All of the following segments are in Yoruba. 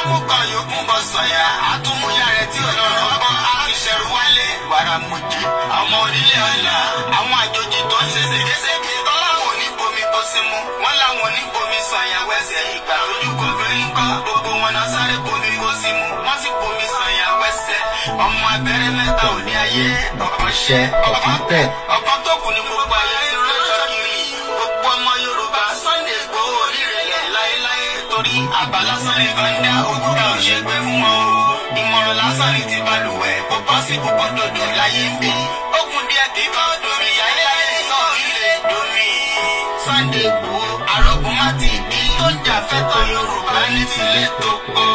awúgbà yòókù bọ sọyà àtúmúyà rẹ tí ọlọ́rọ̀ ọgbọ́n àfiṣẹrù wálé wàrà mọjì àwọn onílé ọlà àwọn àjòjì tó ń ṣe ṣègeṣège tọ́láwọn oníbomi tó sí mu wọn láwọn oníbomi sọyà wẹsẹ̀ ìgbà lójúkọ lórí ńkọ gbogbo wọn náà sáré bomi kó sí mu wọn sì bomi sọyà wẹsẹ̀ ọmọ abẹ́rẹ́ mẹ́ta ò ní ayé ọkàn ṣẹ ọkàn tẹ ọkàn tó ní gbogbo ayé. àbá lásán ni bá ń dá ojúra ò ṣe gbé fún wọn o ìmọ̀ràn lásán ni ti balùwẹ̀ kò bọ́ sí gbogbo dòdò láyé ń bí okùn díẹ̀ kí bá ó ayé ayé náà ilé domi Sunday Igboho arógun ti bí tó ń jà fẹ́tọ̀ Yorùbá ní tilé tó pọ̀.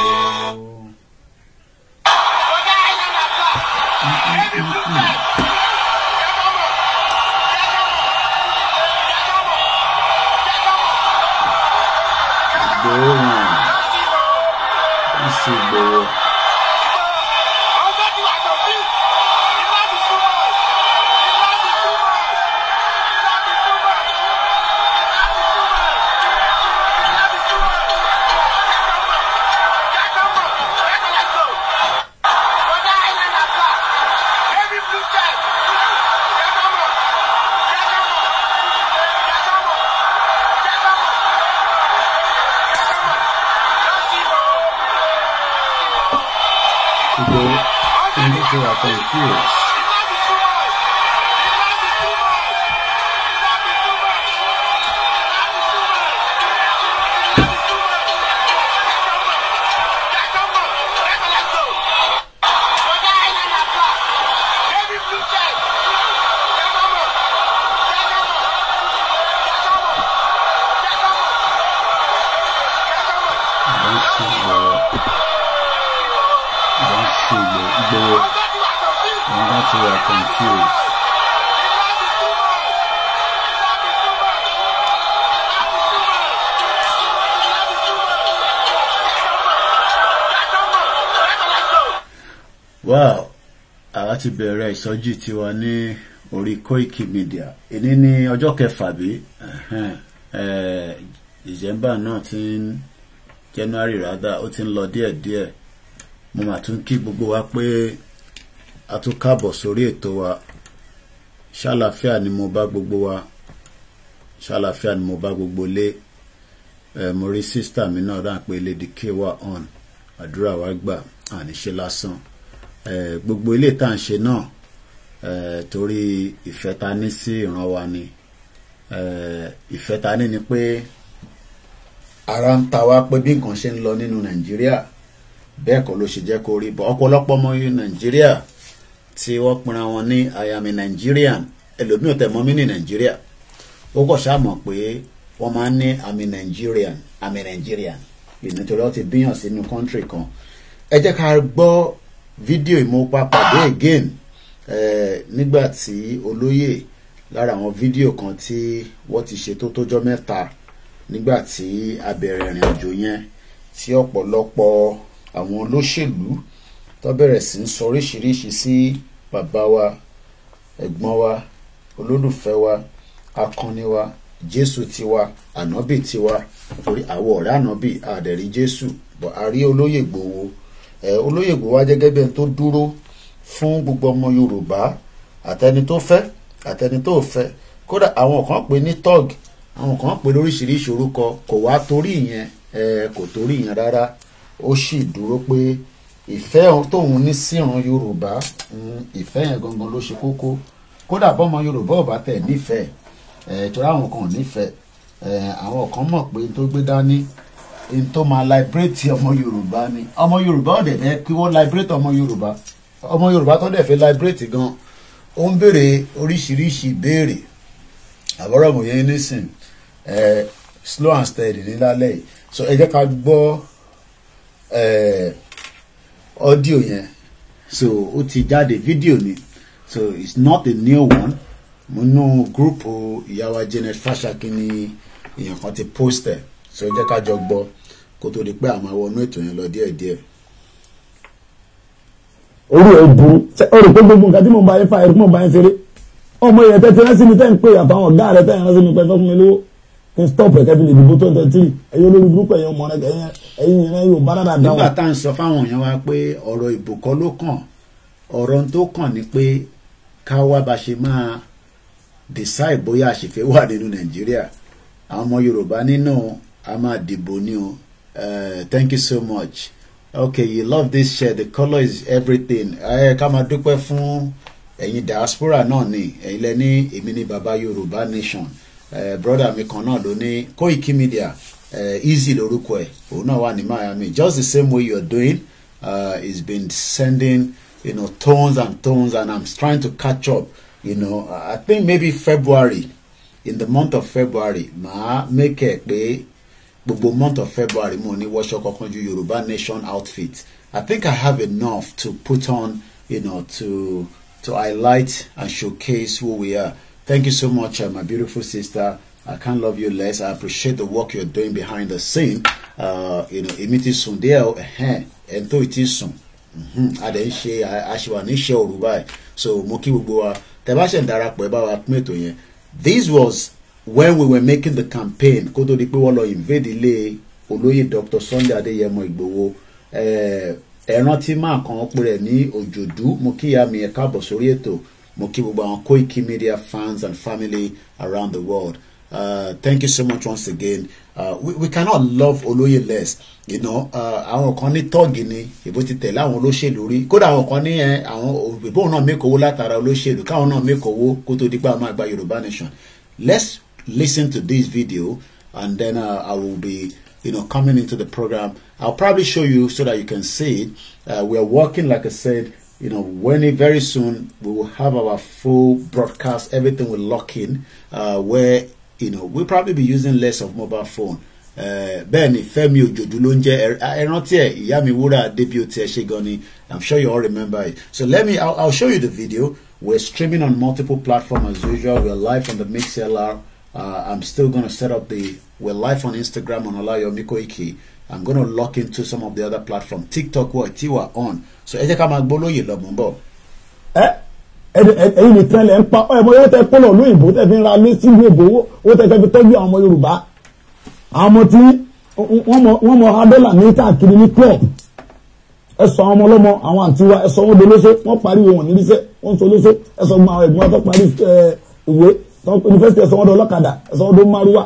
through. láti bẹ̀rẹ̀ ìsọjí tiwa ní orí Koiki Media èní ní ọjọ́ kẹfà bí ìjẹ́mbà náà ti ń January rádà ó ti ń lọ díẹ̀díẹ̀ mo mà tún kí gbogbo wa pé a tún káàbọ̀ sórí ètò wa ṣàlàfíà ni mo bá gbogbo wa ṣàlàfíà ni mo bá gbogbo lé mo rí sísítà mi náà dáhùn pé lady k wà on àdúrà wa gbà àníṣe lásán gbogbo ilé tá à ń ṣe náà torí ìfẹ́ ta ní sí ìran wa ni ìfẹ́ ta ní ni pé ara ń ta wá pé bí nǹkan ṣe ń lọ nínú nàìjíríà bẹ́ẹ̀ kọ́ ló ṣe jẹ́ kó rí bọ́ ọ̀pọ̀lọpọ̀ ọmọ nàìjíríà tí wọ́n pinra wọn ní I am a Nigerian ẹlòmíì ò tẹ̀ mọ́ mi ní nàìjíríà ó kọ̀ ṣáà pé wọ́n máa ń ní I'm a Nigerian I'm a Nigerian ìnítorí wọ́n ti bíyàn sínú kọ́ńtírì kan ẹ jẹ́ ká gbọ́ fídíò ìmúpapàdé again nígbà tí olóyè lára àwọn fídíò kan tí wọ́n ti ṣe tó tójọ́ mẹ́ta nígbà tí a bẹ̀rẹ̀ ìrìn àjò yẹn tí ọ̀pọ̀lọpọ̀ àwọn olóṣèlú tó bẹ̀rẹ̀ sí ń sọ oríṣiríṣi sí bàbá wa ẹ̀gbọ́n wa olólùfẹ́ wa akọni wa jésù tiwa ànábì tiwa torí ọ̀rẹ́ ànábì àdẹ̀rí jésù bọ̀ a olóyè gbowó olóyè Ìgbòho wá gẹ́gẹ́ bí ẹni tó dúró fún gbogbo ọmọ Yorùbá àtẹni tó fẹ́ àtẹni tó fẹ́ kódà àwọn kan pè ní tọ́g àwọn kan pè lóríṣiríṣi orúkọ kò wá torí ìyẹn kò torí ìyẹn rárá ó sì dúró pé ìfẹ́ tóun ní síran Yorùbá mm, ìfẹ́ yẹn gangan ló ṣe kókó kódà bọ́mọ Yorùbá ò tẹ̀ nífẹ̀ẹ́ torí àwọn kan nífẹ̀ẹ́ àwọn kan mọ̀ pé tó gbé dání n tó máa liberate ọmọ yorùbá ni ọmọ yorùbá ọ̀dẹ̀ fẹ́ kí wọ́n liberate ọmọ yorùbá ọmọ yorùbá tó dẹ̀ fẹ́ liberate gan ó ń béèrè oríṣiríṣi ìbéèrè àbọ̀rọ̀ mò yẹn nísìn ẹ slow and steady ní yìí so ẹ jẹ́ ká gbọ́ ẹ ọ́díò yẹn so ó ti jáde fídíò ni so it's not a new one mo nú gúrúùpù ìyá wa Janet Fashakin ni èèyàn kan ti post ẹ̀ so ẹ jẹ́ ká jọ gbọ́ kó tó di pé àwọn awọnú ètò yẹn lọ díẹ̀díẹ̀. orí ẹ burú ó rò pé gbogbo nǹkan tí mo bá yẹn fa ẹrú mo bá yẹn ṣeré ọmọ yẹn tẹ tẹrẹ sí mi tẹ ń pè àtàwọn ọgá rẹ tẹ ń rántí mi pẹ fún mi lówó kí n stop ẹkẹ fi lè dìbò twenty three ẹyin olórí burúkú ẹyin ọmọ rẹ ẹyin ẹyin yẹn yóò bá dára dáwọn. nígbà tá à ń sọ fáwọn èèyàn wa pé ọ̀rọ̀ ìbò ló kàn ọ̀rọ̀ tó kàn ni pé ká wá bá ṣe máa decide bóyá àṣìfẹ́ wà nínú Nàìjíríà àwọn ọmọ Yorùbá nínú a máa dìbò ní o eh, thank you so much okay you love this shirt the color is everything ẹ eh, ká máa dúpẹ́ fún ẹ̀yin diaspora náà ni ẹ̀yin lẹ́ni èmi ni baba yorùbá nation eh, brother mi kan náà ló ní Koiki Media easy lórúkọ ẹ̀ òun náà wà ní Miami just the same way you are doing uh, it's been sending you know tones and tones, and I'm trying to catch up you know I think maybe February in the month of February màá make ẹ pé gbogbo month of February mo ní wọṣọ Kokanju Yorùbá Nation outfit I think I have enough to put on you know to to highlight and showcase who we are thank you so much uh, my beautiful sister I can't love you less I appreciate the work you're doing behind the scene uh, you know èmi ti sùn díẹ̀ ẹ̀hẹ́n ẹ̀ ń tó ì ti sùn mm-hmm. adẹ̀ ń ṣe àṣewà níṣẹ́ òru báyìí so mo kí gbogbo wa tẹ bá ṣe ń darapọ̀ ẹ bá wa pín ètò yẹn this was when we were making the campaign kó tó di pé wọ́n lọ invade ilé olóyè Dr. Sunday Adéyẹmọ Ìgbòho eh, ẹran tí máa kàn án pèrè ní òjòdú mo kí ìyá mi ẹ káàbọ̀ sórí ètò mo kí gbogbo àwọn Koiki Media fans and family around the world uh, thank you so much once again uh, we, we cannot love olóyè less you know uh, àwọn kan ní tọ́ọ̀gì ni ìbò ti tẹ̀lé àwọn olóṣèlú rí kódà àwọn kan ní eh, àwọn òbí bóun náà mẹ́kọ̀ọ́ látara olóṣèlú káwọn náà mẹ́kọ̀ọ́ kó tó di pé àwọn máa gba Yorùbá nation let's listen to this video and then uh, I will be you know coming into the program I'll probably show you so that you can see it uh, we're working like I said you know when it, very soon we will have our full broadcast everything will lock in uh, where you know we'll probably be using less of mobile phone uh, bẹ́ẹ̀ ni Fẹ́mi Òjòjú You jẹ́ ẹran I'm sure you all remember it so let me I'll, I'll show you the video we're streaming on multiple platforms as usual we're live on the MixLR Uh, I'm still going to set up the. We're live on Instagram on Olayomi Koiki. I'm going to lock into some of the other platform. TikTok What tí wà on. So ẹ jẹ́ ká máa gbólóyè Eh? Eh? ń bọ̀. Ẹ Eh? nìkan lẹ ń pa ọmọ Eh? tẹ kó lọ lóyìnbó tẹ fi ń ra lé sílùú èbó ó tẹ fẹ́ fi tọ́jú àwọn ọmọ Yorùbá. Àwọn ọmọ tí wọ́n mọ Adọ́là ní káàkiri ní club. Ẹ sọ àwọn ọmọ ọlọ́mọ àwọn àǹtí wa ẹ sọ wọn dolóso wọ́n parí wọn níríṣẹ́ wọ́n sọ lóso ẹ sọ gbọ́n àwọn ẹ̀gbọ́n wa yunifásitì ẹ̀sán ọdọ ọlọ́kadà ẹ̀sán ọdọ márúwà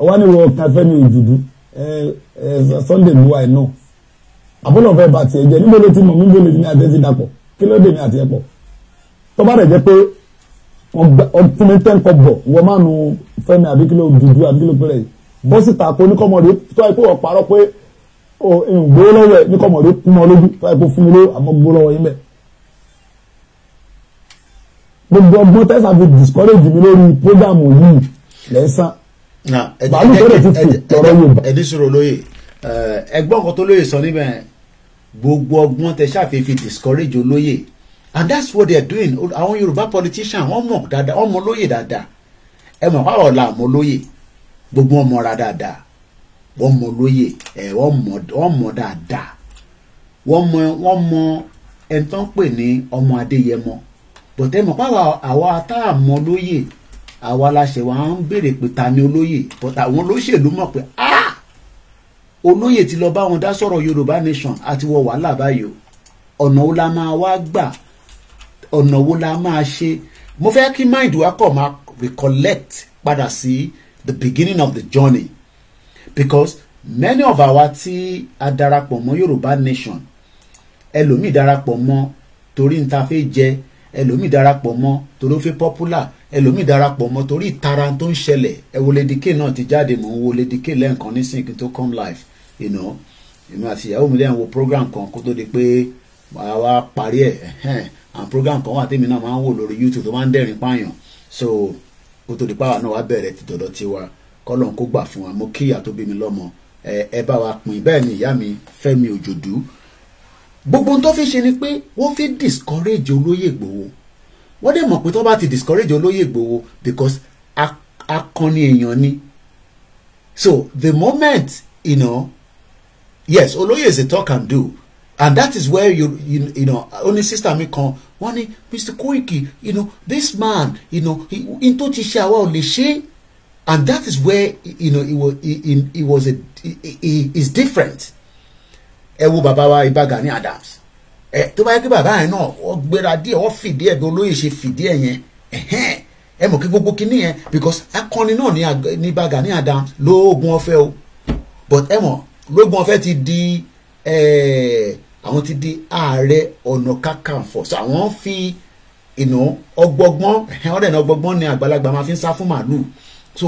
ọwọ́ ni rọ kàfẹ́ mi òjùdú Sunday lu àìná àbúlọ̀ fẹ́ bàtì ẹ̀jẹ̀ níbo ló ti mọ̀ níbo ló ti ní àti ẹ̀sìn dàpọ̀ kí ló dé ní àti ẹ̀pọ̀ tó bá rẹ̀ jẹ́ pé ọtún mi tẹ́ ń kọ bọ̀ wọ́n máa nu fẹ́mi àbí kí ló dúdú àbí kí ló pẹ́rẹ́ yìí bọ́sì ta ko oníkọ́mọ̀dé tó àìpé wọ́n parọ́ pé gbólọ́wọ́ ẹ̀ oníkọ́mọ̀dé kú mọ́ lójú tó àìpé fún mi ló àmọ́ gbólọ́wọ́ yín bẹ́ẹ̀ gbogbo ọgbọ́n tẹ́sán fi discourage mi lórí program yìí lẹ́sàn. bàálù tó lè tutù tọrọ yorùbá. ẹni sọ̀rọ̀ lóye ẹgbọ́n kan tó lóye sọ níbẹ̀ gbogbo ọgbọ́n tẹ ṣàfihàn discourage olóye and that's what they are doing àwọn yorùbá politician wọ́n mọ̀ dáadáa wọ́n mọ̀ lóye dáadáa ẹ mọ̀ pàwọ̀ la mọ̀ lóye gbogbo wọn mọ̀ra dáadáa wọ́n mọ̀ lóye ẹ̀ wọ́n mọ̀ dáadáa wọ́n mọ̀ ẹni tó ń pè ní ọmọ adéyẹmọ bọ̀tẹ́ mọ̀ páwa àwa tá a mọ lóyè àwa la ṣẹ̀ wá ń béèrè pé ta ni olóyè bọ̀tẹ́ àwọn olóṣèlú mọ̀ pé ah olóyè ti lọ bá wọn dá sọ̀rọ̀ Yorùbá nation àti wọ wàhálà báyìí o ọ̀nà wo la máa wá gbà ọ̀nà wo la máa ṣe mo fẹ́ kí mind wa kọ̀ máa recollect padà sí the beginning of the journey because many of àwa tí a darapọ̀ mọ́ Yorùbá nation ẹlòmíì darapọ̀ mọ́ torí n ta fẹ́ jẹ́ ẹlòmíì darapọ̀ mọ́ torí ó fi popular ẹlòmíì darapọ̀ mọ́ torí ìtara tó ń ṣẹlẹ̀ ẹwọ Lady K náà ti jáde mọ̀ ń wo Lady K lẹ́ǹkan nísìnyí kí n tó come live you know èmi àti ìyàwó mi lẹ́yìn wo program kan kó tó di pé wàá wá parí ẹ̀ àwọn program kan wà tèmi náà máa ń wò lórí YouTube tó máa ń dẹ́rìn pààyàn so kó tó di pàwà náà wá bẹ̀rẹ̀ ti dọ̀dọ̀ tiwa kọ́lọ̀ kó gbà fún wa mo kí ìyá tó bí mi lọ́mọ ẹ bá wa pín bẹ́ẹ̀ ni ìyá mi Fẹ́mi Òjòdú gbogbo tó fi ṣe ni pé wọ́n fi discourage olóyè Ìgbòho wọ́n dẹ̀ mọ̀ pé tó bá ti discourage olóyè Ìgbòho because akọni èèyàn ni so the moment you know, yes olóyè is a talk and do and that is where you you, you know only sister mi kan wọ́n ní Mr. Koiki you know this man you know in tó ti ṣe àwa ò lè ṣe and that is where you know he was he, he, he was a he, he is different ẹ wo bàbá wa Ìbà Gani Adams ẹ tó bá yẹ kí bàbá yẹn náà ọ gbéra díẹ̀ ọ fìdí ẹ̀ bí olóyè ṣe fìdí ẹ̀ yẹn ẹ̀hẹ́n ẹ mọ̀ kí gbogbo kinní yẹn because akọni náà ní Ìbà Gani Adams lóògùn ọ̀fẹ́ o but ẹ mọ̀ lóògùn ọ̀fẹ́ ti di àwọn ti di ààrẹ ọ̀nà kàkànfọ̀ so àwọn fi ìnà ọgbọgbọ́n ọ̀rẹ́ náà ọgbọgbọ́n ni àgbàlagbà máa fi ń sá fún màálù so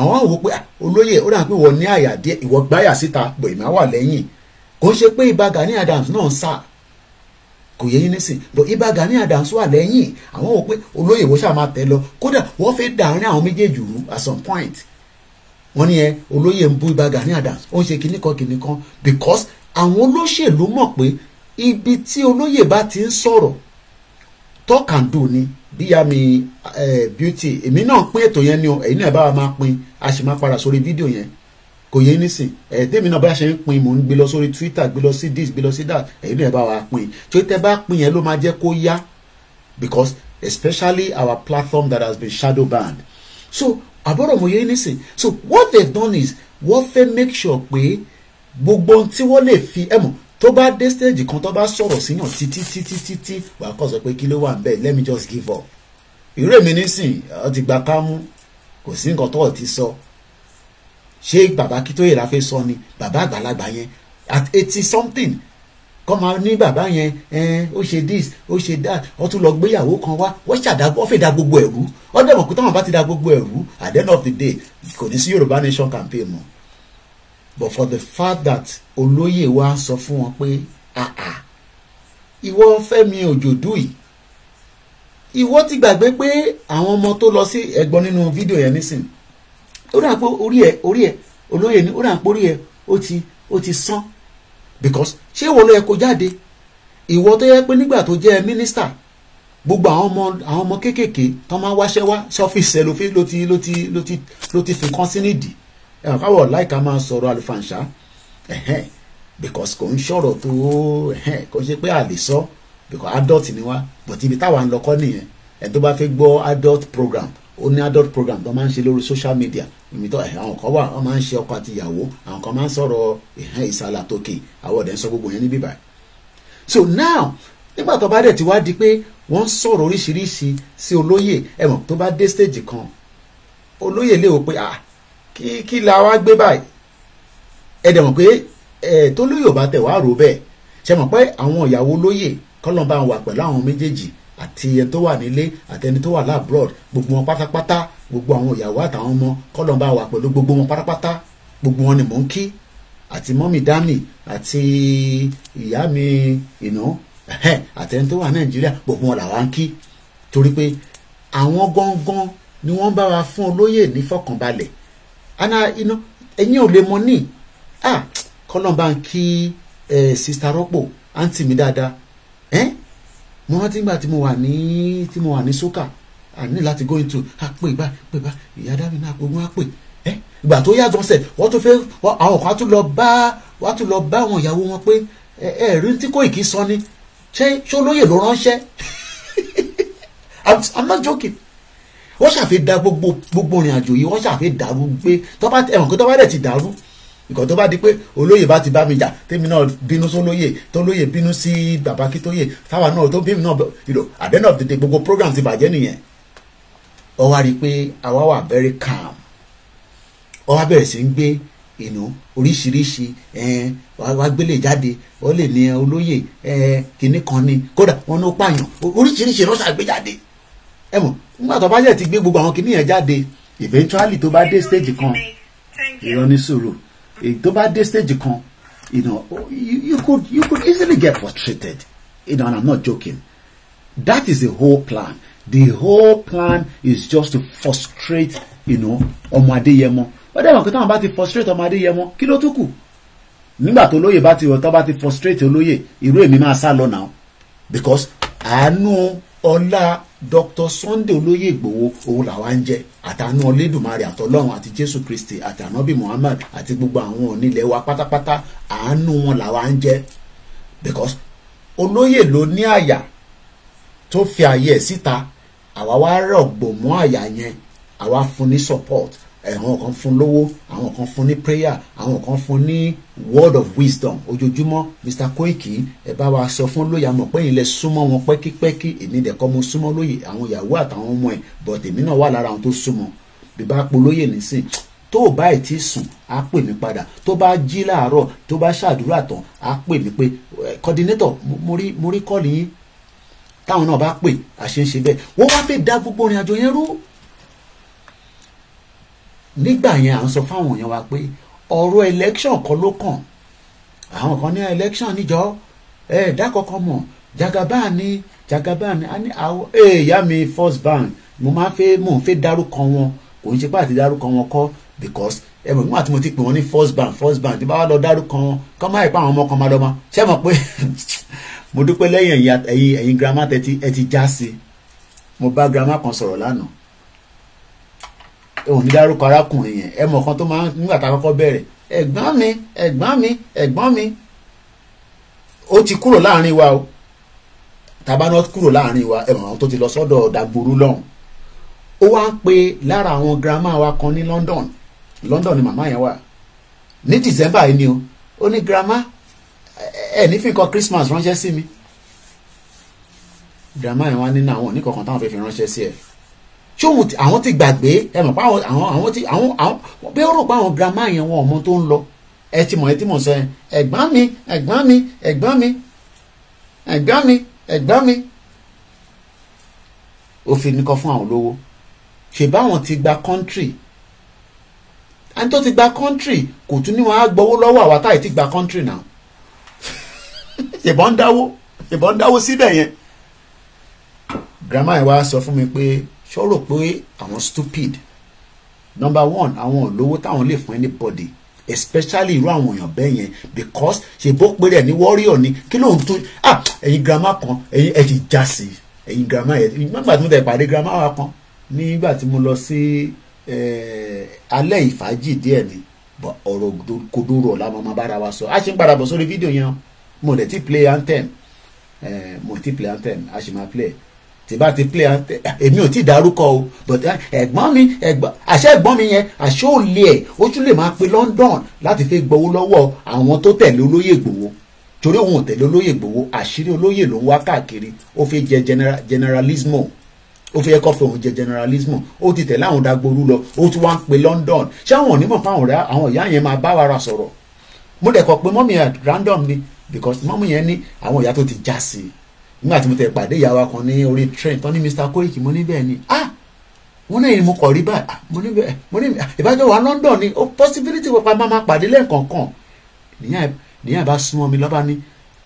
àwọn wò pé ah, olóyè ó dà pé ìwọ ní àyà díẹ̀ ìwọ gbáyà síta bò ìmọ̀ wà lẹ́yìn kò ń ṣe pé Ìbà Gani Adams náà sá kò yẹ yín nísìn but Ìbà Gani Adams wà lẹ́yìn àwọn wò pé olóyè wo ṣáà máa tẹ̀ lọ kódà wọ́n fẹ́ dàárín àwọn méjèèjì rú at some point wọ́n ní ẹ olóyè ń bú Ìbà Gani Adams ó ń ṣe kìnnìkan kìnnìkan because àwọn olóṣèlú mọ̀ pé ibi tí olóyè bá ti ń sọ̀rọ̀ talk and do ni bíyàmí eh, beauty èmi náà pín ètò yẹn ni ẹ̀yin náà bá wa máa pín a sì máa para sórí fídíò yẹn kò yé nísìn ẹ tèmi náà bá ṣe ń pín mò ń gbé lọ sórí twitter gbé lọ sí this gbé lọ sí that ẹ̀yin náà bá wa pín tó tẹ bá pín yẹn ló máa jẹ́ kó yá because especially our platform that has been shadow banned so àbọ̀rọ̀ mo yé nísìn so what they've done is wọ́n fẹ́ make sure pé gbogbo ohun tí wọ́n lè fi ẹ̀mọ̀ tó bá dé stage kan tó bá sọ̀rọ̀ síyàn títí títí títí wàá kọ́ sọ pé kí ló wà ń bẹ̀ let me just give up ìrú èmi nísìn ó ti gba kámú kò sí nǹkan tó ọ̀ ti sọ. So ṣé bàbá Akíntóyè la fẹ́ sọ ni bàbá àgbàlagbà yẹn at eighty something kọ́ máa ní bàbá yẹn ẹ̀ẹ́n ó ṣe this ó ṣe that ó tún lọ gbéyàwó kan wá wọ́n ṣàdá wọ́n fẹ́ da gbogbo ẹ̀rú ọdẹ mọ̀ kó táwọn bá ti da gbogbo ẹ̀rú at the end of the day kò ní sí Yorùbá nation campaign mọ́ but for the fact that olóyè wa sọ fún wọn pé àà ìwọ Fẹ́mi Òjòdú yìí ìwọ ti gbàgbé pé àwọn ọmọ tó lọ sí ẹ̀gbọ́n nínú fídíò yẹn nísìnyí ó dà pé orí ẹ orí ẹ olóyè ni ó dà pé orí ẹ ó ti ó ti sán because ṣé ìwọ ló yẹ kó jáde ìwọ tó yẹ pé nígbà tó jẹ́ mínísítà gbogbo àwọn ọmọ àwọn ọmọ kéékèèké tó máa wáṣẹ́ wá ṣọ́fíìsì ẹ ló fi ló ti ló ti ló ti ló ti fi kán sí nídìí ẹ̀rọ káwọ̀ láìka máa sọ̀rọ̀ àlùfàǹṣá because kò ń ṣọ̀rọ̀ tó ẹ̀hẹ́n kò ṣe pé a because adult ni wá but ibi táwa ń lọ kọ́ nìyẹn ẹ̀ tó bá fẹ́ gbọ́ adult program ó ní adult program tó máa ń ṣe lórí social media ìmìtọ́ ẹ̀ àwọn kan wà wọ́n máa ń ṣe ọkọ àti ìyàwó àwọn kan máa ń sọ̀rọ̀ ìhàn ìsàlà tókè àwọn ọ̀dẹ̀ ń sọ gbogbo yẹn ní bíbá so now nígbà tó bá dẹ̀ ti wá di pé wọ́n ń sọ̀rọ̀ oríṣiríṣi sí olóyè ẹ̀wọ̀n tó bá dé stage kan olóyè lè pé ah kí kí la wá gbé báyìí ẹ̀dẹ̀ mọ̀ pé ẹ̀ tó lóyè ò bá tẹ̀ wá rò bẹ́ẹ̀ ṣe mọ̀ pé àwọn àti ẹni tó wà nílé àti ẹni tó wà láàbúrọ̀d gbogbo wọn pátápátá gbogbo àwọn ìyàwó àtàwọn ọmọ kọ́lọ́mbà wà pẹ̀lú gbogbo wọn pátápátá gbogbo wọn ni mò ń kí àti mọ́mì dání àti ìyá mi ìnú àti ẹni tó wà nàìjíríà gbogbo wọn làwa ń kí torí pé àwọn gangan ni wọ́n bá wa fún olóyè ní fọkànbalẹ̀ ana iná ẹ̀yin ò lè mọ ní ah, kọ́lọ́mbà ń kí eh, sista rọ́pò àǹtí mi dáadáa mo rántí nígbà tí mo wà ní tí mo wà ní sókà àní láti go into àpè ìgbà pè bá ìyá dábì náà gbogbo àpè ẹ ìgbà tó yàtọ̀ sẹ̀ wọ́n tó fẹ́ àwọn kan á tún lọ bá wọ́n á tún lọ bá àwọn ìyàwó wọn pé ẹ ẹ tí kò ìkí sọ ni ṣé ṣó lóye ló ránṣẹ́ i'm not joking wọ́n ṣàfi da gbogbo gbogbo ìrìn àjò yìí wọ́n ṣàfi dàrú pé tọ́ba ẹ̀wọ̀n kí tọ́ba dẹ̀ ti dàrú nǹkan tó bá di pé olóyè bá ti bá mi jà tèmi náà bínú sólóyè tólóyè bínú sí bàbá kítóyè táwa náà tó bínú náà you know at the end of the day gbogbo program ti bàjẹ́ nìyẹn ó wá rí i pé àwa wà very calm ó wá bẹ̀rẹ̀ sí ń gbé ìnú oríṣiríṣi wàá gbélé jáde ó lè ní olóyè kìnní kan ni kódà wọn ló pààyàn oríṣiríṣi rọ́ṣà gbé jáde ẹ mọ̀ nígbà tó bá yẹ ti gbé gbogbo àwọn kìnní yẹn jáde eventually tó bá dé stage kan ìrọ́nísòro. Eh, tó bá dé stage kan you know you, you could you could easily get frustrated you know and i'm not joking that is the whole plan the whole plan is just to frustrate you know ọmọ adéyẹmọ ọdẹ ìmọ̀ pé táwọn bá ti frustrate ọmọ adéyẹmọ kí ló tún kù nígbà tó lóye bá ti ọ̀tọ́ bá ti frustrate olóye irú èmi máa sá lọ náà because àánú ọlá Dr. Sunday Olóyè Ìgbòho òun làwa ń jẹ àtàánú Olódùmarè àtọlọ́run àti Jésù Kristi àtànábì Muhammad àti gbogbo àwọn onílẹ̀ wa pátápátá àánú wọn làwa ń jẹ because olóyè ló ní àyà tó fi àyè ẹ̀ síta àwa wá rọ̀gbọ̀ mọ́ àyà yẹn àwa fún ní support àwọn kan fún lówó àwọn kan fún ní prayer àwọn kan fún ní word of wisdom ojoojúmọ́ Mr Koiki ẹ bá wa sọ fún lóye àmọ́ pé ìlẹ̀ súnmọ́ wọn pẹ́kípẹ́kí èmi dẹ̀ kọ́ mo súnmọ́ lóye àwọn ìyàwó àtàwọn ọmọ ẹ̀ but èmi náà wà lára àwọn tó súnmọ́ bí bá polóyè nísìn tó o bá ì tí sùn á pè mí padà tó bá jí láàárọ̀ tó bá ṣàdúrà tán á pè mí pé eh, coordinator mo rí mo rí kọ́ọ̀lì yín táwọn náà bá pè àṣeǹṣe bẹ́ẹ̀ wọ́n wá fẹ́ da gbogbo ìrìn àjò nígbà yẹn à ń sọ fáwọn èèyàn wa pé ọ̀rọ̀ election kan ló kàn àwọn kan ní ah, election níjọ ẹ eh, ẹ̀dá kankan mọ̀ jagaban ni jagaban ni a ní àwọn èèyàn eh, mi first bank mo máa fẹ́ mò ń fẹ́ dárúkọ wọn kò ń ṣe pé dárúkọ wọn kọ́ because ẹ mọ̀ nígbà tí mo ti pè wọ́n ní first bank first bank tí bá wà lọ dárúkọ wọn kọ́ máa ìpa àwọn ọmọ kan máa dọ́ ma ṣé mọ̀ pé mo dúpẹ́ lẹ́yìn ẹ̀yin ẹ̀yin grandma tẹ́ ti já sí mo bá grandma kan sọ̀rọ̀ lánàá òun ní dárúkọ arákùnrin yẹn ẹ mọ̀ kan tó máa ń nígbà tá a kọ́kọ́ bẹ̀rẹ̀ ẹ̀gbọ́n mi ẹ̀gbọ́n mi ẹ̀gbọ́n mi ó ti kúrò láàrin wa o tabaná kúrò láàrin wa ẹ̀wọ̀n àwọn tó ti lọ sọ́dọ̀ dàgbòrú lọ́hùn ó wá ń pe lára àwọn girama wa kan ní London London ni màmá yẹn wà ní December yìí ni o ó ní girama ẹ ní fi nǹkan Christmas ránṣẹ́ sí mi girama yẹn wá nínú àwọn oníkọ̀ọ̀kan táwọn fẹ́ fi ránṣẹ́ sí ẹ ṣóhun àwọn ti gbàgbé ẹ mọ̀ pé àwọn àwọn ti àwọn àwọn bí ó rò pé àwọn girama yẹn wọn ọmọ tó ń lọ ẹ ti mọ̀ ẹ ti mọ̀ sẹ́yìn ẹ̀gbọ́n mi ẹ̀gbọ́n mi ẹ̀gbọ́n mi ẹ̀gbọ́n mi ẹ̀gbọ́n mi ó fi nìkan fún àwọn olówó ṣe báwọn ti gba kọ́ńtírì ẹni tó ti gba kọ́ńtírì kò tún ní wọn á gbowó lọ́wọ́ àwa táyì ti gba kọ́ńtírì náà ìbọn dáwó ìbọn dáwó síbẹ̀ yẹn girama yẹn wá sọ fún mi pé ṣọ́rọ̀ pé àwọn stupid number one àwọn olówó táwọn lè fún anybody especially irú àwọn èèyàn bẹ́ẹ̀ yẹn because ṣe bó pé rẹ̀ ní warrior ni kí ló ń tún ah ẹ̀yin grammar kan ẹ̀yin ẹ̀ ti já sí ẹ̀yin grandma yẹn nígbà tí mo tẹ̀ pàdé grandma wa kan nígbà tí mo lọ sí eh, alẹ́ ìfàájì díẹ̀ ni ọ̀rọ̀ kodoro ọ̀la mo máa bára wa sọ a ṣe ń padà bọ̀ sórí fídíò yẹn mo dẹ̀ ti play anthem eh, mo ti play anthem a ṣe máa play tí bá ti play am èmi ò tí ì o but eh, ẹ̀gbọ́n mi ẹ̀gbọ́n àṣẹ ẹ̀gbọ́n mi yẹn àṣẹ ò lé ẹ̀ ó tún lè máa pe London láti fi gbowó lọ́wọ́ àwọn tó tẹ̀lé olóyè Ìgbòho torí òun ò tẹ̀lé olóyè Ìgbòho àṣírí olóyè ló ń wá káàkiri ó fi jẹ generalismo ó fi ẹkọ fún òun jẹ generalismo ó ti tẹ̀lé àwọn dagboru lọ ó tún wá ń pe London ṣé àwọn onímọ̀ fáwọn àwọn ìyá yẹn máa bá wàrà sọ̀rọ̀ mo dẹ̀ kọ́ pé mọ́mì at random ni because mọ́mì yẹn ní àwọn ìyá nígbà tí mo tẹ pàdé ìyá wa kan ní orí train tán ní Mr Koiki mo ní bẹ́ẹ̀ ni ah mo ní mo kọ̀ rí báyìí ah, mo ní bẹ́ẹ̀ mo ní ah, ìbájọ́ wa London ni ó possibility wọ́pá máa máa pàdé lẹ́ẹ̀kọ̀ọ̀kan nìyẹn bá súnmọ́ mi lọ́ba ní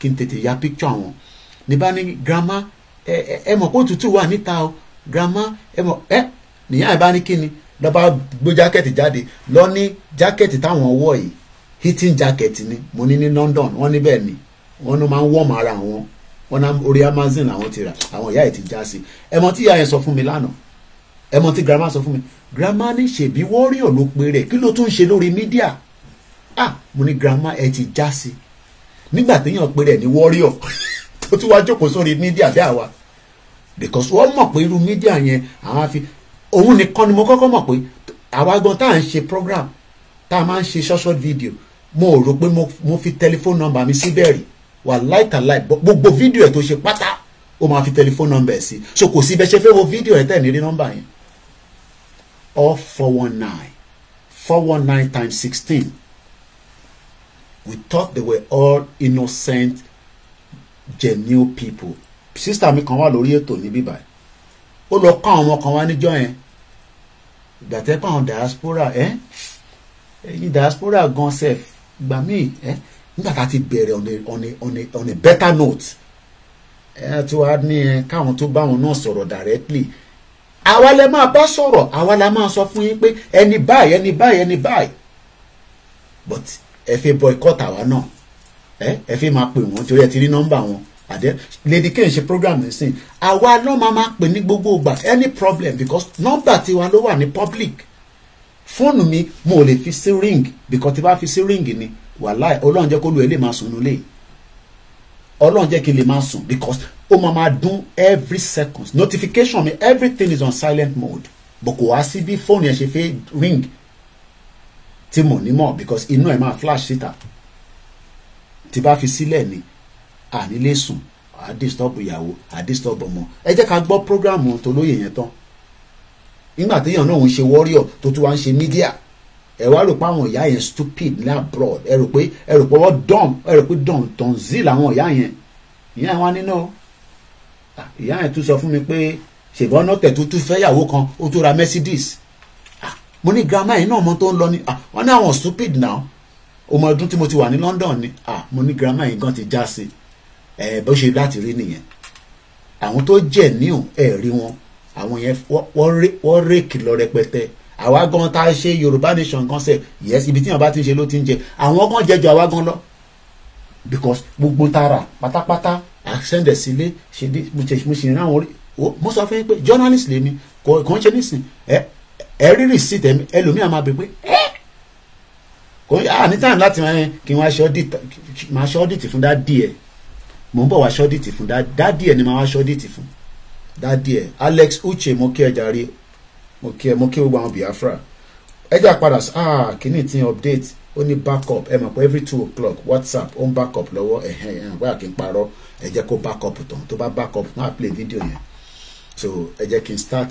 kí n tètè ya picture àwọn ní bá ní grandma ẹ ẹ mọ̀ kó tutù wà níta o grandma ẹ mọ̀ ẹ nìyẹn bá ní kí ni lọ́ba gbé jákẹ́ẹ̀tì jáde lọ ní jákẹ́ẹ̀tì táwọn wọ̀ yìí hitting jacket ni mo ní ní London wọ́n ní bẹ́ẹ̀ ni wọ́n ló máa ń wọ́ọ̀mù ara wọn wọn náà orí amazon àwọn ti rà àwọn ìyá ẹ̀ ti já sí i ẹmọ tí ìyá yẹn sọ fún mi lánàá ẹmọ tí grandma sọ fún mi grandma ní ṣèbí warrior ló pe kí ló tún ṣe lórí mídíà ah mo ní grandma ẹ ti já sí i nígbà téèyàn pe rẹ̀ ní warrior tó tún wá jókòó sórí mídíà bí àwa because wọ́n mọ̀ pé irú mídíà yẹn àwọn afi òun nìkan ni mo kọ́kọ́ mọ̀ pé àwa gan tá à ń ṣe program tá a máa ń ṣe short short video mo rò pé mo fi telephone number mi síbẹ̀ rí wà láìtàláì gbogbo fídíò ẹ̀ tó ṣe pátá ó máa fi tẹlifóònù nọ́mbà ẹ̀ sí so kò sí ibẹ̀ ṣe fẹ́ wo fídíò ẹ̀ tẹ̀ rí nọ́mbà yẹn all four one nine four one nine times sixteen we thought they were all innocent genuine people sísítà mi kan wà lórí ètò níbí báyìí ó lọ kọ́ àwọn ọmọ kan wá níjọ́ yẹn gbàtẹ́ àwọn diaspora ẹ́ eh? ẹ̀yin diaspora gan sef gbà míì eh? nígbà tá a ti bẹ̀rẹ̀ on a on a on a on a better note ẹ tí wàá ní ẹ káwọn tó bá wọn náà sọ̀rọ̀ directly àwa lè máa bá sọ̀rọ̀ àwa la máa sọ fún yín pé ẹni báyìí ẹni báyìí ẹni báyìí but ẹ fẹ́ boycott àwa náà ẹ ẹ fẹ́ máa pè wọ́n torí ẹ ti rí nọ́mbà wọn àdé lady kane ṣe program nísìn àwa náà máa máa pè ní gbogbo ìgbà any problem because nọ́mbà tiwa ló wà ní public fóònù mi mo lè fi sí ring because tí bá fi sí ring ni wàláì ọlọ́run jẹ́ kó lu ẹ̀ lè máa sùn nulẹ̀ ọlọ́run jẹ́ kí n lè máa sùn because ó máa máa dún every second notification mi everything is on silent mode bó kò wá sí bí fóònù yẹn ṣe fẹ́ ring tí mo ní mọ̀ because inú ẹ̀ máa flash síta tí bá fi sílẹ̀ ni àní lè sùn àá disturb ìyàwó àá ọmọ ẹ jẹ́ ká gbọ́ program tolóyè yẹn tán nígbà téèyàn náà ń ṣe warrior tó tún wá ń ṣe media ẹ wá rò pé àwọn ìyá yẹn stupid ní abroad ẹ rò pé ẹ rò pé wọ́n dán ẹ rò pé dán tán zil àwọn ìyá yẹn ìyá yẹn wá nínú ah, ìyá yẹn tún sọ fún mi pé ṣèbọn náà tẹ̀ tún fẹ́ yàwó kan ó tó ra mercedes ah, mo ní grandma yìí náà mọ tó ń lọ ni ah, wọ́n ní àwọn stupid now ọmọ ọdún tí mo ti wà ní London ni mo ní grandma yìí gan ti já sí ẹ bó ṣe láti rí nìyẹn àwọn tó jẹ̀ níhùn ẹ̀ rí wọn àwọn yẹn wọ́n rékì lọ rẹpẹtẹ àwa gan ta ṣe yorùbá nation gan sef yes ibi tíyan bá ti ń ṣe ló ti ń jẹ àwọn gan jẹjọ àwa gan lọ because gbogbo tara pátápátá àṣẹǹdẹ̀ sílé ṣe dé mo ṣe mo ṣe ní àwọn orí o mo sọ fún yín pé journalist lèmi kò kàn ṣe nísìn ẹ ẹ rí receipt ẹ ẹlòmíà máa bẹ pé ẹ kò yá ah, ní time láti máa kí wọn máa ṣe audit fún dádì ẹ mò ń bọ̀ wá ṣe audit fún dádì ẹ ni máa wá ṣe audit fún dádì ẹ Alex Uche mo kí ẹ jàre mo kí ẹ mo kí gbogbo àwọn Biafra ẹ jà padà ah kíní ti update ó ní backup ẹ mọ̀ pé every two o'clock WhatsApp ó ń backup lọ́wọ́ ẹ̀hẹ́n ẹ̀hẹ́n bóyá kí n parọ́ ẹ jẹ́ kó backup tán tó bá backup náà play video yẹn so ẹ jẹ́ kí n start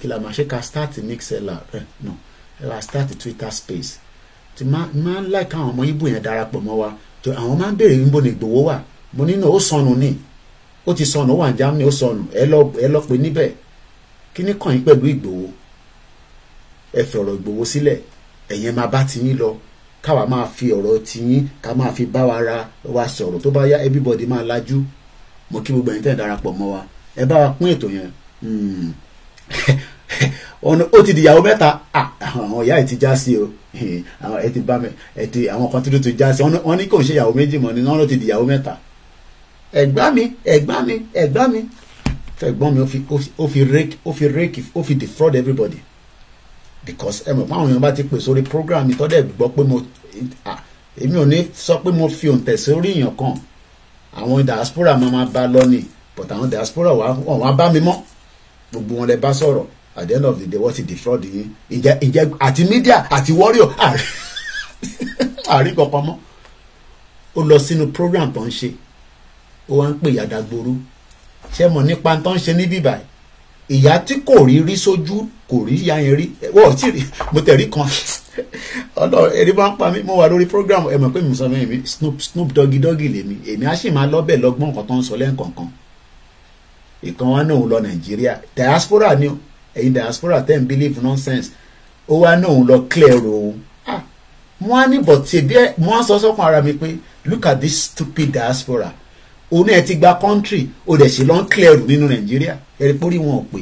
kí la máa ṣe ká start mixlr eh, no ẹ wá start Twitter space ti máa ń láìka àwọn ọmọ ibo yẹn darapọ̀ mọ́ wa tó àwọn máa ń béèrè níbo ni Ìgbòho wà mo nínú ó sọnù ni ó ti sọnù ó wà ní Germany ó sọnù ẹ lọ pé níbẹ̀ kíní kàn yín pẹ̀lú ìgbòho ẹ fi ọ̀rọ̀ ìgbòho sílẹ̀ ẹ̀yẹn máa bá tiyín lọ káwa máa fi ọ̀rọ̀ tiyín ká máa fi bá wa ra wa sọ̀rọ̀ tó bá yá everybody máa lajú mo kí gbogbo ẹ̀yin tẹ̀ darapọ̀ mọ́ wa ẹ bá wa pín ètò yẹn hmm. ọ̀nà ó ti dìyàwó mẹ́ta ah, àwọn ìyá ẹ̀ ti já sí o ẹ ti bá mi ẹ ti àwọn kan tuntun ti já sí wọn ní kò ń ṣe ìyàwó méjì mọ́ ni wọn ló ti dìyàwó mẹ́ta ẹ̀gbá mi ẹ̀gbá mi ẹ̀gbá mi fẹ̀gbọ́n mi ó fi rake ó fi rake ó fi defraud everybody because ẹ mọ̀ pé àwọn èèyàn bá ti pè sórí program mi tọ́dẹ̀ gbọ́ pé mo èmi ò ní sọ pé mo fi òǹtẹ̀ sórí èèyàn kan àwọn diaspora máa ma ba lọ ni but àwọn diaspora wà wọ́n wá bá mi mọ́ gbogbo wọn lè bá sọ̀rọ̀ at the end of the day wọ́n ti defraud yín ìjẹ́ ìjẹ́ àti media àti warrior àrí kankan mọ́ ó lọ sínú program tó ń ṣe ó wá ń pè yàdá gbooru ṣe mọ̀ nípa tó ń ṣe ní bíbà ìyá tí kò rí rí sójú kò rí ya yẹn rí wọ́n ti rí mo tẹ̀ rí kan ọlọ́run ẹni máa ń pa mí mo wà lórí program ẹ mọ̀ pé mi sọ fún mi snoop snoop doggy doggy lèmi èmi á sì máa lọ́bẹ̀ lọ́gbọ́n nǹkan tó ń sọ lẹ́ǹkọ̀ọ̀kan ìkan wa náà ń lọ nàìjíríà diaspora ni o ẹ̀yin diaspora ten believe nonsense ó wá náà ń lọ clear o ah, mo á ní bọ̀ tèbi mo á sọ sọ́kàn ara mi pé look at this stupid diaspora òun náà ti gba country ó dẹ̀ ṣe lọ́n clear nínú nàìjíríà ẹ̀rí pórí wọn ò pé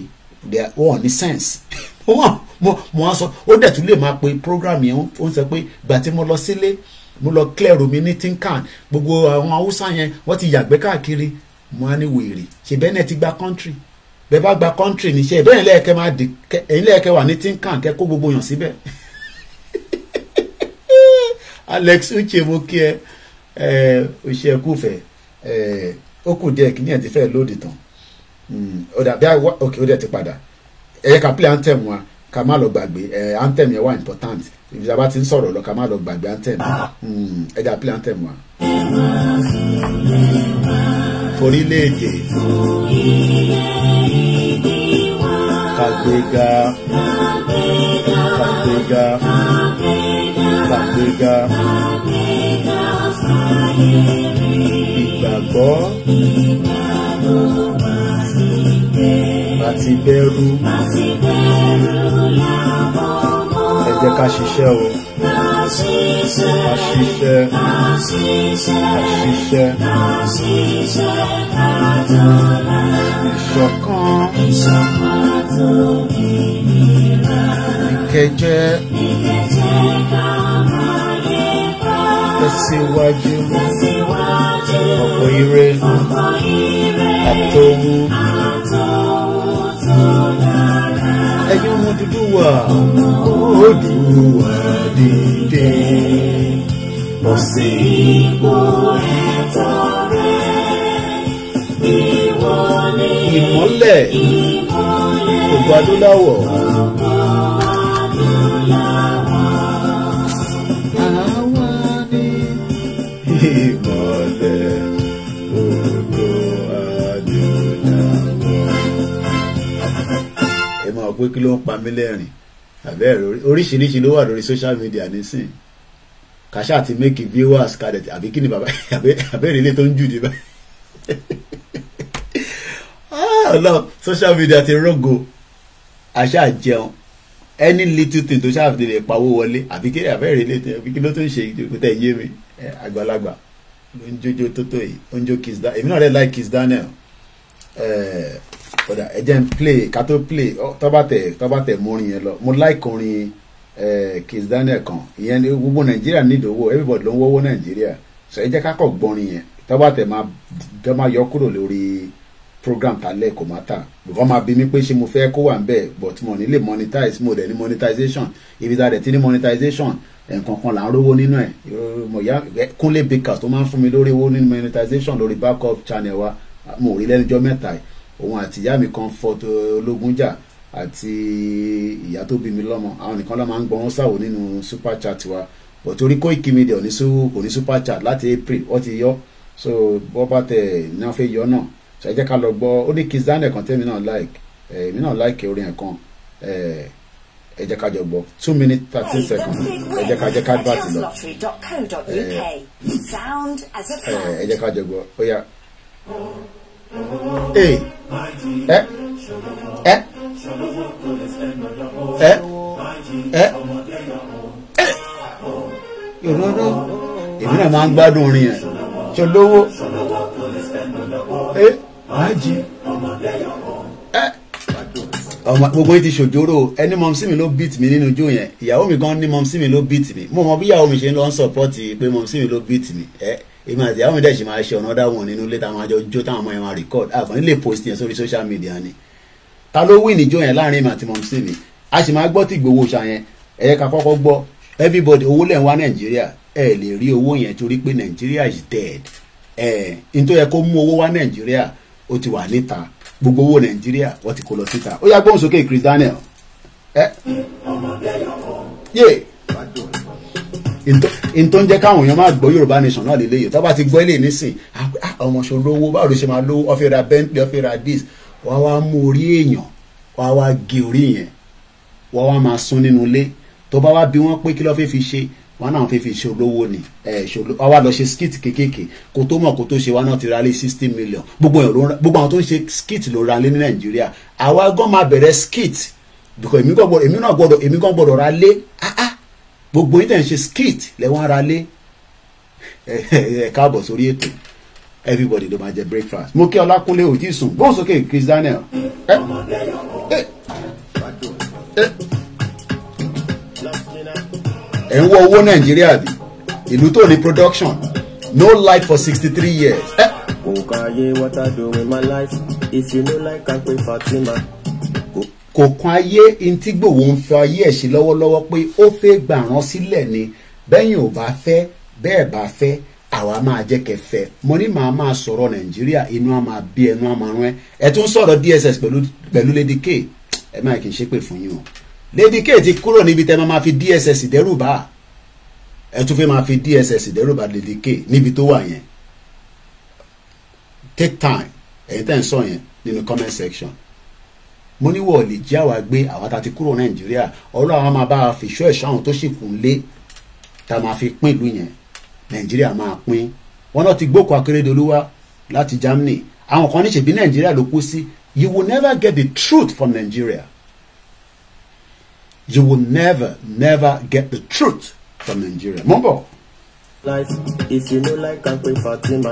wọn ní sense wọn mo mo wá sọ ó dẹ̀ tún lè máa pe program yẹn ó ń sọ pé ìgbà tí mo lọ sílé mo lọ clear omi ní tinkan gbogbo àwọn haúsá yẹn wọ́n ti yàgbẹ́ káàkiri mo á ní wèrè ṣe bẹ́ẹ̀ náà ti gba country bẹ́ẹ̀ bá gba country níṣẹ́ bẹ́ẹ̀ lẹ́ẹ̀kẹ́ máa dì ẹ̀yìn lẹ́ẹ̀kẹ́ wà ní tinkan kẹ́ kó gbogbo yàn síbẹ̀ Alex Uche mo kí ẹ ẹ o ṣe kúfẹ̀ẹ́. Eh, ó díẹ̀ kí ẹ̀ ti fẹ́ lóòdì tán hmm, ó dàbí àwọ̀ òkè ti padà ẹ̀yẹ ká play anthem wa má lọ gbàgbé anthem yẹn wà important ìjọba ti ń sọ̀rọ̀ lọ ká má lọ gbàgbé anthem hmm, play wa. forílẹ̀-èdè kàgbéga kàgbéga kàgbéga kàgbéga ìgbàgbọ́ àti bẹ̀rù ẹ jẹ́ ká ṣiṣẹ́ o ká ṣiṣẹ́ ká ṣiṣẹ́ ìṣọ̀kan ìkẹjẹ́ tẹ̀síwájú ọ̀pọ̀ ire àtòhun ẹ̀yin ọmọ dúdú wà Odùduwà dìde bọ́ sí ipò ẹ̀tọ́ rẹ̀ ìwọ ni ìmọ́lẹ̀ ògbó adúláwọ̀. máa wò pé kí ló ń pa mí lẹ́rìn àbẹ́ oríṣiríṣi ló wà lórí social media nísìn kàṣà àti make viewers kadẹ̀ àbí kí ni bàbá àbẹ́rẹ́ ilé tó ń jù dé báyìí ah, ọlọ́run social media ti rògo àṣà jẹun any little thing tó ṣáà fi lè pawó wọlé àbí kí àbẹ́rẹ́ ilé tó àbí kí ló tó ń ṣe ìdókòtà ìyé mi àgbàlagbà ló ń jójó tótó yìí ó ń jó Kiss Daniel èmi náà rẹ̀ like Kiss Daniel ọ̀dà ẹ jẹ́ n play ká tó play tọ́ba tẹ̀ tọ́ba tẹ̀ mú orin yẹn lọ mo like orin Kizz Daniel kan ìyẹn gbogbo Nàìjíríà need owó everybody ló ń wọ́wọ́ Nàìjíríà sọ ẹ jẹ́ ká kọ̀ gbọ́rin yẹn tọ́ba tẹ̀ máa tọ́ máa yọ kúrò lórí program talẹ̀ kò máa tà bùkọ́ máa bí mi pé ṣé mo fẹ́ kó wà ń bẹ̀ but mo ní lè monetize mo dẹ̀ ní monetization ibi tá a dẹ̀ ti ní monetization nkankan là ń rówó nínú ẹ̀ mọ̀yá Kúnlé Bakers tó máa ń fún mi lórí owó nínú monetization lórí backup channel wa mo rí lẹ́nujọ́ mẹ́ta yìí òun àti ìyá mi kan fọtò ológun jà àti ìyá tó bí mi lọ́mọ àwọn nìkan ló máa ń gbọ́n sáwò nínú super chat wa bọ̀ torí Koiki Media ò super chat láti april wọ́n ti yọ so bọ́ bá tẹ̀ náà fẹ́ yọ náà ṣe jẹ́ ká lọ gbọ́ ó ní Kiss Daniel kan tẹ́mi náà like eh, èmi náà like orin ẹ̀ kan eh, ẹ jẹ́ ká jọ gbọ́ two minutes thirteen seconds ẹ jẹ́ ká jẹ́ ká bá ti lọ eh, ẹ jẹ́ ká jọ gbọ́ ó yá ee eh, eh, eh, eh, eh. ìrorò èmi náà máa ń gbádùn orin yẹn tó lówó ẹ ààjì ẹ ọmọ gbogbo yìí ti ṣòjóró ẹni mọ̀mísí mi ló beat mi nínú ijó yẹn ìyàwó mi gan ni mọ̀mísí mi ló beat mi mo mọ bí ìyàwó mi ṣe ń lọ ń sọ̀pọ́tì pé mọ̀mísí mi ló beat mi ẹ. Eh? èmi àti àwọn mìíràn ṣì máa ṣe ọ̀nà dáwọn nínú ilé táwọn àjọ jó táwọn ọmọ yẹn máa record àgbọn nílé post yẹn sórí social media ni ta ló wí níjó yẹn láàrin èmi àti mọ̀mísí mi a sì máa gbọ́ tí ìgbowó ṣà yẹn ẹ̀yẹ ká kọ́kọ́ gbọ́ everybody owó lẹ̀ ń wá nàìjíríà ẹ lè rí owó yẹn torí pé nàìjíríà is dead ẹ n tó yẹ kó mú owó wá nàìjíríà ó ti wà níta gbogbo owó nàìjíríà wọ́n ti kó lọ síta ó yá gbóhùn sókè Chris Daniel. ọmọdé yọkọ n tó ń jẹ́ káwọn èèyàn máa gbọ́ Yorùbá nation náà lélẹ́yìí tó bá ti gbọ́ ilé nísìn ah, ọmọọṣọ lówó báwo ló ṣe máa lówó ó Bentley ó dis wà wá mú orí èèyàn wà wá gé orí yẹn wà wá máa sún nínú ilé tó bá wá bí wọ́n pé kí ló fẹ́ fi ṣe wọn náà fífi ṣe olówó ni wọn wá lọ ṣe skit kékèké kó tó mọ̀ kó tó ṣe wọn náà ti ra lé sixty million gbogbo àwọn tó ń ṣe skit ló ra lé ní Nàìjíríà àwa gan máa bẹ̀rẹ̀ skit because èmi náà gbọ́dọ̀ èmi gan gbọ́dọ̀ ra lé ah, ah gbogbo yín tẹ̀ ń ṣe skit lẹ́wọ̀n ara lé ẹ káàbọ̀ sórí ètò everybody ló máa jẹ breakfast mo kí ọlákúnlé ò tí sùn gbóhùn sókè Chris Daniel. ẹ̀ ń wọ owó nàìjíríà bí ìlú tó ní production no light for sixty three years. kò káyé what I do with my life if you Fatima kò kan ayé ntí Ìgbòho ń fẹ́ ayé ẹ̀ ṣe lọ́wọ́lọ́wọ́ pé ó fẹ́ gbàrán sílẹ̀ ni bẹ́yìn ò bá fẹ́ bẹ́ẹ̀ bá fẹ́ àwa máa jẹ́ kẹfẹ́ mo ní màá máa sọ̀rọ̀ nàìjíríà inú á bí ẹnu á rán ẹ ẹ tún sọ̀rọ̀ DSS pẹ̀lú pẹ̀lú Lady K ẹ má kì í ṣépè fún yín o Lady K ti kúrò níbi tẹ́ máa fi DSS dẹ́rùbà ẹ tún fẹ́ máa fi DSS dẹ́rùbà Lady K níbi tó wà yẹn take time ẹ̀yin tẹ́ ń sọ yẹn nínú comment section mo ní wọ́ọ̀ lè jí àwa gbé àwa ta ti kúrò nàìjíríà ọlọ́ àwọn máa bá a fi ṣọ́ ẹ̀ṣọ́ àwọn tó sì kù ń lé ta máa fi pín ìlú yẹn nàìjíríà máa pín wọn náà ti gbókò akérèdọ́lù wá láti germany àwọn kan ní ṣèbí nàìjíríà ló kú sí you will never get the truth from nigeria you will never never get the truth from nigeria mọ́ bọ̀. Life, if you no like, I pay Fatima.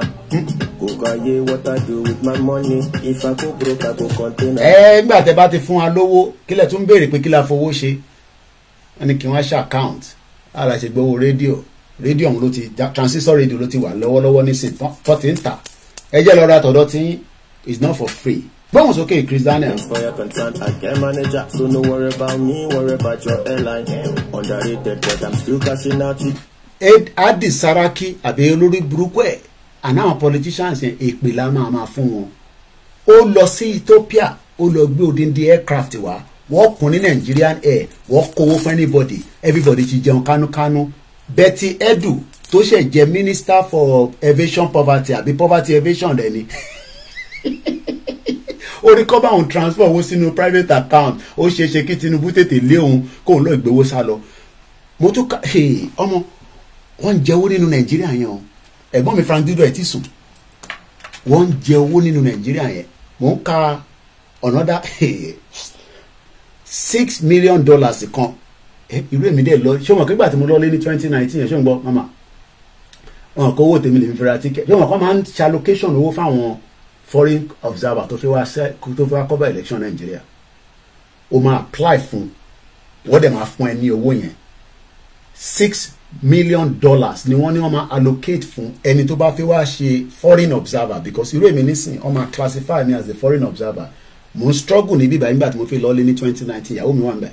Kò káyé what I do with my money. If I go broke, I go container. Ẹ gbà tẹ bá ti fún wa lówó, kílẹ̀ tún béèrè pé kí la fowó ṣe. Wọ́n kí wọ́n ṣe account. Àlà ṣe gbowó rédíò. Rédíò ọ̀hún ló ti transistor rédíò ló ti wà lọ́wọ́lọ́wọ́ nísìn tó ti ń tà. Ẹ jẹ́ lọ ra tọ̀dọ̀ tí is not for free. Gbọ́n sókè Chris Daniel. Fire concerned, I manager, so no worry about me, worry about your airline. Underrated, but I'm still cashing out it adi saraki àbí olórí burúkú ẹ̀ àná àwọn politicians yẹn èpè la máa máa fún wọn ó lọ sí Ethiopia ó lọ gbé odindi aircraft wa, wọ́n kún ní Nigerian air wọ́n kówó fún anybody everybody ti jẹun kánúkánú Betty Edu tó ṣẹ̀ jẹ́ minister for evasion poverty àbí poverty evasion rẹ̀ ni ó rí kọ́ bá òun transfer owó sínú private account ó ṣeé ṣe kí Tinubu tètè lé òun kóun lọ ìgbowó sá lọ mo tún ka ọmọ. Hey, wọ́n ń jẹ owó nínú nàìjíríà yẹn o ẹ̀gbọ́n mi Frank Dido ẹ̀ ti sùn wọ́n ń jẹ owó nínú nàìjíríà yẹn mò ń ka another six million dollars kan irú èmi dẹ̀ lọ ṣé wọn kígbà tí mo lọ lé ní twenty nineteen yẹn ṣé ń gbọ́ mama wọn kó owó tèmi lè fi ra ticket ṣé wọn kọ́ máa ń ṣe allocation owó fáwọn foreign observer tó fi wá tó fi wá cover election nàìjíríà o máa apply fún wọ́n dẹ̀ máa fún ẹ ní owó yẹn six million dollars ni wọ́n ní wọ́n máa allocate fun. ẹni tó bá fẹ́ wá ṣe foreign observer because irú èmi nísìn wọ́n máa classify me as a foreign observer mo ń struggle níbí ìbàyẹ̀ nígbà tí mo fi lọ́ọ́lé ní twenty nineteen ìyàwó mi wà ń bẹ̀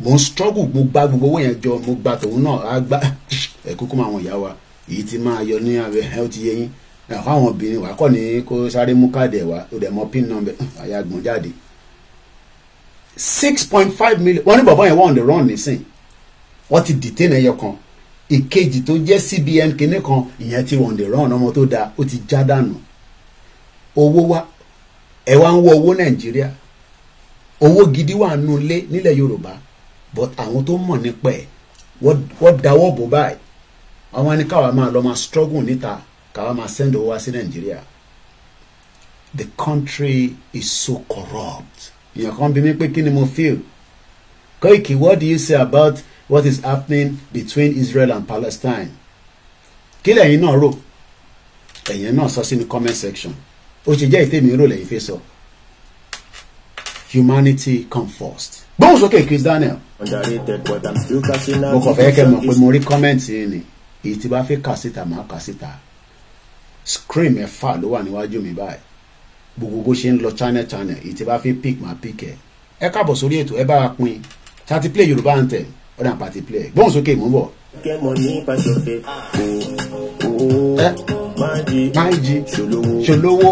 mo ń struggle mo gba gbogbo owó yẹn jọ mo gba tòun náà á gbá ẹ kúkú mọ àwọn ìyá wa èyí ti máa yọ ní abẹ ẹ ó ti yẹ yín ẹ̀kọ́ àwọn obìnrin wà kọ́ ni kó sáré mú káàdì ẹ̀ wá ó dẹ̀ mọ pin number àyà gbọ̀n jáde six point five million wọ́n ní bàbá yẹn wà on the run nísìn wọ́n ti detain ẹyọ kan ìkejì tó jẹ́ CBN kinní kan ìyẹn ti wọ̀n dè rán ọmọ tó dáa ó ti já dànù owó wa ẹ wá ń wọ owó Nàìjíríà owó gidi wà nù lé nílẹ̀ Yorùbá but àwọn tó mọ̀ nípa ẹ̀ wọ́n dáwọ́ bò báyìí àwọn ẹni káwa máa lọ máa struggle níta káwa máa send owó wá sí Nàìjíríà the country is so corrupt. ìyẹn kan bí mi pé kí ni mo feel Koiki what do you say about what is happening between Israel and Palestine kí lẹ́yìn náà rò ẹ̀yin náà sọ sínú comment section ó ṣe jẹ́ ìtẹ́mi rò lẹ́yìn fẹ́ humanity come first. gbóhùn sókè Chris Daniel. mo kàn fẹ́ kẹ́ mọ̀ pé mo rí kọ́mẹ́ǹtì yìí ni èyí tí bá fẹ́ kà síta máa kà síta screen mẹ́fà ló wà níwájú mi báyìí gbogbo bó ṣe ń lọ channel channel èyí tí bá fẹ́ pick máa pick ẹ̀ ẹ káàbọ̀ sórí ètò ẹ bá wa pín ṣáà ti play Yorùbá ọ̀dà pàtí plẹ̀ gbọ́n sókè mú bọ̀. kẹ́mọ̀ eh? oh, oh, oh, eh, ní pàṣọpẹ́ máìjì ṣolówó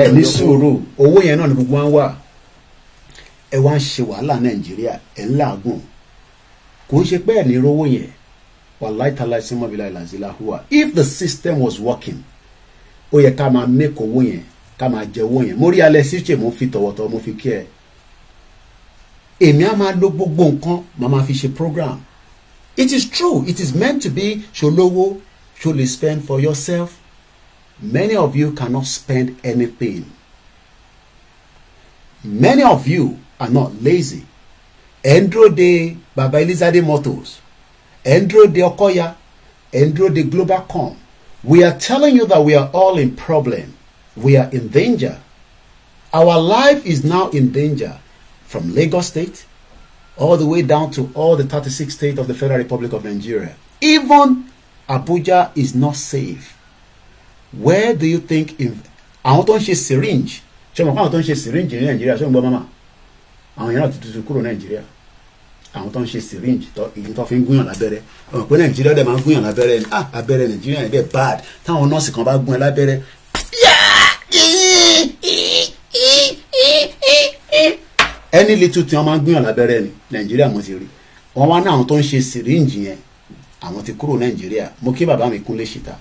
ẹ ní sùúrù owó yẹn náà ni gbogbo wọn wà ẹ wá ń ṣe wàhálà nàìjíríà ẹ ń làágùn kò ń ṣe pé ẹ ní rówó yẹn wàláì tàlàyé símọ́bìlà ìlàzílà if the system was working ó yẹ ká máa mẹ́kọ̀ owó yẹn ká máa jẹ owó yẹn mo rí alẹ́ sí ṣe mo fi tọ̀wọ̀tọ̀ mo fi kí èmi á máa lo gbogbo nǹkan màá máa fi ṣe program it is true it is meant to be ṣolówó ṣo lè spend for yourself many of you cannot spend anything many of you are not lazy ẹ̀ ń dúró de baba elizade motors ẹ̀ ń dúró de ọkọ́ya ẹ̀ ń dúró de globalcom we are telling you that we are all in problem we are in danger our life is now in danger from Lagos State all the way down to all the 36 states of the Federal Republic of Nigeria. Even Abuja is not safe. Where do you think àwọn tó ń ṣe syringe ṣe mọ̀ pé àwọn tó ń ṣe syringe ní Nigeria. ṣé ń gbọ́ mọ́mọ́ àwọn yẹn náà ti tutù kúrò Nigeria. àwọn tó ń ṣe syringe èyí tó fi ń gúnyàn lábẹ́rẹ́ ọ̀n pé Nigeria, dẹ̀ máa ń gúnyàn lábẹ́rẹ́ ah abẹ́rẹ́ Nàìjíríà yẹn dẹ̀ bad táwọn nọ́ọ̀sì kan bá gún ẹ lábẹ́rẹ́ yáá ẹni little tí wọ́n máa lábẹ́rẹ́ ni nàìjíríà mo ti rí wọ́n wá ní àwọn tó ń ṣe sìríǹjì yẹn àwọn ti kúrò nàìjíríà mo kí bàbá mi kúnlé síta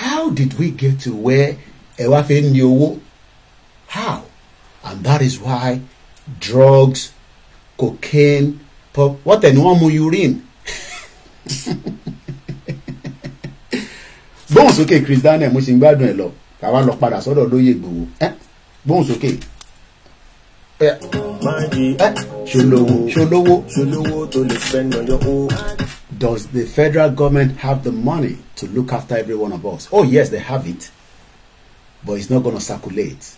how did we get to where ẹ wá fẹ́ ní owó how and that is why drugs cocaine pop wọ́n tẹ̀ ni wọ́n mu urine gbóhùn sókè Chris Daniel mo sì ń gbádùn ẹ lọ káwa lọ padà sọ́dọ̀ lóye gbòòwò gbóhùn sókè. Eh. Eh. tó lè spend on your own. Does the federal government have the money to look after every one of us? Oh, yes, they have it, but it's not going to circulate.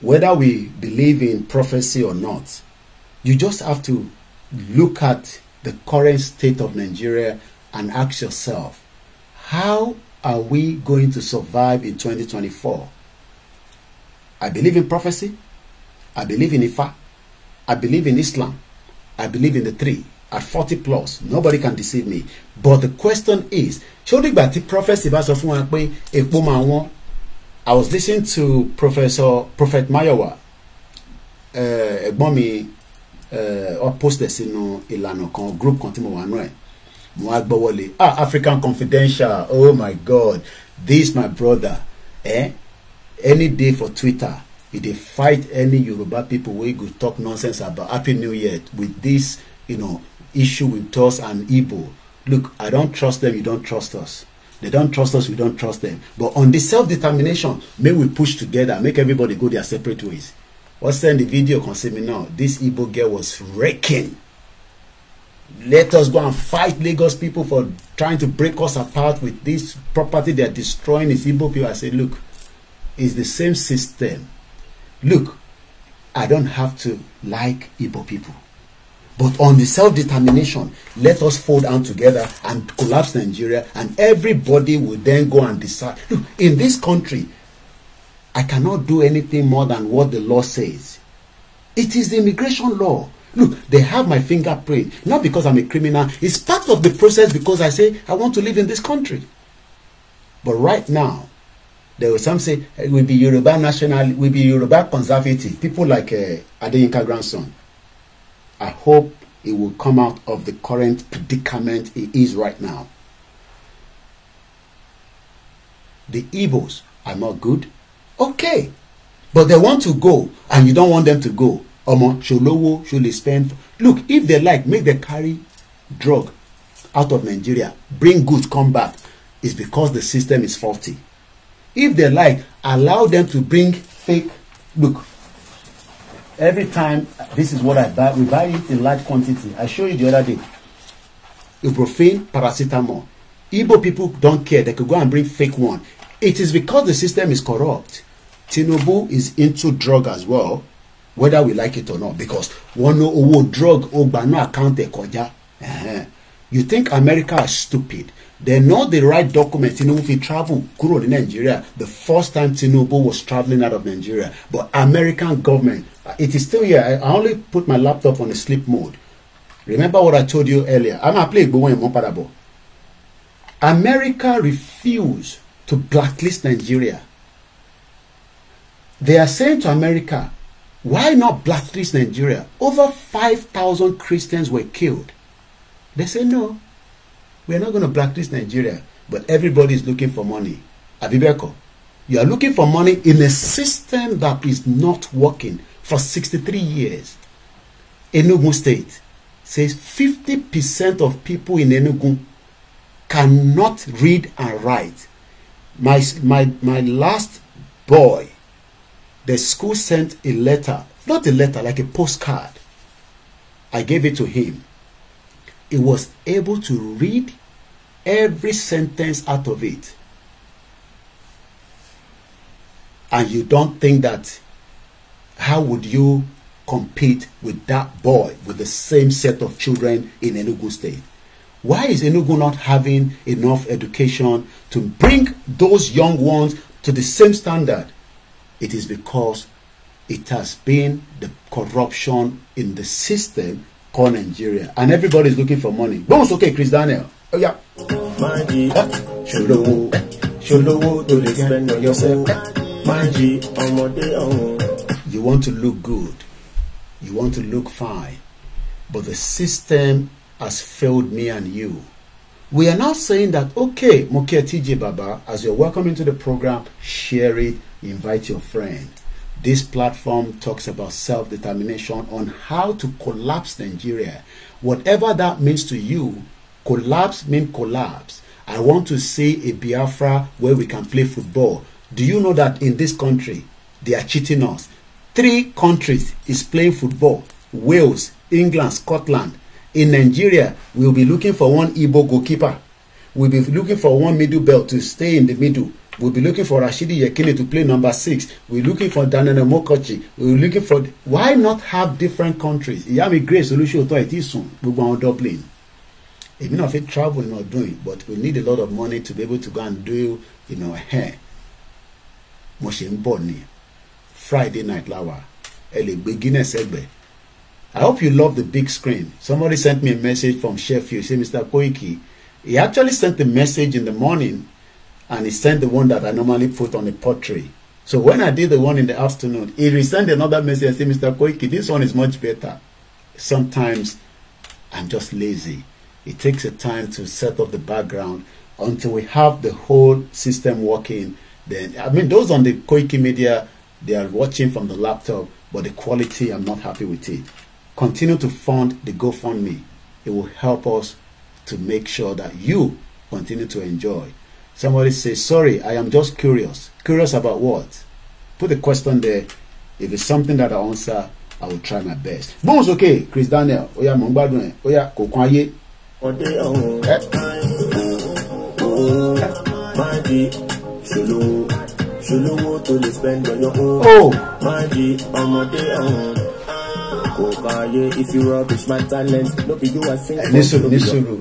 Whether we believe in prophecy or not, you just have to look at the current state of Nigeria and ask yourself, how are we going to survive in 2024? I believe in prophecy. I believe in Ifa. I believe in Islam. I believe in the three. At 40 plus, nobody can deceive me. But the question is, should tí prophecy bá sọ fún wa pé I was listening to Professor Prophet Mayowa. Eh, ẹ̀gbọ́n mi ọ eh, post this in kan group Continue tí mo Mo wá gbọ́ Ah African Confidential, oh my God, this my brother. Eh? Any day for Twitter e dey fight any yoruba people, wey go talk nonsense about happy new year with this, you know issue with us and igbo look i don trust them. you don trust us they don trust us we don trust them. but on di self-determination may we push togeda make everybody go their separate ways or send the video come see me now This igbo girl was raking let us go and fight lagos people for trying to break us apart with this property they are destroying is igbo people? i say look it's the same system look, I don't have to like Igbo people. But on the self-determination, let us fold hand together and collapse Nigeria, and everybody will then go and decide. Look, in this country, I cannot do anything more than what the law says. It is the immigration law. Look, they have my fingerprint. Not because I'm a criminal. It's part of the process because I say I want to live in this country. But right now, there were some say it eh, will be Yoruba national, will be Yoruba conservative. People like uh, Adeyinka grandson. I hope he will come out of the current predicament he is right now. The Igbos are not good. Okay. But they want to go and you don't want them to go. Omo, Sholowo, Shole spend. Look, if they like, make them carry drug out of Nigeria. Bring goods, come back. It's because the system is faulty if they like allow them to bring fake look every time this is what i buy we buy it in large quantity i show you the other day ibuprofen paracetamol igbo people don't care they could go and bring fake one it is because the system is corrupt tinubu is into drug as well whether we like it or not because wọn ná owó drug ogba no account ẹ kọjá you think america is stupid they know the right document tinubu fi travel kúrò ní nigeria the first time tinubu was travelling out of nigeria but american government uh, it is still here i only put my laptop on a sleep mode remember what i told you earlier i'm apply igbowo imo padabo america refuse to blacklist nigeria they are saying to america why not blacklist nigeria over five thousand christians were killed they say no we are not going to blacklist Nigeria, but everybody is looking for money. Abibeko, you are looking for money in a system that is not working for 63 years. Enugu State says 50% of people in Enugu cannot read and write. My, my, my last boy, the school sent a letter, not a letter, like a postcard. I gave it to him. He was able to read every sentence out of it and you don't think that how would you compete with that boy with the same set of children in Enugu state why is Enugu not having enough education to bring those young ones to the same standard it is because it has been the corruption in the system called Nigeria and everybody is looking for money bones okay Chris Daniel oh yeah show ah, the ṣolówó tó lè spend on yourself. Manji, ọmọdé ọ̀hún. You want to look good, you want to look fine, but the system has failed me and you. We are now saying that, okay, Mokia TJ Baba, as you're welcoming to the program, share it, invite your friend. This platform talks about self determination on how to collapse Nigeria. Whatever that means to you, collapse mean collapse i want to see a biafra where we can play football do you know that in this country they are cheating us three countries is playing football wales england scotland in nigeria we'll be looking for one igbo goalkeeper we'll be looking for one middle belt to stay in the middle we'll be looking for rashidi yekini to play number six we're looking for daniel mokochi we're looking for why not have different countries ìyá mi grace olùṣòótọ́ ẹ̀ tí sùn gbogbo àwọn dublin èmi if fi travel not doing, but we need a lot of money to be able to go and do you know hair mo ṣe Friday night láwa ẹ beginner. gbé I hope you love the big screen somebody sent me a message from Sheffield say Mr. Koiki he actually sent the message in the morning and he sent the one that I normally put on a portrait. So when I did the one in the afternoon, he resent another message and said, Mr. Koiki, this one is much better. Sometimes I'm just lazy. It takes a time to set up the background until we have the whole system working. Then, I mean, those on the Koiki Media, they are watching from the laptop, but the quality, I'm not happy with it. Continue to fund the GoFundMe. It will help us to make sure that you continue to enjoy. Somebody says, sorry, I am just curious. Curious about what? Put a question there. If it's something that I answer, I will try my best. Bones okay, Chris Daniel. Oya, yeah Oya, Kokwanye. ọmọdé ọ̀hún ọ̀hún máa di ṣòlówó ṣòlówó tó lè spend on your own oh. máa di ọmọdé ọ̀hún kò káyé if you rubbish my talent no be you are sing. nísòrò nísòrò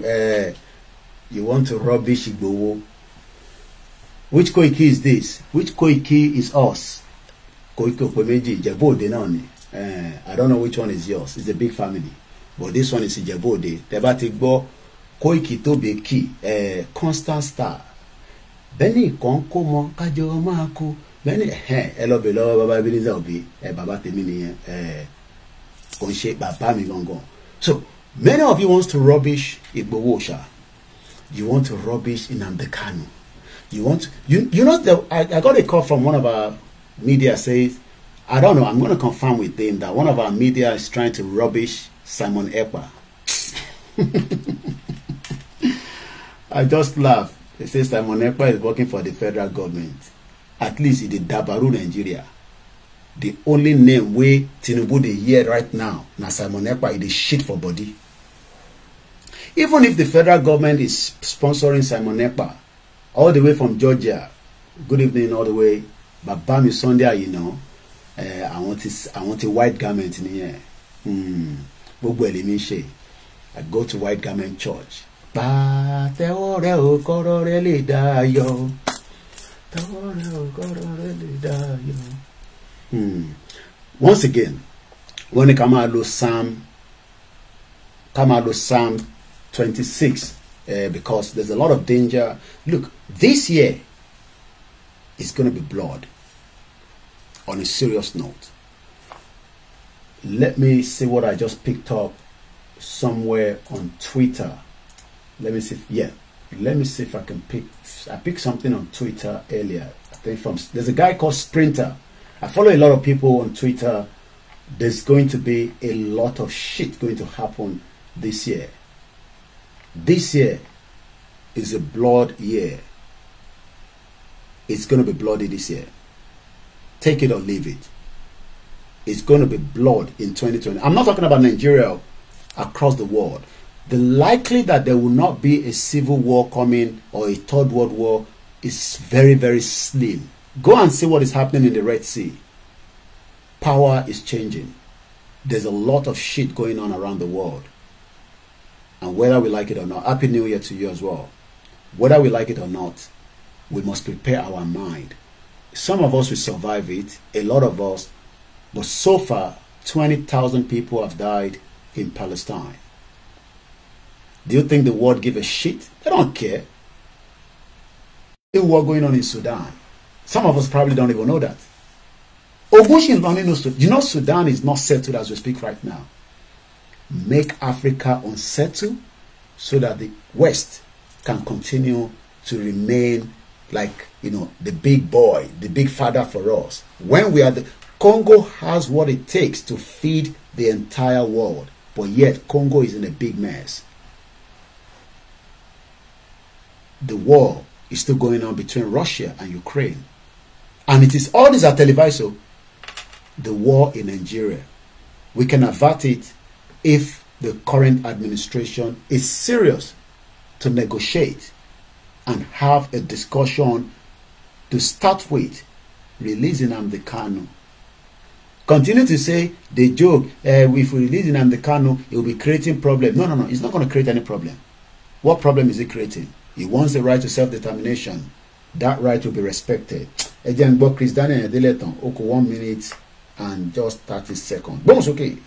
you want to rubbish Igboho which Koiki is this which Koiki is us Koiki Opemeji Ìjẹ̀bú Òde náà ni eh, i don't know which one is yours it's a big family but this one is Ìjẹ̀bú Òde tẹ́ bá ti gbọ́ Koiki tó bẹ kì ẹ̀ constant star bẹ́ẹ̀ni kan kó mọ kájọ máa kó bẹ́ẹ̀ni ẹ lọ bẹ̀ lọ́wọ́ bàbá Ebenezer Obey ẹ bàbá tèmi nìyẹn ẹ kò ń ṣe bàbá mi gangan so many of you want to rubbish Igboho Oòṣà you want to rubbish Nnamdi Kanu you want you you know the, I, I got a call from one of our media says I don't know I'm gonna confirm with them that one of our media is trying to rubbish Simon Ekpa. I just laugh. They say Simon Ekpa is working for the federal government. At least e dey dabaru Nigeria. The only name wey Tinubu dey hear right now na Simon Ekpa e dey shit for body. Even if the federal government is sponsoring Simon Ekpa all the way from Georgia, good evening all the way, Babami Sunday, you know, eh, àwọn uh, ti àwọn ti white garment nìyẹn. Hmm gbogbo ẹ̀ lèmi ń ṣe i go to white garment church. pàtẹ́wọ́ rẹ ò kọ́rọ́ rẹ lè dá a yọ tẹ́wọ́ rẹ ò kọ́rọ́ rẹ lè dá a yọ. Hmm. once again wọ́n ní ká máa lo psalm ká máa lo psalm twenty six uh, eh, because there's a lot of danger look this year is going to be blood on a serious note. let me see what I just picked up somewhere on Twitter. Let me see. If, yeah, let me see if I can pick. I picked something on Twitter earlier. I think from there's a guy called Sprinter. I follow a lot of people on Twitter. There's going to be a lot of shit going to happen this year. This year is a blood year. It's going to be bloody this year. Take it or leave it is going to be blood in 2020. I'm not talking about Nigeria across the world. The likely that there will not be a civil war coming or a third world war is very, very slim. Go and see what is happening in the Red Sea. Power is changing. There's a lot of shit going on around the world. And whether we like it or not, Happy New Year to you as well. Whether we like it or not, we must prepare our mind. Some of us will survive it, a lot of us but so far, 20,000 people have died in Palestine. Do you think the world give a shit? They don't care. What's war going on in Sudan. Some of us probably don't even know that. Ogunshin Lani You know, Sudan is not settled as we speak right now. Make Africa unsettled so that the West can continue to remain like you know the big boy, the big father for us. When we are the Congo has what it takes to feed the entire world, but yet Congo is in a big mess. The war is still going on between Russia and Ukraine. And it is all these are televised. So the war in Nigeria, we can avert it if the current administration is serious to negotiate and have a discussion to start with releasing Amdekano continue to say the joke uh, if we release the Kanu it will be creating problem no no no it's not going to create any problem what problem is it creating he wants the right to self-determination that right will be respected Again, but n gbọ́ Chris Daniel ẹ̀dẹ́lẹ̀ tán ó one minute and just thirty seconds gbóhùn sókè.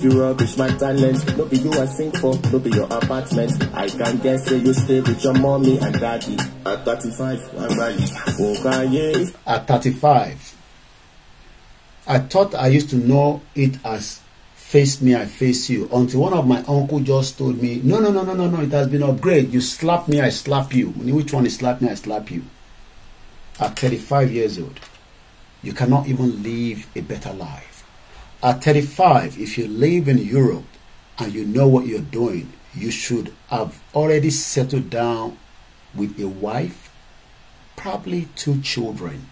You rubbish my talent, no be you I sing for, no be your apartment. I can guess say you stay with your mommy and daddy. At 35, I'm ready. Okay, At 35. I thought I used to know it as face me, I face you. Until one of my uncle just told me, no, no, no, no, no, no, it has been upgraded. You slap me, I slap you. Which one is slap me, I slap you. At 35 years old, you cannot even live a better life. At 35, if you live in Europe and you know what you're doing, you should have already settled down with a wife, probably two children,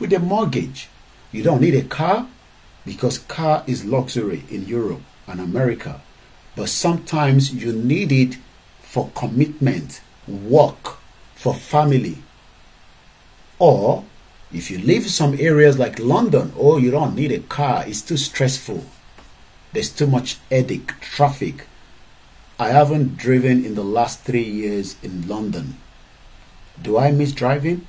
with a mortgage, you don't need a car because car is luxury in Europe and America. But sometimes you need it for commitment, work, for family. Or if you live some areas like London, oh, you don't need a car. It's too stressful. There's too much headache, traffic. I haven't driven in the last three years in London. Do I miss driving?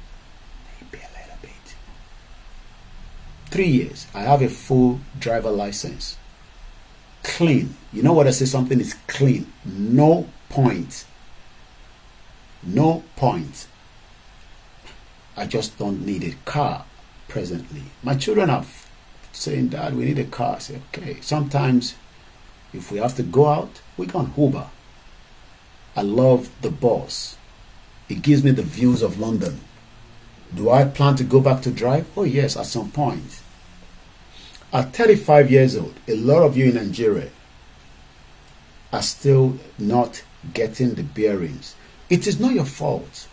three years, I have a full driver license. Clean. You know what I say? Something is clean. No point. No point. I just don't need a car presently. My children are saying, Dad, we need a car. I say, okay. Sometimes if we have to go out, we can Uber. I love the bus. It gives me the views of London. Do I plan to go back to drive? Oh, yes, at some point. At 35 years old, a lot of you in Nigeria are still not getting the bearings. It is not your fault.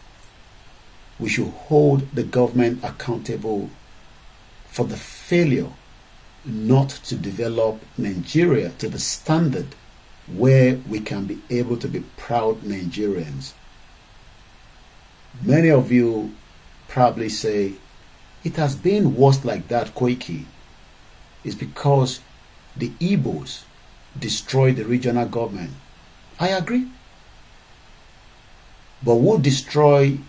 We should hold the government accountable for the failure not to develop Nigeria to the standard where we can be able to be proud Nigerians. Many of you probably say, it has been worse like that, Koiki, is because the Igbos destroyed the regional government. I agree. But who destroyed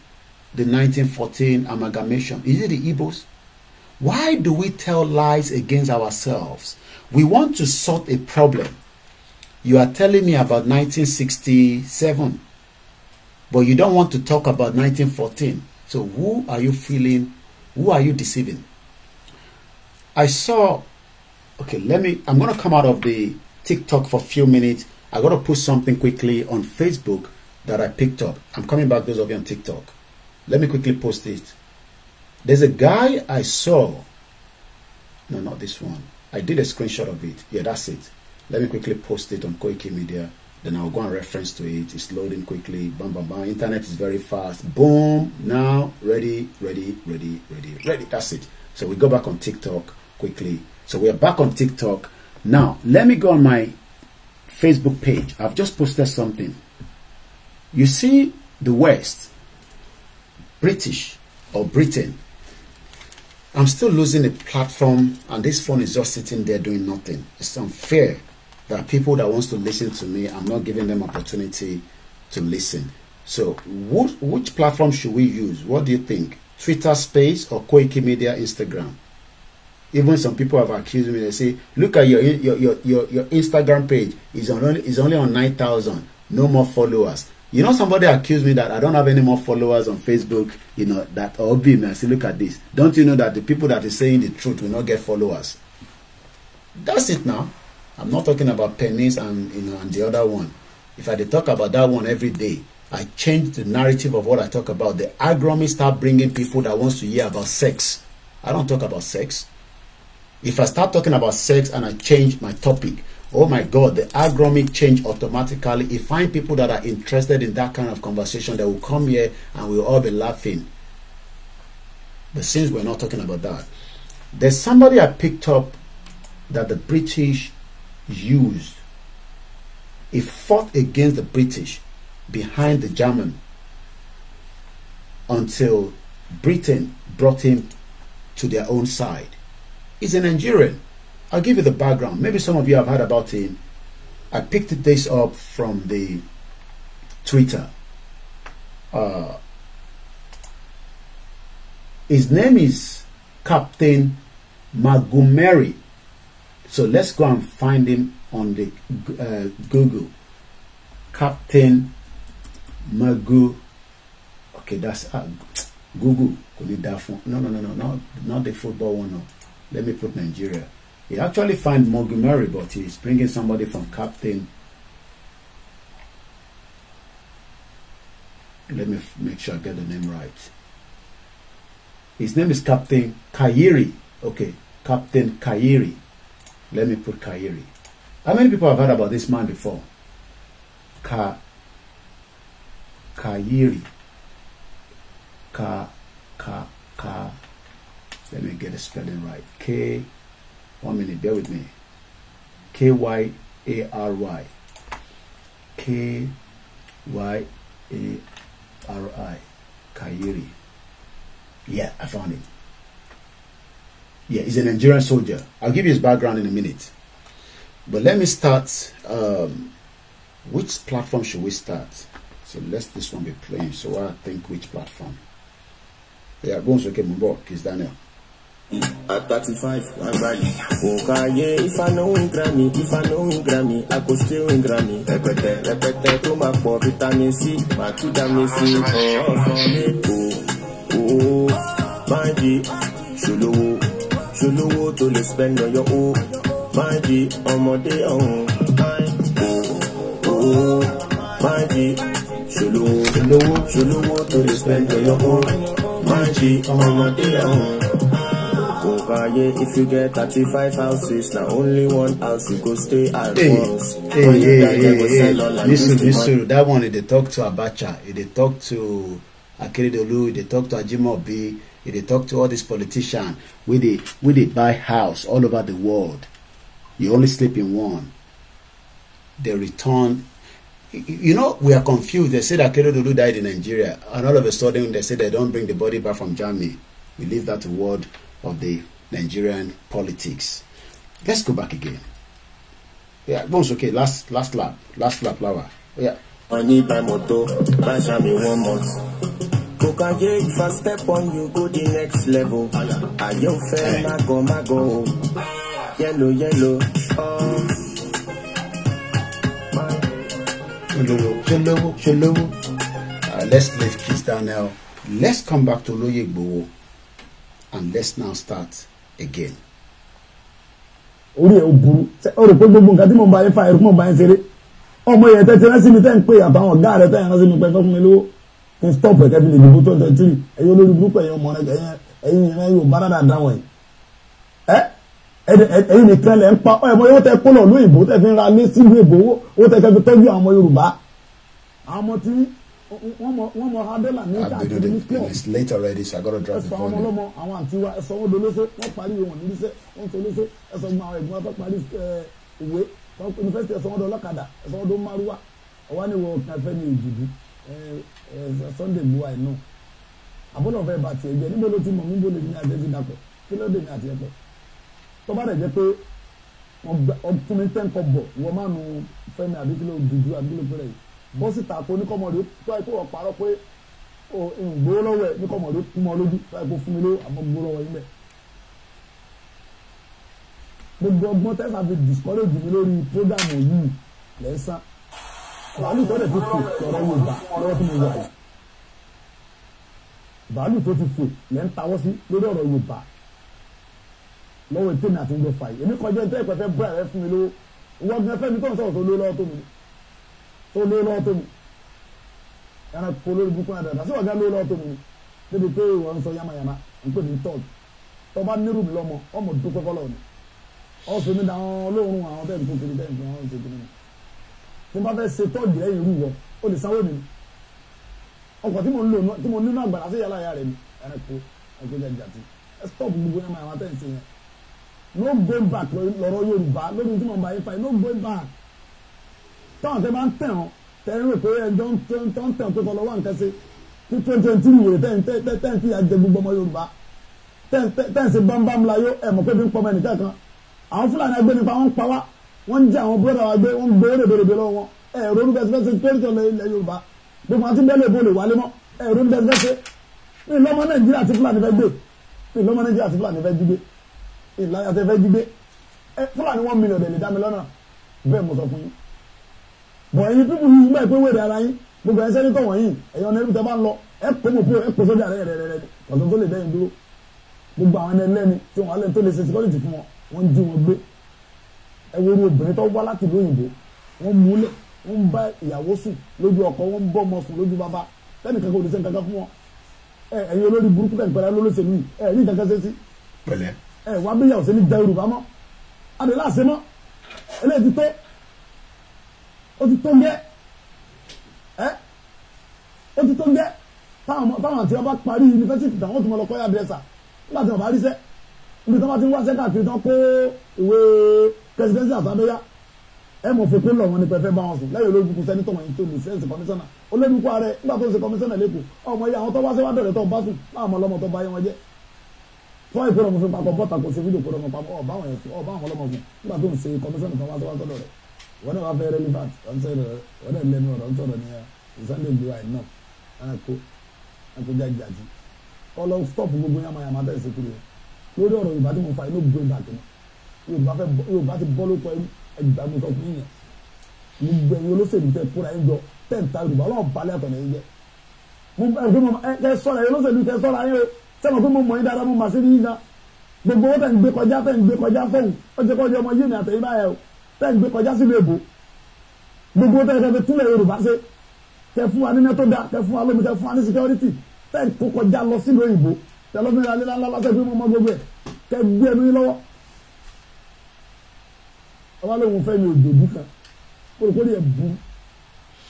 the 1914 amalgamation? Is it the Igbos? Why do we tell lies against ourselves? We want to sort a problem. You are telling me about 1967, but you don't want to talk about 1914. So who are you feeling? Who are you deceiving? I saw, okay, let me, I'm going to come out of the TikTok for a few minutes. I got to put something quickly on Facebook that I picked up. I'm coming back, those of you on TikTok. Let me quickly post it. There's a guy I saw. No, not this one. I did a screenshot of it. Yeah, that's it. Let me quickly post it on Koiki Media then I'll go and reference to it. It's loading quickly. Bam, bam, bam. Internet is very fast. Boom. Now, ready, ready, ready, ready, ready. That's it. So we go back on TikTok quickly. So we are back on TikTok. Now, let me go on my Facebook page. I've just posted something. You see the West, British or Britain. I'm still losing the platform and this phone is just sitting there doing nothing. It's unfair. There are people that wants to listen to me. I'm not giving them opportunity to listen. So what, which platform should we use? What do you think? Twitter space or Koiki Media Instagram? Even some people have accused me. They say, look at your your your, your, your Instagram page. is only, is only on 9,000. No more followers. You know, somebody accused me that I don't have any more followers on Facebook, you know, that or be me. I say, look at this. Don't you know that the people that is saying the truth will not get followers? That's it now. I'm not talking about pennies and you know and the other one. If I talk about that one every day, I change the narrative of what I talk about. The agronomy start bringing people that wants to hear about sex. I don't talk about sex. If I start talking about sex and I change my topic, oh my God, the agronomy change automatically. If find people that are interested in that kind of conversation, they will come here and we'll all be laughing. But since we're not talking about that, there's somebody I picked up that the British used. He fought against the British behind the German until Britain brought him to their own side. He's an Nigerian. I'll give you the background. Maybe some of you have heard about him. I picked this up from the Twitter. Uh, his name is Captain Magumeri so let's go and find him on the uh, Google. Captain Magu. Okay, that's uh, Google. No, no, no, no, not, not the football one. No. Let me put Nigeria. He actually find Montgomery, but he's bringing somebody from Captain. Let me make sure I get the name right. His name is Captain Kairi. Okay, Captain Kairi. Let me put Kairi. How many people have heard about this man before? Ka Kairi. Ka Ka Ka Let me get the spelling right. K one minute, bear with me. K Y A R Y. K Y A R I. Kairi. Yeah, I found it. Yeah, he's a Nigerian soldier. I'll give you his background in a minute. But let me start. Um, which platform should we start? So let this one be playing. So I think which platform? Yeah, Bones okay, Mumbo, is Daniel. At 35, I'm ready. valid. Okaye, if I know in Grammy, if I know in Grammy, I could still in Grammy. Repete, repete, to my poor vitamin C, my two damn C, oh, oh, oh, Banji, Shulowo ṣolówó tó lè spend on your own máa di ọmọdé ọ̀hún máa di ṣolówó ṣolówó ṣolówó tó lè spend on your own máa di ọmọdé ọ̀hún. Ovaye, if you get 35 houses, now only one house you go stay at hey, once. Hey, when hey, hey, hey, hey. Listen, listen, that one they talk to Abacha, they talk to Akeredolu, they talk to Ajimobi, They talk to all these politicians with dey buy house all over the world you only sleep in one They return you know we are confused they say that Akeredolu died in nigeria and all of a sudden they say they don't bring the body back from germany we leave dat word of the nigerian politics let's go back again yeah once okay last last lap last lap lawa yeah. motor one month Okanjé, if I step on you, go the next level. I Ayé ò fẹ́ go, mago go, Yellow yellow. Olówó, ṣolówó, ṣolówó. Let's leave Kiss down now. Let's come back to Olóyè and let's now start again. Orí kí stop ẹ̀ kẹ́bi lè dìbò tó tẹ̀ tírì ẹ̀yin olórí burúkú ẹ̀yin ọmọ rẹ̀ ẹ̀yin ẹ̀yin ẹ̀yin ò bára dáadáa wọ̀nyí. ẹ ẹ̀yin nìkan lẹ̀ ń pa ọ̀ ẹ̀mọ́ yóò tẹ kó lọ lóyìnbó tẹ fi ra lé sílùú èbó ó tẹ kẹbi tẹ́jú àwọn Yorùbá. àwọn tí wọ́n mọ wọ́n mọ adela ní káàkiri ní pure. it's late already so I gotta drop the phone. ẹsọ ọmọ ọlọmọ àwọn àti wa ẹsọ wọn dolóṣe wọn parí wọn níṣẹ́ wọn tolóṣe ẹsọ gbọmọ àwọn ẹ̀gbọ́n tó parí ìwé yunifásitì ẹsọ wọn dọ ọlọ́kadà ẹsọ wọn dọ márùwá ọwọ ni wọn kàn fẹ ní ìdìbò Sunday Igboho àìnú àbúrò fẹ́ bá tiẹ̀ jẹ́ níbo ló ti mọ̀ níbo lèmi àti ẹ̀ ti dàpọ̀ kí ló dèmi àti ẹ̀ pọ̀ tó bá rẹ̀ jẹ́ pé ọtún mi tẹ́ǹkọ̀ bọ̀ wọ́n máa nu fẹ́mi àbí kí ló dùdú àbí kí ló pẹ́rẹ́ yìí bọ́ síta kó ní kọ́mọ̀dé tó àìkú wọ́n parọ́ pé ìgbówó lọ́wọ́ ẹ̀ ní kọ́mọ̀dé kú mọ́ lójú tó àìkú fún mi ló àmọ́ gbówó lọ́wọ́ yín bẹ̀. gbogbo ọgbọ́n tẹ́sán fi discourage mi lórí program yìí lẹ́sàn-án bàálù tọ́lẹ̀ tó fò ọ̀rọ̀ yorùbá lọ́wọ́ tí mo wà yìí bàálù tó ti fò lẹ́ ń tawọ́ sí lórí ọ̀rọ̀ yorùbá lọ́wọ́ ètè náà ti ń gbé fa yìí èmi kọjá ẹ̀ńtẹ́ ìpẹ́fẹ́ bọ́ ẹ̀rẹ́ fún mi lówó wọ́n gan fẹ́mi tó ń sọ̀rọ̀ tó lé lọ́wọ́ tó mi tó lé lọ́wọ́ tó mi yàrá kó lórí bukú náà dàda sọ̀rọ̀ gan lé lọ́wọ́ tó mi níbi pé wọ́n sọ yamayama n pè ní tọ́ọ̀d tọ́ba tí mo bá fẹ́ ṣe tọ́ọ̀dì lẹ́yìn irú wọn ó lè sáwọ́ mi ni tí mo ń lò tí mo nínú àgbàlá sí yàrá ìyá rẹ̀ mi ẹ̀rẹ̀ kó ẹ̀kọ́ jẹ́ jàtí ẹ stop gbogbo ẹ̀ máa wá tẹ̀ ń ṣe yẹn no go back lọ́rọ̀ Yorùbá lórí tí mo bá yín fa no go back táwọn tẹ bá ń tẹ̀ wọn tẹ ń rè pé ẹ jọ ń tẹ̀ tó kọ lọ́wọ́ nǹkan sí tí twenty twenty wèrè tẹ̀ ń fi àjẹ gbogbo ọmọ Yorùbá tẹ̀ ń ṣe bámbámlayó ẹ̀ mọ̀ pé bí ń pọ̀ mọ́ ẹnìkan wọ́n ń jẹ́ àwọn búrọ́dà wa gbé wọ́n ń gbé rèbèrèbè lọ́wọ́ wọn ẹ̀rọ ní bẹ́sẹ̀ bẹ́sẹ̀ pẹ́ẹ́tọ̀ ilẹ̀ Yorùbá gbogbo àti bẹ́ẹ̀ lè bó lè wálé mọ́ ẹ̀rọ ní bẹ́sẹ̀ bẹ́sẹ̀ ní lọ́mọ Nàìjíríà ti Fúlàní fẹ́ gbé ní lọ́mọ Nàìjíríà ti Fúlàní fẹ́ jígbé ìlànà tẹ fẹ́ jígbé Fúlàní wọn mílíọ̀nù ẹ̀dẹ̀ lè dá mi lọ́nà bẹ́ẹ̀ mo sọ fún yín bọ̀ ẹ̀yin pípù yìí gbà pé wèrè ara yín gbogbo ẹ̀ sẹ́ni tọ̀wọ̀ yìí ẹ̀yin ọ̀nà ẹ̀rùtẹ̀ bá ń lọ ẹ̀ pọ̀ mọ̀ pọ̀ ẹ̀ pọ̀ sójà rẹ̀ rẹ̀ rẹ̀ ọ̀tọ̀ tó lè dẹ́yìn dúró gbogbo àwọn ẹlẹ́ni tí wọ́n alẹ́ tó lè ṣe security fún wọn wọ́n ń jí wọn gbé ẹ wo obìnrin tó wá láti ìlú òyìnbó wọ́n múlẹ̀ wọ́n bá ìyàwó sùn lójú ọkọ wọ́n bọ́ ọmọ sùn lójú bàbá lẹ́nu kankan òdìsẹ́ kankan fún wọn ẹ ẹ̀yin olórí burúkú kan ìpẹ́rẹ́ lólóṣèlú yìí ẹ ní kankan ṣe sí. pẹ̀lẹ́. ẹ wà á bí ìyàwó sẹ́ni da yorùbá mọ́ adìrẹ́ àṣẹ mọ́ eléyìí ti tó ó ti tó ń gẹ́ ẹ ó ti tó ń gẹ́ táwọn àti ọba parí yunifásitì táwọn tó mọ lọ kọ́ yà dẹ́sà nígbà tí wọn bá ríṣẹ́ níbi tí wọn bá ti ń wáṣẹ́ káàkiri tán kó ìwé presidency àtàdéyà ẹ mọ̀ fòkó lọ wọn ni pẹ̀fẹ́ bá wọn sùn lẹ́yìn olóògùn sẹ́nitọ̀ wọn tó lù sẹ́ǹsì kọmísánná olóògùn ààrẹ nígbà tó ń ṣe kọmísánná lẹ́kọ̀ọ́ ọmọ yẹ àwọn tó bá ṣe wá bẹ̀rẹ̀ tó bá sùn láàmú ọlọ́mọ tó bá yẹ wọn jẹ́ fún ìpínlẹ̀ ọmọ fún papọ̀ bọ́ta kò sí fídíò kó lọ́mọ papọ̀ ọba àwọn ẹ̀sùn ọba àwọn ọlọ́mọ fún nígbà tó ń ṣe kọmísánná kan wá tó wá tọ́lọ̀ rẹ̀ wọn náà wá fẹ́ relevant wọn náà lẹ́nu ọ̀rọ̀ ń sọ̀rọ̀ ní ah, Sunday blue eye náà ẹ̀kọ́ ah, ẹ̀kọ́ ah, jájájú kọ́ lọ stop gbogbo yàmàyàmà tẹ̀sí kiri yorùbá fẹ́ bọ́ yorùbá ti bọ́ lóko ẹgbàgbọ́ kan kún yẹn gbogbo ẹ̀yin olóṣèlú tẹ kóra ẹ̀ jọ tẹ̀ ń ta yorùbá ọlọ́run balẹ̀ ọ̀tọ̀ nìyẹn jẹ́ mo bá ẹgbẹ́ mọ ẹ sọ̀rọ̀ ẹ olóṣèlú tẹ sọ̀rọ̀ ayé sẹ́wọ̀n pé mo mọ̀ yín dáadáa mo mà sí ní yíyan gbogbo owó tẹ̀ ń gbé kọjá tẹ̀ ń gbé kọjá fóun ó jẹ́ kọ́jọ́ ọmọ yéèmí àtẹ̀yìn báyẹn o tẹ̀ ń gbé kọjá sílùú èbó gbogbo tẹ̀ tẹ̀ túlẹ̀ yorùbá ṣe tẹ̀ fún wa níná tó dáa fún wa lómi tẹ̀ fún wa ní security tẹ̀ kó kọjá lọ sílùú òyìnbó tẹ̀ lọ́mìnira lílá ńlá lọ́sẹ̀ pé mo mọ gbogbo ẹ̀ tẹ̀ gbé ẹnu yín lọ́wọ́ ọba lóun fẹ́ mi ò kan kórìkórì ẹ̀ bu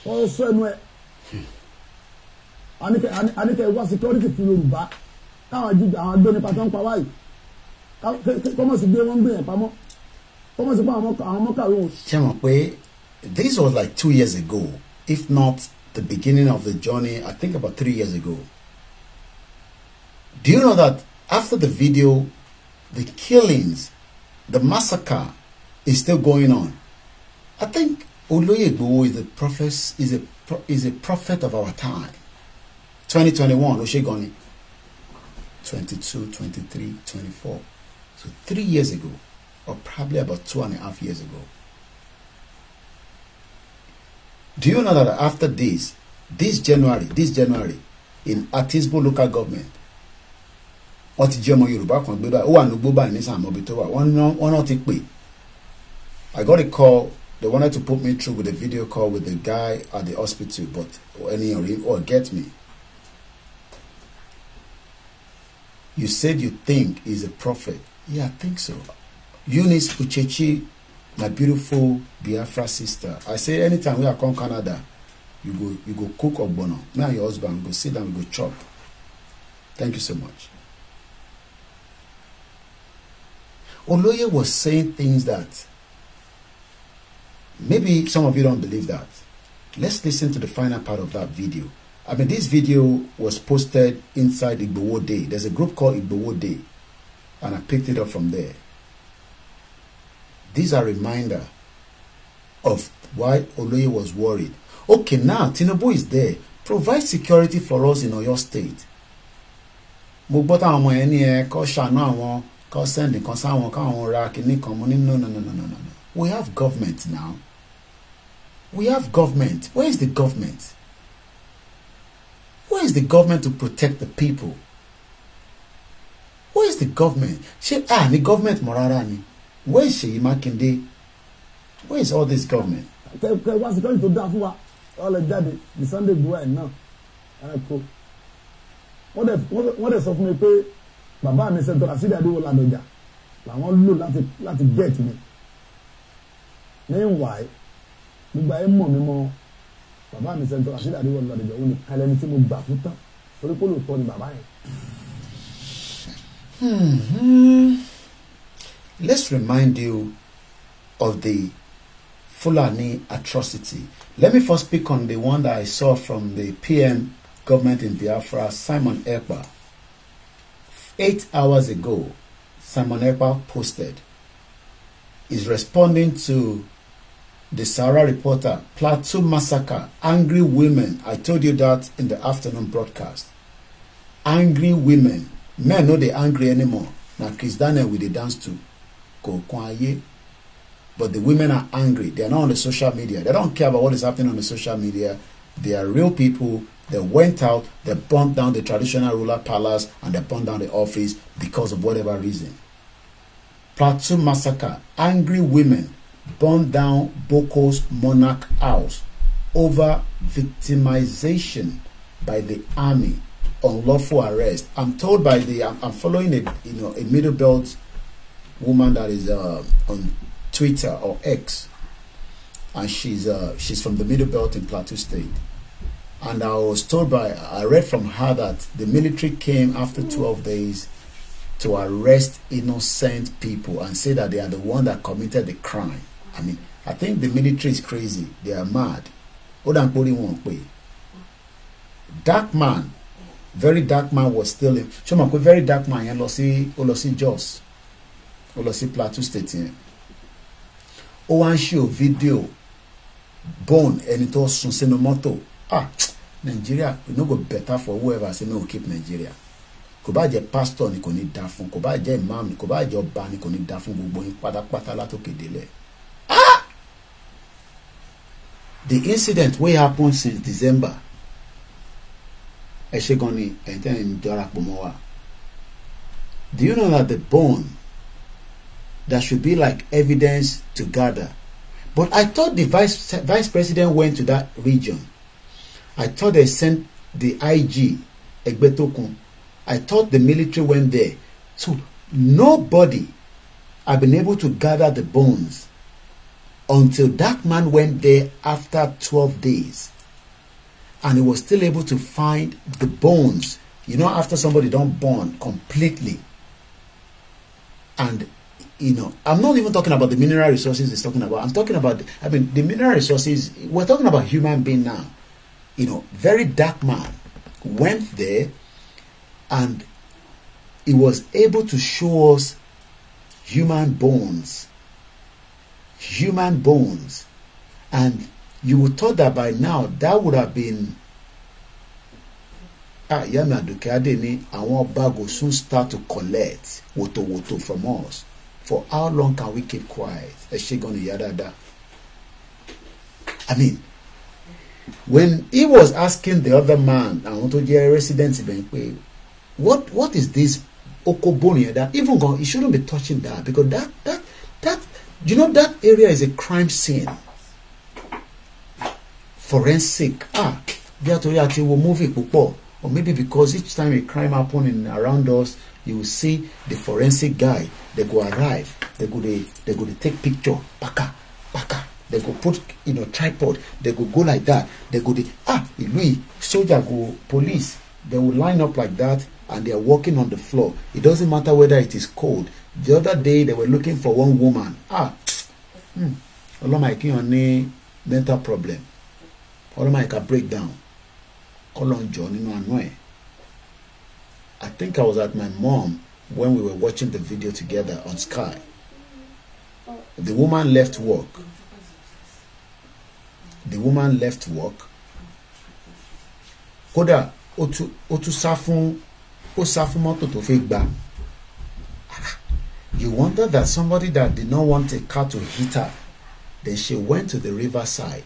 wọ́n sọ ẹnu ẹ̀ àníkẹ́ wá security fún Yorùbá káwọn àjùgbà àwọn agbẹ́ni pàtó ń pa wáyìí kọ́mọ̀sí gbé wọ́n gbé yẹn pamọ́ kọ́mọ̀sí pa àwọn ọmọkàwé wọn. ṣé mo pé this was like two years ago if not the beginning of the journey I think about three years ago do you know that after the video the killings the massacre is still going on. I think Oloye Igboho is the prophet is a is a prophet of our time. 2021 Oshegoni 22, 23, 24. So three years ago, or probably about two and a half years ago. Do you know that after this, this January, this January, in Atisbo local government, wọ́n ti jẹ́ ọmọ Yorùbá kan gbé báyìí ó wà ní gbó báyìí ní sàmọ́bí tó wà wọ́n náà ti pè é I got a call. They wanted to put me through with a video call with the guy at the hospital, but or any or oh, get me. You said you think he's a prophet. Yeah, I think so. Eunice Uchechi, my beautiful Biafra sister. I say anytime we are come Canada, you go you go cook ogbono. Me and your husband go sit down, go chop. Thank you so much. Oloye was saying things that Maybe some of you don't believe that. Let's listen to the final part of that video. I mean, this video was posted inside Igbowo Day. There's a group called Igbowo Day, and I picked it up from there. These are reminder of why Oloye was worried. Okay, now Tinubu is there. Provide security for us in Oyo State. Mo sẹ́ndì no no no no no no. We have government now. We have government. Where is the government? Where is the government to protect the people? Where is the government? She ah, the government Morarani. Where is she? Mákindé? Where is all this government? Kẹ going to kọ́ni All the daddy, the ọ̀lẹ̀ jáde ní Sunday Igboho ẹ̀ náà, ẹ̀ kó. Wọ́n dẹ̀ sọ fún mi pé bàbá mi ṣètò àṣírí àdéhùn ládọjà làwọn lò láti get me. Meanwhile, gbogbo ayé mọ̀ mi mọ́ bàbá mi sẹ́ńtọ́ àṣírí àdéhùn ọ̀nà àdéjọ́ òun nìkan lẹ́ni tí mo gbà fún tán torí pé lóòótọ́ ni bàbá yẹn. Hmm, let's remind you of the Fulani atrocity. Let me first pick on the one that I saw from the PM government in Biafra, Simon Ekpa. Eight hours ago, Simon Ekpa posted, is responding to the Sahara Reporter, Plateau Massacre, Angry Women. I told you that in the afternoon broadcast. Angry women. Men no they're angry anymore. Now Chris Daniel with the dance to. ye. But the women are angry. They are not on the social media. They don't care about what is happening on the social media. They are real people. They went out, they burnt down the traditional ruler palace, and they burnt down the office because of whatever reason. Plateau Massacre, Angry Women, burned down Boko's monarch house over victimization by the army, unlawful arrest. I'm told by the, I'm, I'm following a, you know, a middle belt woman that is uh, on Twitter or X, and she's uh, she's from the Middle Belt in Plateau State. And I was told by I read from her that the military came after 12 days to arrest innocent people and say that they are the one that committed the crime. I mean, I think the military is crazy. They are mad. Ó dà ń pé orí wọn Dark man, very dark man was still in. Ṣé o very dark man yẹn lọ sí ó lọ sí Jos, Plateau State yẹn. Ó wá ń ṣe o fídíò bone and it sun sínú mọ́tò. Ah, Nigeria, e no go better for whoever say no keep Nigeria kò bá jẹ pásítọ̀ ni kò ní dá fún kò bá jẹ ìmáàmù kò bá jẹ ọba ni kò ní dá fún gbogbo yín pátápátá látòkè délẹ̀ ah the incident wey happen since december ẹ ṣe gan ni ẹ̀yin tẹ́ ń darapọ̀ mọ́ wa do you know that the bone that should be like evidence to gather but I thought the vice vice president went to that region I thought they sent the IG Egbetokun I thought the military went there so nobody have been able to gather the bones until that man went there after 12 days and he was still able to find the bones you know after somebody don't burn completely and you know i'm not even talking about the mineral resources he's talking about i'm talking about i mean the mineral resources we're talking about human being now you know very dark man went there and he was able to show us human bones human bones. And you would thought that by now that would have been ah Yemi Adukeade ni àwọn ọba go soon start to collect woto woto from us for how long can we keep quiet ẹ ṣe gan ìyá dáadáa I mean when he was asking the other man àwọn tó jẹ́ resident ibẹ̀ pé what what is this oko bone yẹn that even gan he shouldn't be touching that because that that that Do you know that area is a crime scene? Forensic. Ah, bí a torí àti wo it púpọ̀ or maybe because each time a crime happen in around us you will see the forensic guy they go arrive they go dey they go dey take picture paka paka they go put you know tripod they go go like that they go dey ah we soldier go police they will line up like that and they are walking on the floor it doesn't matter whether it is cold the other day they were looking for one woman ah hmm. ọlọ́mọ ìkíyàn ní mental problem ọlọ́mọ ìka break down kọ́lọ̀ ń jọ nínú àánú I think I was at my mom when we were watching the video together on Sky the woman left work the woman left work kódà ó tún sá fún ó sá fún mọ́tò tó fẹ́ gbà. You wonder that somebody that did not want a car to hit her, then she went to the riverside,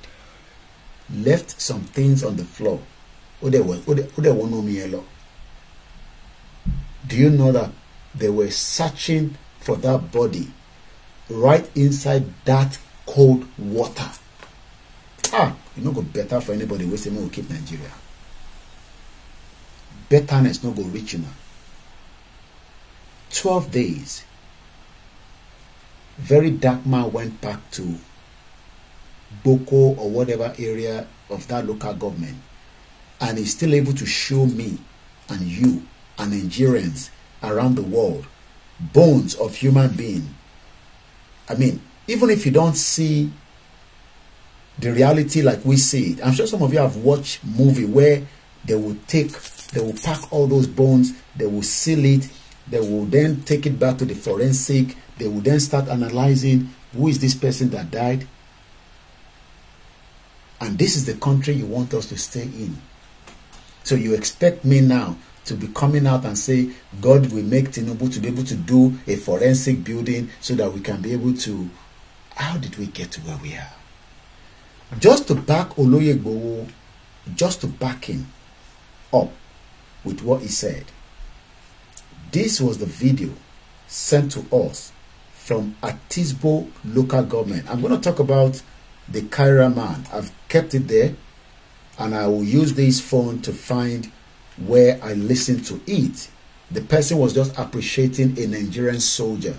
left some things on the floor. won't know me Do you know that they were searching for that body right inside that cold water? Ah, you no go better for anybody wey say make keep Nigeria. Betterness no go reach una. Twelve days very dark man went back to Boko or whatever area of that local government and is still able to show me and you and Nigerians around the world bones of human being. I mean, even if you don't see the reality like we see it, I'm sure some of you have watched movie where they will take, they will pack all those bones, they will seal it, they will then take it back to the forensic, they will then start analyzing who is this person that died. And this is the country you want us to stay in. So you expect me now to be coming out and say, God will make Tinubu to be able to do a forensic building so that we can be able to. How did we get to where we are? Just to back Oloyegbowo, just to back him up with what he said. This was the video sent to us from Atisbo local government. I'm going to talk about the Kyra man. I've kept it there and I will use this phone to find where I listened to it. The person was just appreciating a Nigerian soldier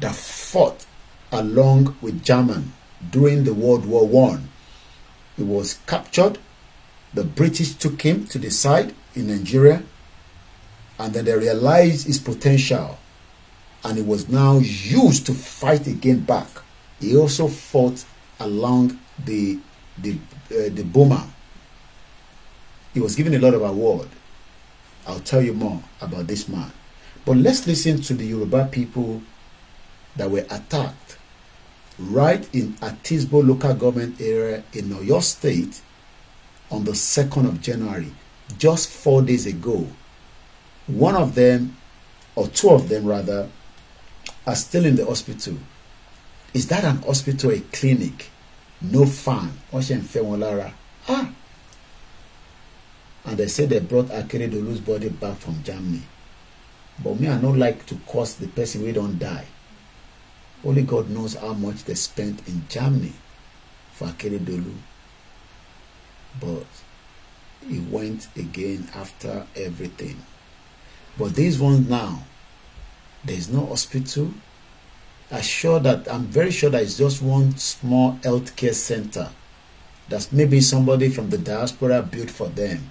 that fought along with German during the World War One. He was captured. The British took him to the side in Nigeria and then they realized his potential and he was now used to fight again back. He also fought along the the uh, the Boma. He was given a lot of award. I'll tell you more about this man. But let's listen to the Yoruba people that were attacked right in Atisbo local government area in Oyo State on the 2nd of January, just four days ago. One of them, or two of them rather, are still in the hospital is that an hospital a clinic no fan wọ́n ṣe ń fẹ́ wọn lára ah and they say they brought Akeredolu's body back from Germany but me I no like to curse the person wey don die only God knows how much they spent in Germany for Akeredolu but he went again after everything but this one now There is no hospital. I'm sure that I'm very sure that it's just one small healthcare center that maybe somebody from the diaspora built for them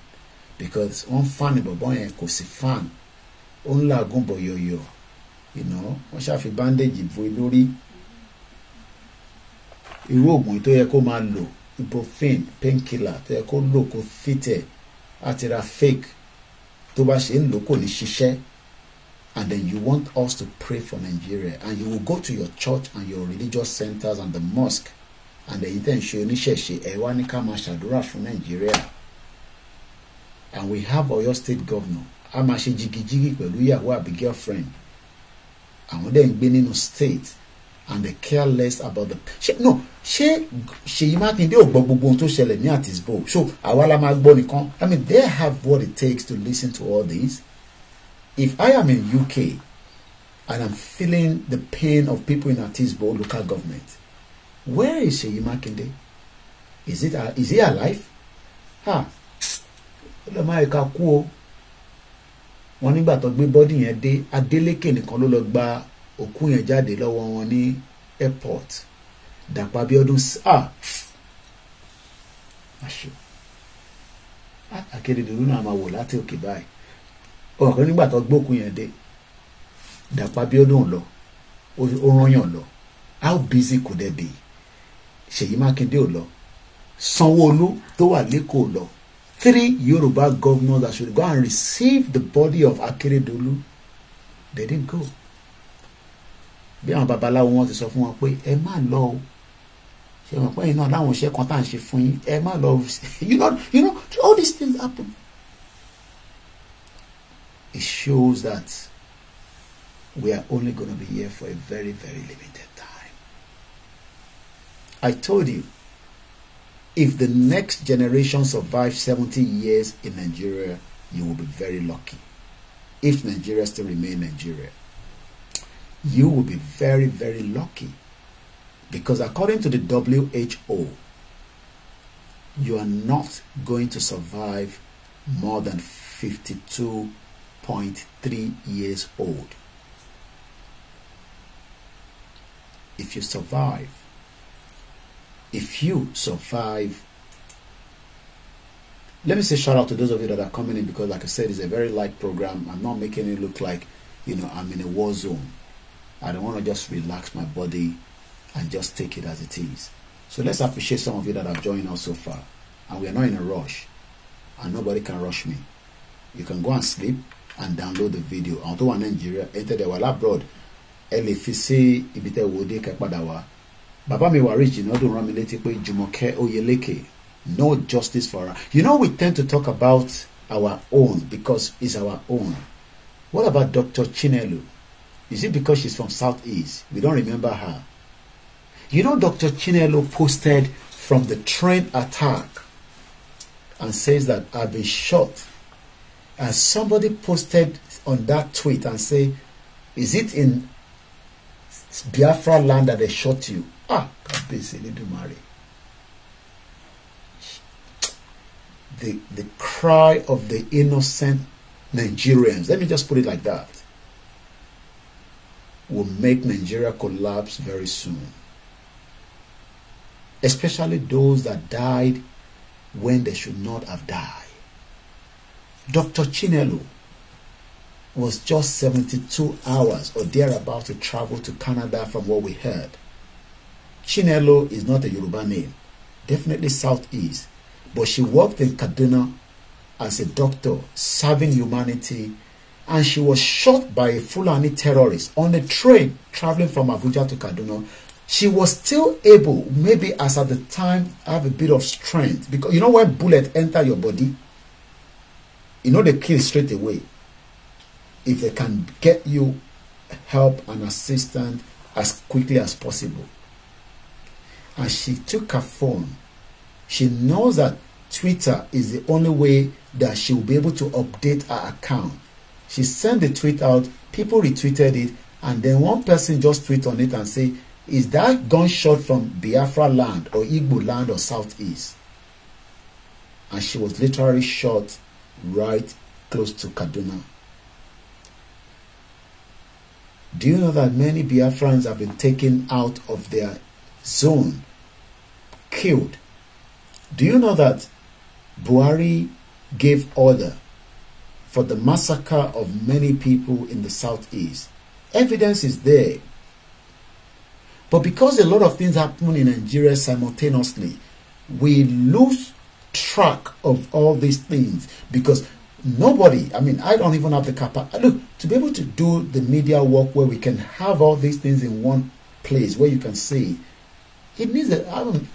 because one fan ni bọ̀bọ́ yẹn kò sí fan ó yo, làágùn bọ̀ yọ̀yọ̀ ìná wọ́n ṣàfi bandage bo lórí irú oògùn tó yẹ kó máa lò ibuprofen painkiller tó yẹ kó lò kó fìtẹ̀ àti ra fake tó bá ṣe ń lò kò ní and then you want us to pray for Nigeria and you will go to your church and your religious centers and the mosque and èyí tẹ̀ ń ṣe oníṣẹ̀ṣe ẹ wá ní ká and we have our state governor amashi máa ṣe jigijigi pẹ̀lú ìyàwó àbí and àwọn dẹ̀ ń gbé nínú state and they care less about the ṣe no she she Mákindé ò gbọ́ gbogbo ohun tó ṣẹlẹ̀ ní àtisbo so àwa la máa I mean they have what it takes to listen to all these. If I am in UK and I'm feeling the pain of people in Atisbo local government, where is Seyi Makinde? Is it uh, is he alive? Ha! Olùmọ̀ ẹ̀ka kú o. Wọ́n nígbà tó gbé bọ́dì yẹn dé Adélékè nìkan ló lọ gba òkú yẹn jáde lọ́wọ́ wọn ní airport. Dàpọ̀ Abíọ́dún sáà. Ah! Àṣẹ. Ah, Akérédolú náà máa wò láti òkè báyìí ọ̀rọ̀ kan nígbà tó gbókun yẹn dé Dàpọ̀ Abíọ́dún lọ ó rányàn lọ how busy could they be Ṣèyí Mákindé ò lọ Sanwó-Olú tó wà lẹ́kọ̀ọ́ lọ three Yorùbá governors that should go and receive the body of Akérédolú they didn't go bí àwọn babaláwo wọn ti sọ fún wọn pé ẹ má lọ o ṣe wọn pé iná láwọn iṣẹ́ kan tá à ń ṣe fún yín ẹ má lọ you know you know all these things happen it shows that we are only going to be here for a very, very limited time. I told you, if the next generation survives 70 years in Nigeria, you will be very lucky. If Nigeria still remains Nigeria, you will be very, very lucky. Because according to the WHO, you are not going to survive more than 52 Point three years old. If you survive, if you survive, let me say shout out to those of you that are coming in because, like I said, it's a very light program. I'm not making it look like you know I'm in a war zone. I don't want to just relax my body and just take it as it is. So let's appreciate some of you that have joined us so far. And we are not in a rush, and nobody can rush me. You can go and sleep, and download the video àwọn tó wà nàìjíríà ẹ tẹ̀ dẹ̀ wà labroad ẹ lè fi sí ibi tẹ́ wò ó dé kẹ́ padà wá bàbá mi wà rí jìnnàdùn rán mi létí pé jùmọ̀kẹ́ oyeleke no justice for her you know we tend to talk about our own because it's our own what about dr chinelo is it because she's from southeast we don't remember her you know dr chinelo posted from the train attack and says that i've been shot and somebody posted on that tweet and say, is it in Biafra land that they shot you? Ah, Kabesi Lidumari. The, the cry of the innocent Nigerians, let me just put it like that, will make Nigeria collapse very soon. Especially those that died when they should not have died. Dr. Chinelo was just 72 hours or thereabout to travel to Canada from what we heard. Chinelo is not a Yoruba name, definitely Southeast, but she worked in Kaduna as a doctor serving humanity and she was shot by a Fulani terrorist on a train traveling from Abuja to Kaduna. She was still able, maybe as at the time, have a bit of strength because you know when bullet enter your body, you know they kill straight away if they can get you help and assistance as quickly as possible and she took her phone she knows that twitter is the only way that she will be able to update her account she sent the tweet out people retweeted it and then one person just tweet on it and say is that gunshot from biafra land or igbo land or southeast and she was literally shot right close to Kaduna. Do you know that many Biafrans have been taken out of their zone, killed? Do you know that Buhari gave order for the massacre of many people in the southeast? Evidence is there. But because a lot of things happen in Nigeria simultaneously, we lose track of all these things because nobody i mean i don't even have the capacity look to be able to do the media work where we can have all these things in one place where you can see it that I do not I don't,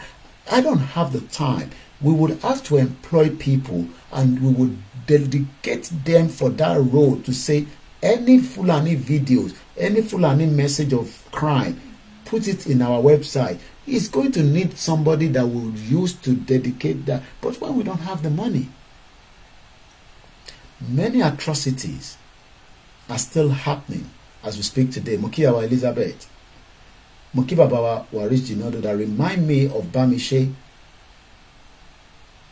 I don't have the time we would have to employ people and we would dedicate them for that role to say any fulani videos any fulani message of crime put it in our website. It's going to need somebody that will use to dedicate that. But when we don't have the money, many atrocities are still happening as we speak today. Mukiawa Elizabeth, Mukibabawa Waris Jinodo that remind me of Bamishe.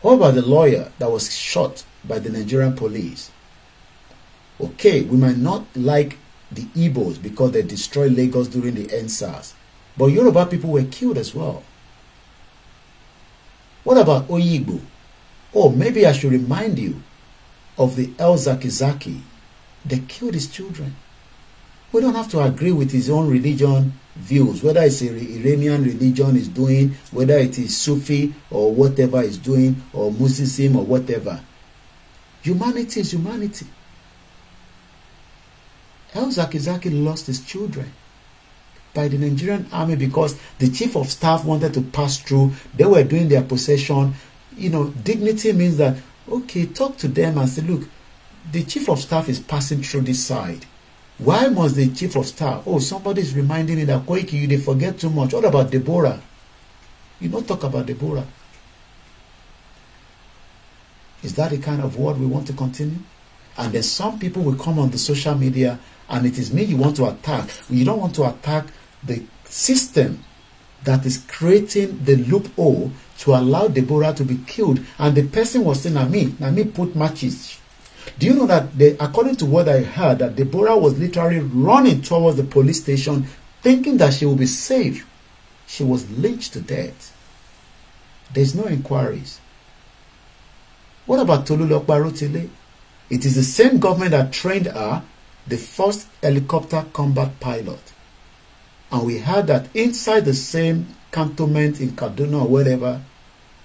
How about the lawyer that was shot by the Nigerian police? Okay, we might not like the Igbos because they destroyed Lagos during the NSAS. But Yoruba people were killed as well. What about Oyigbo? oh, maybe I should remind you of the El Zakizaki They killed his children. We don't have to agree with his own religion views, whether it's Iranian religion is doing, whether it is Sufi or whatever is doing, or Muslim or whatever. Humanity is humanity. El Zakizaki lost his children by the Nigerian army because the chief of staff wanted to pass through. They were doing their possession. You know, dignity means that, okay, talk to them and say, look, the chief of staff is passing through this side. Why must the chief of staff? Oh, somebody is reminding me that Koiki, you they forget too much. What about Deborah? You don't talk about Deborah. Is that the kind of word we want to continue? And then some people will come on the social media and it is me you want to attack. You don't want to attack the system that is creating the loophole to allow Deborah to be killed. And the person was saying, Nami, Nami put matches. Do you know that, they, according to what I heard, that Deborah was literally running towards the police station thinking that she will be safe? She was lynched to death. There's no inquiries. What about Tolulokpa Rotile? It is the same government that trained her, the first helicopter combat pilot. And we heard that inside the same cantonment in Kaduna or wherever,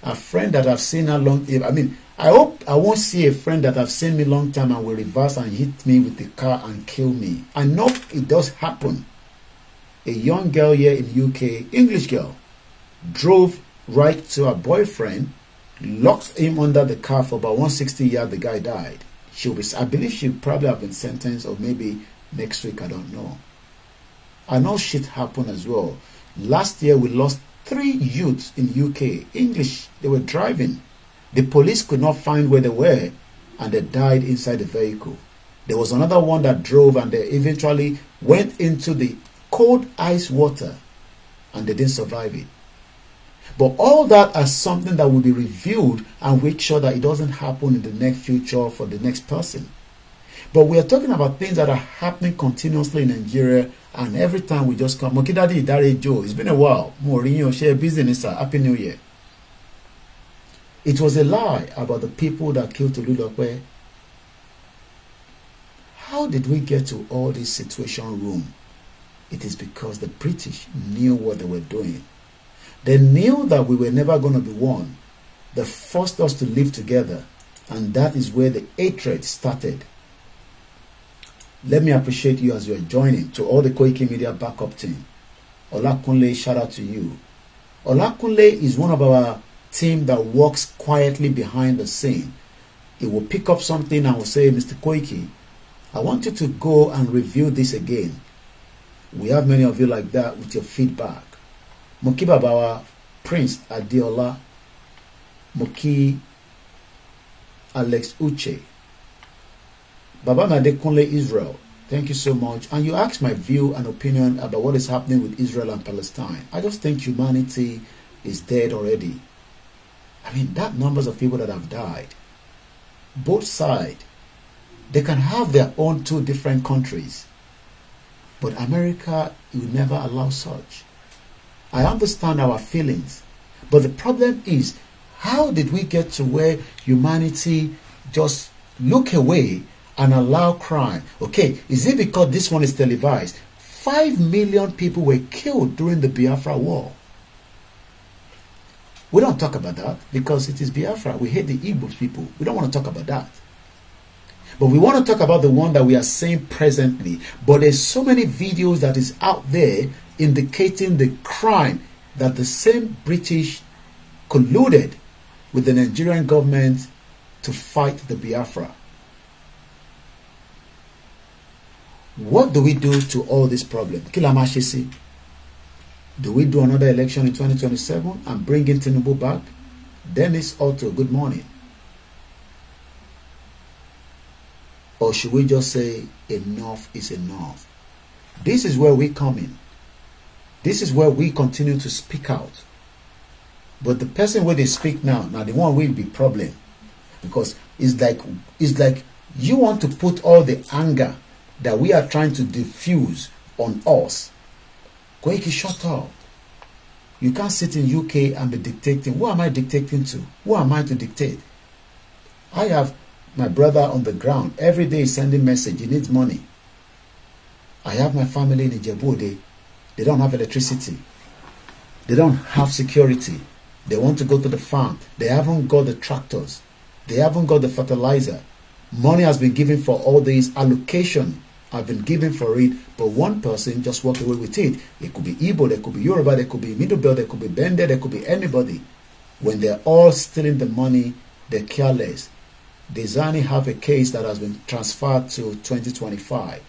a friend that I've seen a long time, I mean, I hope I won't see a friend that I've seen me long time and will reverse and hit me with the car and kill me. I know it does happen. A young girl here in UK, English girl, drove right to her boyfriend, locked him under the car for about 160 yards, the guy died. She'll be, I believe she'll probably have been sentenced or maybe next week, I don't know. And know shit happened as well. Last year we lost three youths in UK, English. They were driving. The police could not find where they were and they died inside the vehicle. There was another one that drove and they eventually went into the cold ice water and they didn't survive it. But all that is something that will be revealed and make sure that it doesn't happen in the next future for the next person. But we are talking about things that are happening continuously in Nigeria, and every time we just come. Daddy, Daddy Joe, it's been a while. Mourinho share business. Happy New Year. It was a lie about the people that killed Tolulokwe. How did we get to all this situation room? It is because the British knew what they were doing. They knew that we were never going to be one. They forced us to live together. And that is where the hatred started. Let me appreciate you as you are joining. To all the Koiki Media backup team, Olakunle, shout out to you. Olakunle is one of our team that works quietly behind the scene. He will pick up something and will say, Mr. Koiki, I want you to go and review this again. We have many of you like that with your feedback. Mo kí Prince Adeola, mo Alex Uche, Baba Nadekunle Israel, thank you so much. And you asked my view and opinion about what is happening with Israel and Palestine. I just think humanity is dead already. I mean, that numbers of people that have died. Both sides, they can have their own two different countries. But America will never allow such. I understand our feelings. But the problem is, how did we get to where humanity just look away and allow crime. Okay, is it because this one is televised? Five million people were killed during the Biafra war. We don't talk about that because it is Biafra. We hate the Igbo people. We don't want to talk about that. But we want to talk about the one that we are seeing presently. But there's so many videos that is out there indicating the crime that the same British colluded with the Nigerian government to fight the Biafra. what do we do to all this problem kí do we do another election in 2027 and bring in Tinubu back Dennis Otto good morning or should we just say enough is enough this is where we come in this is where we continue to speak out but the person where they speak now now the one will be problem because it's like it's like you want to put all the anger that we are trying to diffuse on us. Koiki, shut up. You can't sit in UK and be dictating. Who am I dictating to? Who am I to dictate? I have my brother on the ground. Every day sending message. He needs money. I have my family in Ijebu. They, they don't have electricity. They don't have security. They want to go to the farm. They haven't got the tractors. They haven't got the fertilizer. Money has been given for all these allocation i have been given for it, but one person just walked away with it. It could be Igbo, there could be Yoruba, there could be Middle Belt, there could be Bender, there could be anybody. When they're all stealing the money, they're careless. Designing have a case that has been transferred to 2025.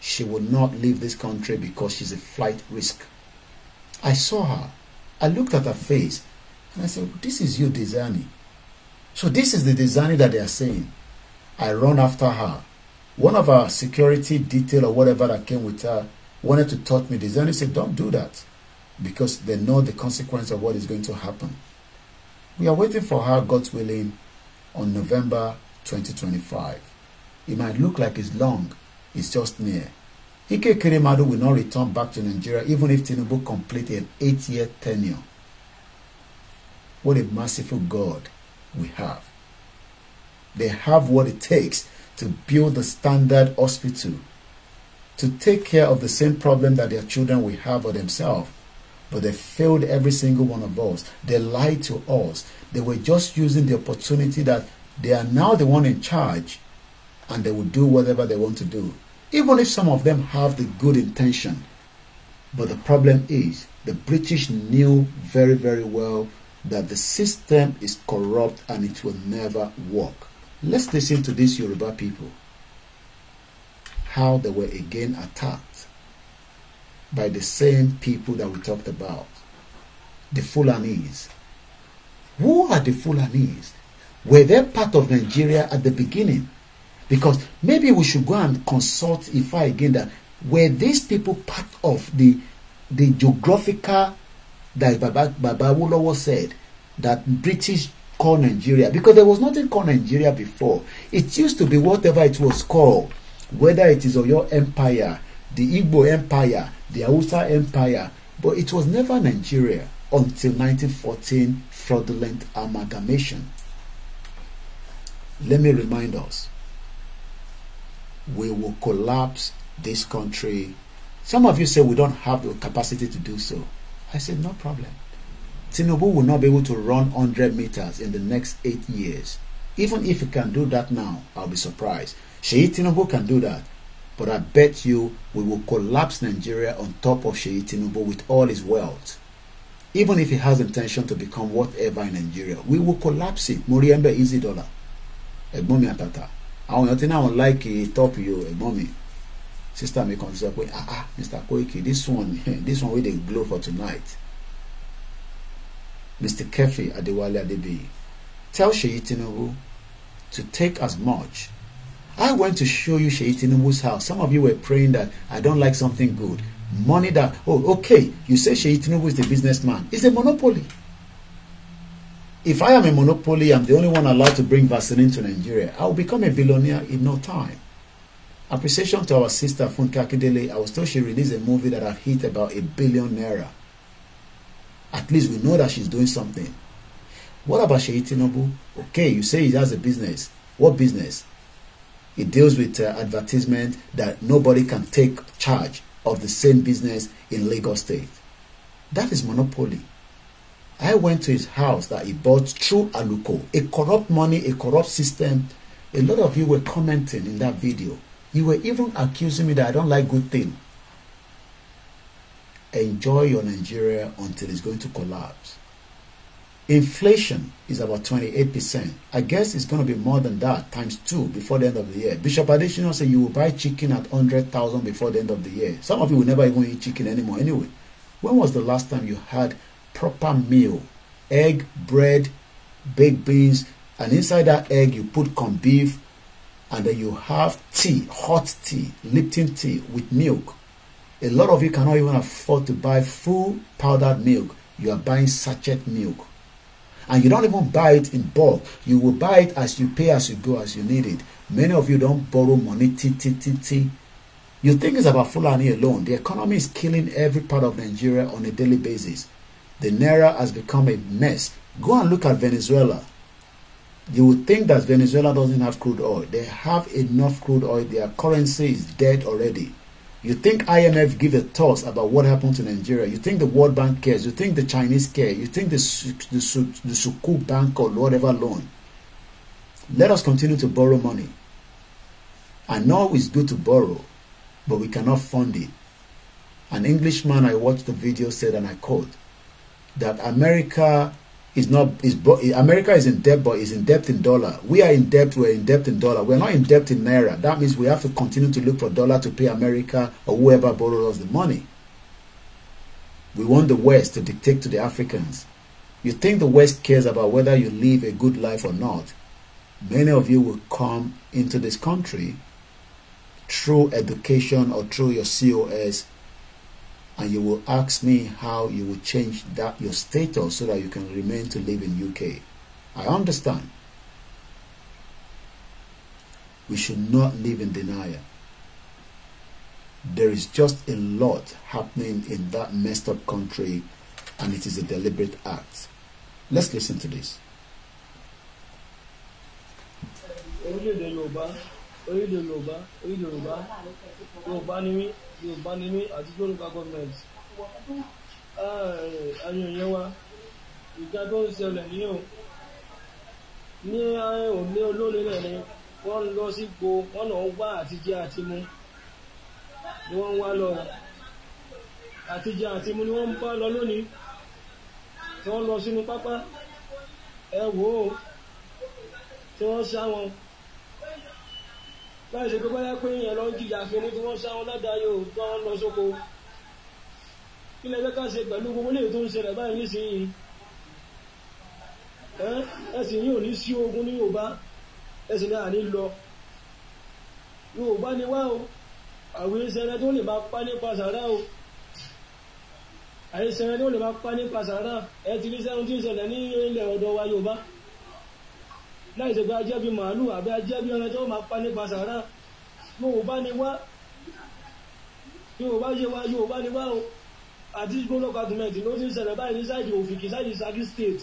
She will not leave this country because she's a flight risk. I saw her. I looked at her face and I said, This is you, Designing. So this is the Designing that they are saying. I run after her one of our security detail or whatever that came with her wanted to touch me. The Zionists said, don't do that because they know the consequence of what is going to happen. We are waiting for her, God's willing, on November 2025. It might look like it's long, it's just near. Ike Kirimadu will not return back to Nigeria even if Tinubu completed an eight-year tenure. What a merciful God we have. They have what it takes to build the standard hospital to take care of the same problem that their children will have for themselves. But they failed every single one of us. They lied to us. They were just using the opportunity that they are now the one in charge and they will do whatever they want to do. Even if some of them have the good intention. But the problem is the British knew very, very well that the system is corrupt and it will never work. Let's listen to these Yoruba people how they were again attacked by the same people that we talked about the Fulanese. Who are the Fulanese? Were they part of Nigeria at the beginning? Because maybe we should go and consult IFA again that were these people part of the the geographical that Baba, Baba said that British called Nigeria because there was nothing called Nigeria before. It used to be whatever it was called, whether it is your Empire, the Igbo Empire, the Hausa Empire, but it was never Nigeria until 1914 fraudulent amalgamation. Let me remind us, we will collapse this country. Some of you say we don't have the capacity to do so. I said, no problem. Tinubu will not be able to run 100 meters in the next eight years. Even if he can do that now, I'll be surprised. Sheyi Tinubu can do that. But I bet you we will collapse Nigeria on top of Sheyi Tinubu with all his wealth. Even if he has intention to become whatever in Nigeria, we will collapse it. Moriembe easy dollar. Ẹ̀gbọ́n mi I will not tí like láìkì top you, ẹ̀gbọ́n Sister me kan ah ah Mr. Koiki this one this one with the glow for tonight. Mr. Kefi Adewale Adebi, tell Sheyi Tinubu to take as much. I went to show you Sheyi Tinubu's house. Some of you were praying that I don't like something good. Money that, oh, okay, you say Sheyi Tinubu is the businessman. It's a monopoly. If I am a monopoly, I'm the only one allowed to bring Vaseline to Nigeria. I will become a billionaire in no time. Appreciation to our sister Funke Akidele. I was told she released a movie that had hit about a billion naira. At least we know that she's doing something. What about Sheyi Tinubu? Okay, you say he has a business. What business? He deals with uh, advertisement that nobody can take charge of the same business in Lagos State. That is monopoly. I went to his house that he bought through Aluko, a corrupt money, a corrupt system. A lot of you were commenting in that video. You were even accusing me that I don't like good things. enjoy your Nigeria until it's going to collapse. Inflation is about 28%. I guess it's going to be more than that, times two, before the end of the year. Bishop Adesina said you will buy chicken at 100,000 before the end of the year. Some of you will never even eat chicken anymore anyway. When was the last time you had proper meal? Egg, bread, baked beans, and inside that egg you put corned beef, and then you have tea, hot tea, Lipton tea with milk a lot of you cannot even afford to buy full powdered milk. You are buying sachet milk. And you don't even buy it in bulk. You will buy it as you pay as you go, as you need it. Many of you don't borrow money. T -t -t you think it's about Fulani alone. The economy is killing every part of Nigeria on a daily basis. The Naira has become a mess. Go and look at Venezuela. You would think that Venezuela doesn't have crude oil. They have enough crude oil. Their currency is dead already. You think IMF give a toss about what happened to Nigeria? You think the World Bank cares? You think the Chinese care? You think the the, the Sukuk Bank or whatever loan? Let us continue to borrow money. I know it's good to borrow, but we cannot fund it. An Englishman I watched the video said, and I quote, that America is not is America is in debt, but is in debt in dollar. We are in debt. We're in debt in dollar. We're not in debt in naira. That means we have to continue to look for dollar to pay America or whoever borrowed us the money. We want the West to dictate to the Africans. You think the West cares about whether you live a good life or not? Many of you will come into this country through education or through your COS and you will ask me how you will change that your status so that you can remain to live in UK. I understand. We should not live in denial. There is just a lot happening in that messed up country and it is a deliberate act. Let's listen to this. Yorùbá ni mí àti Yorùbá gọọmenti àwọn èèyàn wa ìjà tó ń ṣẹlẹ̀ nínú ní òní olóòlé náà ni wọ́n lọ sí gbo wọ́n lọ wá àtijẹ àti mu ni wọ́n wá lọ àtijẹ àti mu ni wọ́n bá lọ lónìí tí wọ́n lọ sínú pápá ẹ wò ó tí wọ́n sá wọn láì ṣe pé bóyá pé èèyàn lọ ń jìyà fi ní tí wọ́n sá wọn ládàá yóò tán lọ sóko kí lẹ́jọ́ ká ṣe pẹ̀lú gbogbo léè tó ń ṣẹlẹ̀ báyìí nísìnyí ẹ̀sìn yìí ò ní sí ogun ní Yorùbá ẹ̀sìn náà ní lọ Yorùbá ni wá o àwọn ìṣẹ̀lẹ̀ tó lè bá pa nípa sàrá o àìṣẹ̀lẹ̀ tó lè bá pa nípa sàrá ẹ̀ ti rí sẹ́run tí ń ṣẹlẹ̀ ní ilẹ̀ ọ̀dọ̀ wa Yorùbá láì ṣe pé ajẹ́ bí màálù àbí ajẹ́ bí ọ̀rẹ́ tí ó máa pa nípa sàárà Yorùbá ni wá Yorùbá ṣe wá Yorùbá ni wá o àti gbọ́dọ̀ gàdúmẹ̀tì ló ti ń ṣẹlẹ̀ báyìí ní sáìdì Òfìkì sáìdì Ṣakí state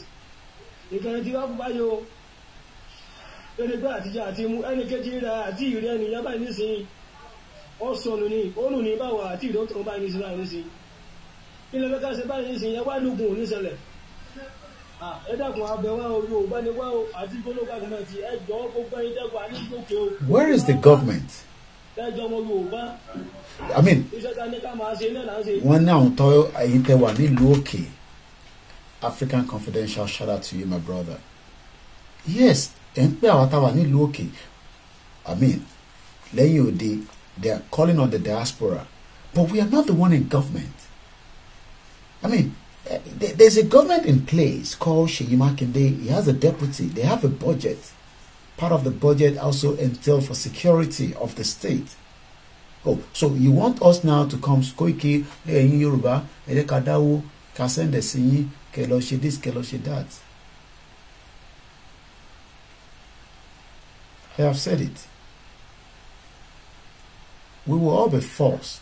ìkànnì ti wá fún báyìí o pẹ̀lẹ́gbẹ́ àtijọ́ àti mú ẹnì kejì rẹ̀ àti ìrẹ́ ènìyàn báyìí nísìnyí ó sọnù ní ònù ní báwọ̀ àti ìdókòwò báyìí nísìnyí ilẹ̀ mẹ́ta ṣe báyìí nísìnyí ẹ wá lùgùn òníṣẹlẹ̀ where is the government. i mean one now àwọn tó ẹ̀yin tẹ́ african confidential shout out to you my brother yes ẹ̀ ń pè àwọn táwa nílùú i mean they are calling on the diaspora but we are not the one in government i mean there's a government in place called Sheyi He has a deputy. They have a budget. Part of the budget also entails for security of the state. Oh, so you want us now to come Koiki, ẹ̀yin Yorùbá, ẹ ká dáwó, ká sí this, kẹ́ that. I have said it. We will all be forced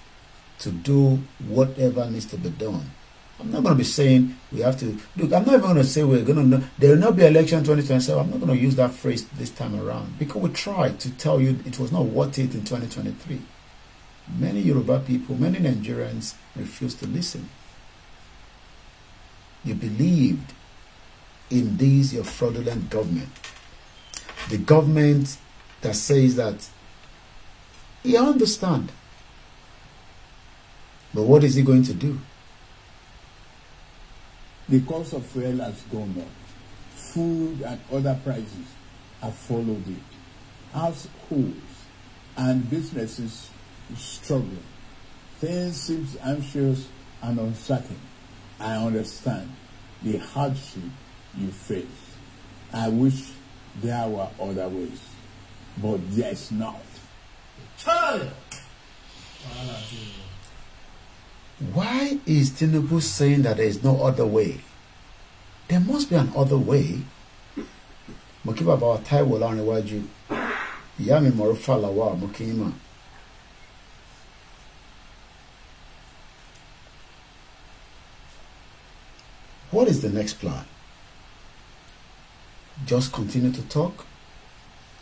to do whatever needs to be done I'm not going to be saying we have to look. I'm not even going to say we're going to know there will not be election 2027. I'm not going to use that phrase this time around because we tried to tell you it was not worth it in 2023. Many Yoruba people, many Nigerians refused to listen. You believed in this your fraudulent government, the government that says that you understand, but what is he going to do? The cost of fuel has gone up. Food and other prices have followed it. Households and businesses struggling. Things seem anxious and uncertain. I understand the hardship you face. I wish there were other ways, but there is not. Turn! Why is Tinubu saying that there is no other way? There must be an other way. Mukiba kí bàbá wa Táíwò yami morufala wa mukima. What is the next plan? Just continue to talk,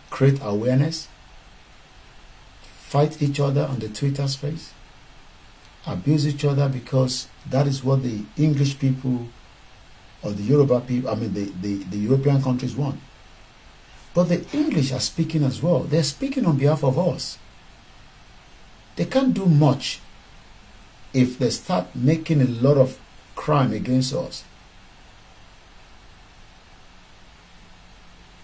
create awareness, fight each other on the Twitter space, abuse each other because that is what the English people or the Yoruba people, I mean the, the, the European countries want. But the English are speaking as well. They're speaking on behalf of us. They can't do much if they start making a lot of crime against us.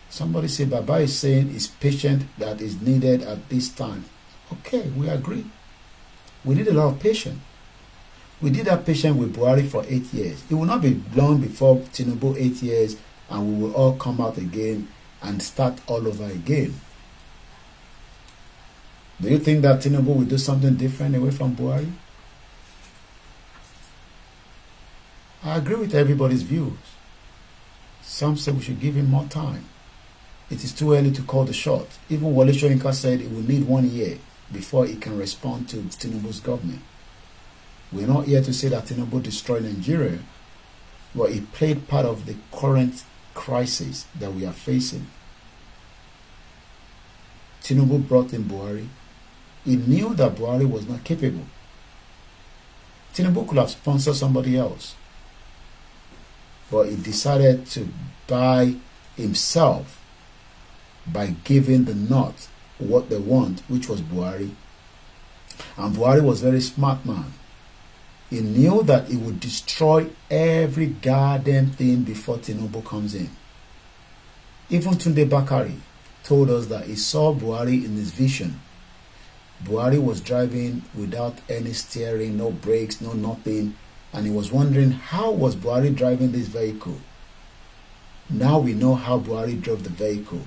Somebody said Baba is saying is patient that is needed at this time. Okay, we agree. We need a lot of patience. We did that patience with Buhari for eight years. It will not be long before Tinubu eight years, and we will all come out again and start all over again. Do you think that Tinubu will do something different away from Buhari? I agree with everybody's views. Some say we should give him more time. It is too early to call the shot. Even Wale Shoinka said it will need one year before he can respond to Tinubu's government. We're not here to say that Tinubu destroyed Nigeria, but he played part of the current crisis that we are facing. Tinubu brought in Buhari. He knew that Buhari was not capable. Tinubu could have sponsored somebody else, but he decided to buy himself by giving the nod what they want, which was Buhari. And Buhari was very smart man. He knew that he would destroy every goddamn thing before Tinubu comes in. Even Tunde Bakari told us that he saw Buhari in his vision. Buhari was driving without any steering, no brakes, no nothing, and he was wondering how was Buhari driving this vehicle. Now we know how Buhari drove the vehicle.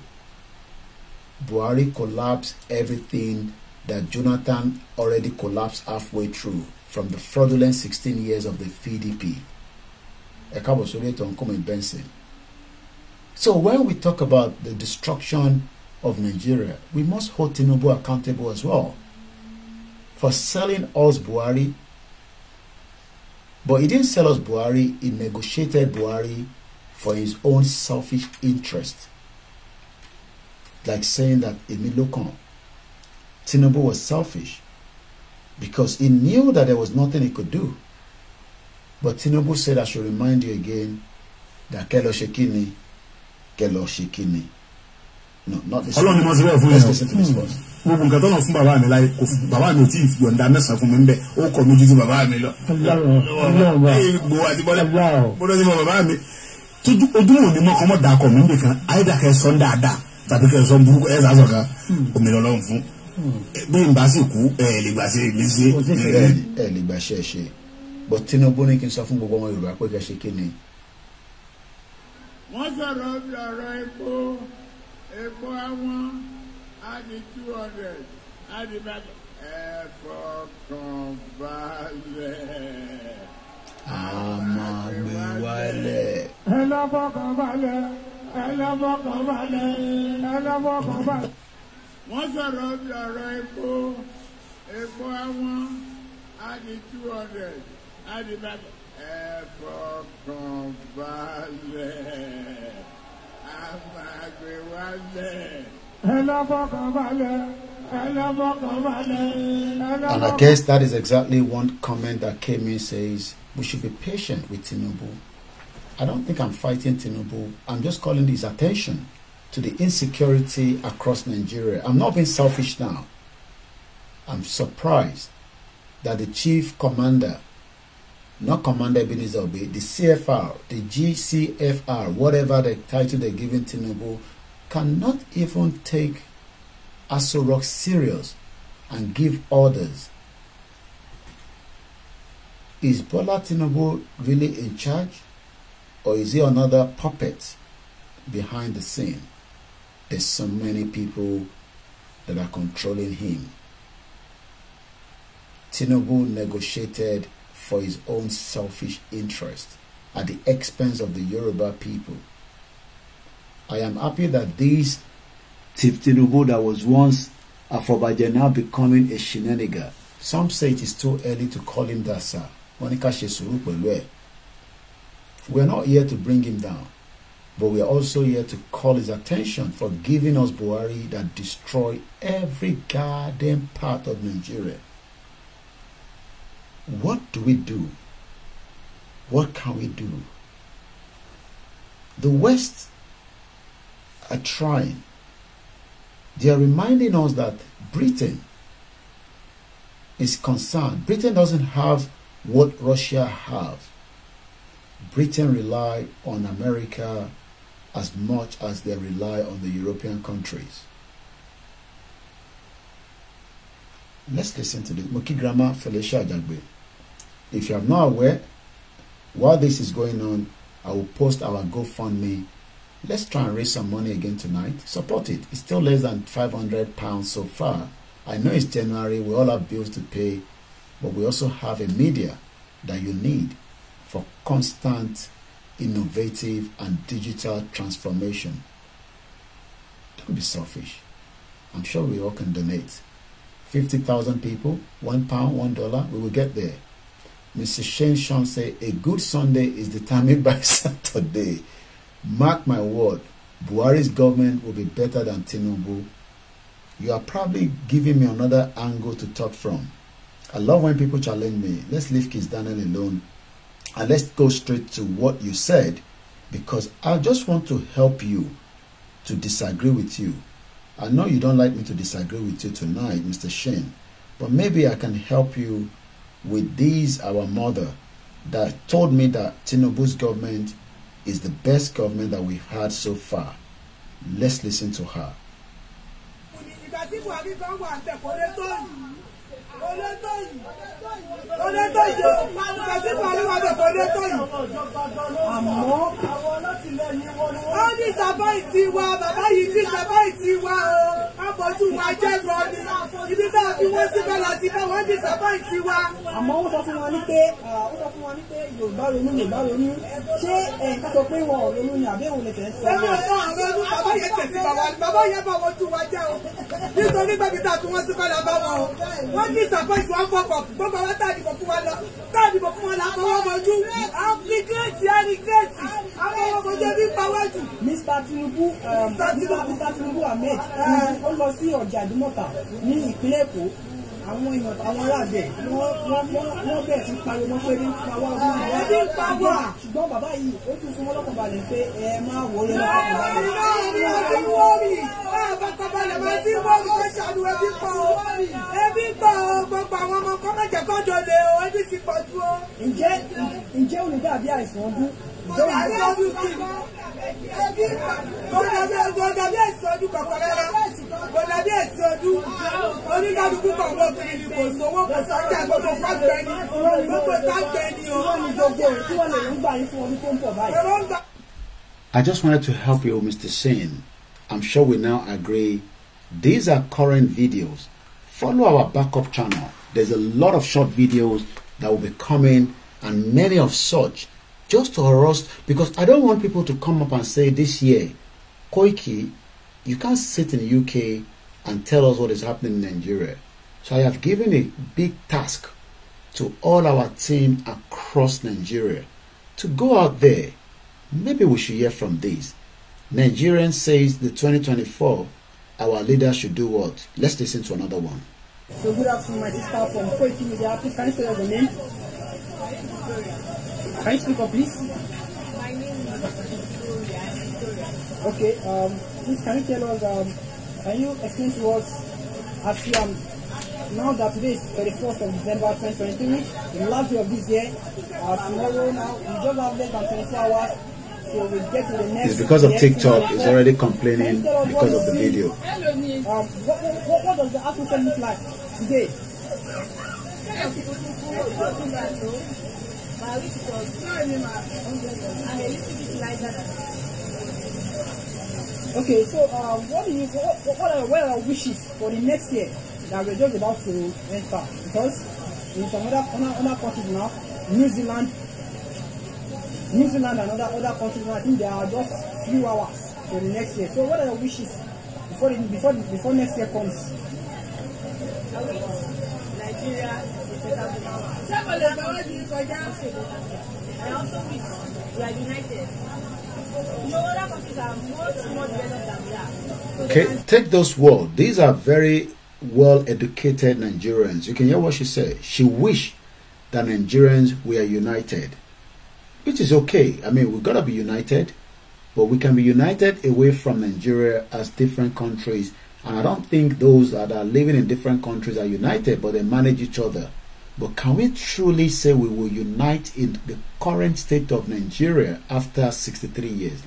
Buhari collapsed everything that Jonathan already collapsed halfway through from the fraudulent 16 years of the PDP. Benson. So when we talk about the destruction of Nigeria, we must hold Tinubu accountable as well for selling us Buhari. But he didn't sell us Buhari, he negotiated Buhari for his own selfish interest. like saying that èmi ló Tinubu was selfish because he knew that there was nothing he could do but Tinubu said I should remind you again that kelo shekini, kelo shekini." no not this Ọlọ́run ni mo ti bẹ fún yẹn let's listen to this first. gbogbo nǹkan tó lọ fún bàbá mi láyé kò fún bàbá mi ò tí ì yọ̀ǹda mẹ́sàn-án fún mi nbẹ ó kọ̀ mí jújú bàbá mi lọ. gbogbo àti bọ́lá bọ́lá ti mọ bàbá mi ojúmọ̀ ni mọ́kànmọ́ dàkọ̀ mi nìkan ayédàkẹ́ sọ́ńdà dáa tàbí kẹ́ ẹ sọ burúkú ẹ sàásọ̀ kan hmm. omi lọ́lọ́run fún hmm. bẹ́ẹ̀ n bá sì kú ẹ lè gbà ṣe lè ẹ lè gbà ṣe ṣe bọ́ Tinubu ní kí n sọ fún gbogbo ọmọ Yorùbá pé kẹ́ ṣe kí ni. wọ́n sọ̀rọ̀ ọ̀rọ̀ epo epo àwọn adi two hundred adi bàtà ẹ fọkàn balẹ̀. a máa gbé wálẹ̀. ẹ lọ balẹ̀ wọ́n sọ̀rọ̀ bí ọ̀rọ̀ epo epo àwọn adi two hundred adi bàbá ẹ̀fọ́kànbalẹ̀ amagbewalẹ̀. ẹlẹ́fọ́kànbalẹ̀. And I guess that is exactly one comment that came in says we should be patient with Tinubu I don't think I'm fighting Tinubu. I'm just calling his attention to the insecurity across Nigeria. I'm not being selfish now. I'm surprised that the chief commander, not Commander Ebenezer Obey, the CFR, the GCFR, whatever the title they're giving Tinubu, cannot even take Aso serious and give orders. Is Bola Tinubu really in charge? Or is he another puppet behind the scene? There's so many people that are controlling him. Tinubu negotiated for his own selfish interest at the expense of the Yoruba people. I am happy that this Tinubu that was once Afrobaje now becoming a shenanigan. Some say it is too early to call him that, sir. Wọ́n ní we're not here to bring him down, but we're also here to call his attention for giving us Buhari that destroy every garden part of Nigeria. What do we do? What can we do? The West are trying. They are reminding us that Britain is concerned. Britain doesn't have what Russia have. Britain rely on America as much as they rely on the European countries. Let's listen to this. Moki Grandma Felicia Ajagbe. If you are not aware, while this is going on, I will post our GoFundMe. Let's try and raise some money again tonight. Support it. It's still less than 500 pounds so far. I know it's January, we all have bills to pay, but we also have a media that you need for constant, innovative, and digital transformation. Don't be selfish. I'm sure we all can donate. 50,000 people, one pound, one dollar, we will get there. Mrs. Shane Sean said, A good Sunday is determined by Saturday. Mark my word, Buhari's government will be better than Tinubu. You are probably giving me another angle to talk from. I love when people challenge me. Let's leave Kiss Daniel alone And let's go straight to what you said because I just want to help you to disagree with you. I know you don't like me to disagree with you tonight, Mr. Shane, but maybe I can help you with these, our mother, that told me that Tinubu's government is the best government that we've had so far. Let's listen to her. ìgbà tí olétò yìí o kẹsí buhari wà bẹ̀ olétò yìí. àmọ́ ó ní sábà ìtì wa bàbá yìí ní sábà ìtì wa o ábọ̀jú wa jẹ́ a fi wọ́n síbẹ̀ lọ sí bá wọ́n ní sábà ìtì wa. àmọ́ ó sọ fún wọn ní pé ó sọ fún wọn ní pé o wọ́n síbẹ̀ lọ bá wọn wọ́n tàbí dìbò fún wọn lọ tá a dìbò fún wọn là á fọwọ́ bọjú àplikẹ́ẹ̀tì àríkẹ́ẹ̀tì àfọwọ́ bọjú ẹbí pàwọ́jù. Um, Mr Tinubu Mr Tinubu Ahmed eh. ó lọ sí ọjà Ìdúmọ̀tà ní ìpínlẹ̀ Èkó àwọn èèyàn àwọn aráàbẹ̀ wọ́n bẹ̀rẹ̀ sí pariwo pé ní pawá ọdún náà wọ́n ti ń pawá. ṣùgbọ́n bàbá yìí ó tún fún wọn balẹ̀ pé ẹ máa wò ó lé lọ́kàn ọ̀rọ̀ ni wọ́n ti wọ́ mi ọ̀bọ̀kọ̀ balẹ̀ wọ́n ti wọ́ mi wọ́n ṣàlù ẹbí pa ọ́ ẹbí pa ọ́ gbogbo àwọn ọmọ kọ́mọ̀jẹ̀kọ́jọ lè ọ́ ẹbí ti pọ̀ ju ọ́. ǹjẹ́ ǹjẹ́ olùdàbí àìsàn ọdún I just wanted to help you, Mr. Singh. I'm sure we now agree. These are current videos. Follow our backup channel. There's a lot of short videos that will be coming and many of such just to arrest, because I don't want people to come up and say this year, Koiki, you can't sit in the UK and tell us what is happening in Nigeria. So I have given a big task to all our team across Nigeria to go out there. Maybe we should hear from these. Nigerian says the 2024, our leader should do what? Let's listen to another one. So good afternoon, my sister from Koiki Media. Please can you spell your name? Price and please. My name is Victoria. Okay, um, please can you tell us, um, can you explain to us As you um, now that today is 31st of December 2023, the last day of this year, uh, tomorrow now, we just have less than 24 hours, so we'll get to the next. It's because of TikTok, it's already complaining because of the see? video. Um, what, what, what, does the atmosphere look like today? Uh, which it was and a little bit lighter than Okay, so uh, what do you what, what are what are wishes for the next year that we're just about to enter? Because in some other other countries now, New Zealand, New Zealand and other other countries now, I think there are just few hours for the next year. So what are your wishes before the, before before next year comes? I wish Nigeria united. Okay, take those words. These are very well-educated Nigerians. You can hear what she said. She wished that Nigerians were united, which is okay. I mean, we've got to be united, but we can be united away from Nigeria as different countries. And I don't think those that are living in different countries are united, but they manage each other. But can we truly say we will unite in the current state of Nigeria after 63 years?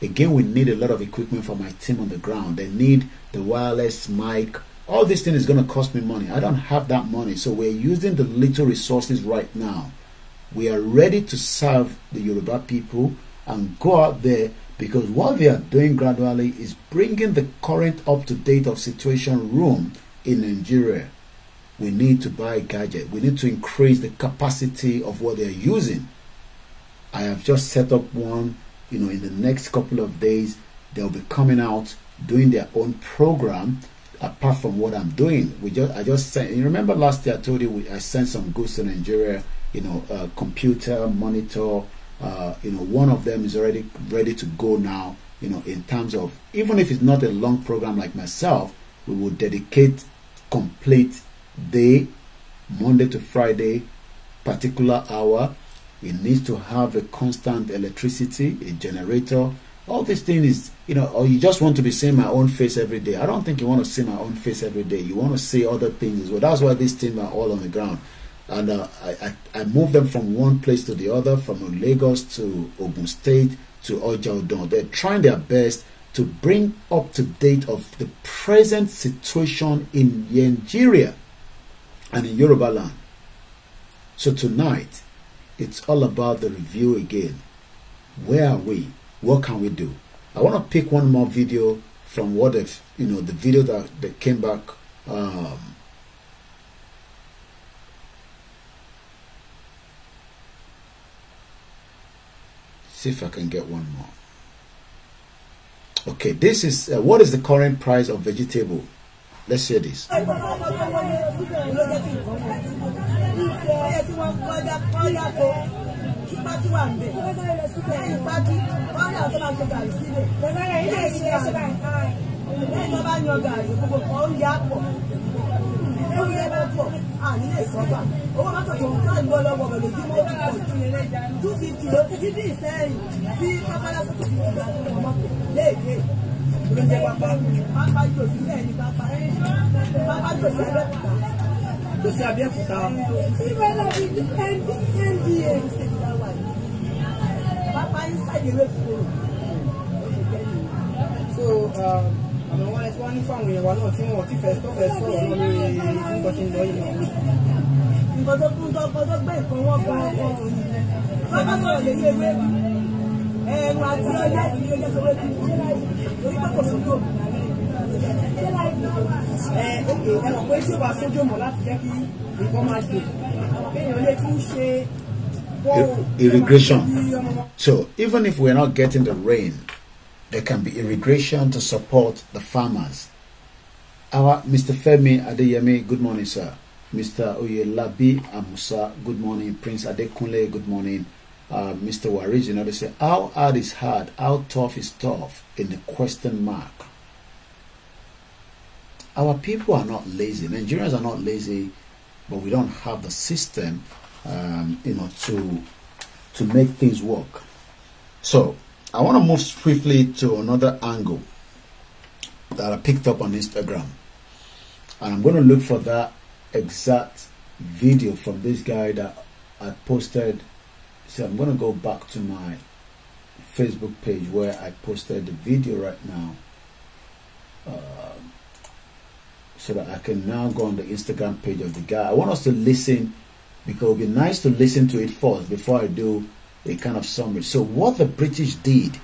Again, we need a lot of equipment for my team on the ground. They need the wireless mic. All this thing is going to cost me money. I don't have that money. So we're using the little resources right now. We are ready to serve the Yoruba people and go out there because what we are doing gradually is bringing the current up-to-date of situation room in Nigeria we need to buy gadget we need to increase the capacity of what they're using i have just set up one you know in the next couple of days they'll be coming out doing their own program apart from what i'm doing we just i just sent you remember last year i told you we, i sent some goods to nigeria you know uh, computer monitor uh, you know one of them is already ready to go now you know in terms of even if it's not a long program like myself we will dedicate complete day, Monday to Friday, particular hour. It needs to have a constant electricity, a generator. All these things, you know, or you just want to be seeing my own face every day. I don't think you want to see my own face every day. You want to see other things. as Well, that's why these things are all on the ground. And uh, I, I, I them from one place to the other, from Lagos to Ogun State to Ojaudon. They're trying their best to bring up to date of the present situation in Nigeria and in Yoruba land. So tonight, it's all about the review again. Where are we? What can we do? I want to pick one more video from what if, you know, the video that, that came back um, see if I can get one more. Okay, this is uh, what is the current price of vegetable Let's hear this. Two fifty ló ti dín ìsẹ́yìn tí pápá lásìkò ti fi ìgbà tó lọ́mọ́ lé èké ló jẹ́ pápá pápá jòsí lẹ́yìn pápá pápá jòsí abẹ́kúta jòsí abẹ́kúta. síbẹ̀ náà fi di nda. pápá inside ìwé so àmọ́ wọn ẹtí wọn ní fáwọn èèyàn wa náà tí wọn ti fẹ́ tó fẹ́ lórí nǹkan tí ń lọ yìí náà. nǹkan tó kún tó kọ́ gbé nǹkan wọn gba ọkọ̀ òyìnbó. pápá sọ̀rọ̀ lè gbé wéwà. Irrigation. So even if we're not getting the rain, there can be irrigation to support the farmers. Our Mr. Femi Adeyemi, good morning, sir. Mr. Oyelabi Amusa, good morning. Prince Adekunle, good morning. uh, Mr. Waris, you know, they say, how hard is hard, how tough is tough, in the question mark. Our people are not lazy. Nigerians are not lazy, but we don't have the system, um, you know, to to make things work. So I want to move swiftly to another angle that I picked up on Instagram, and I'm going to look for that exact video from this guy that I posted so I'm going to go back to my Facebook page where I posted the video right now uh, so that I can now go on the Instagram page of the guy I want us to listen because it would be nice to listen to it first before I do a kind of summary so what the British did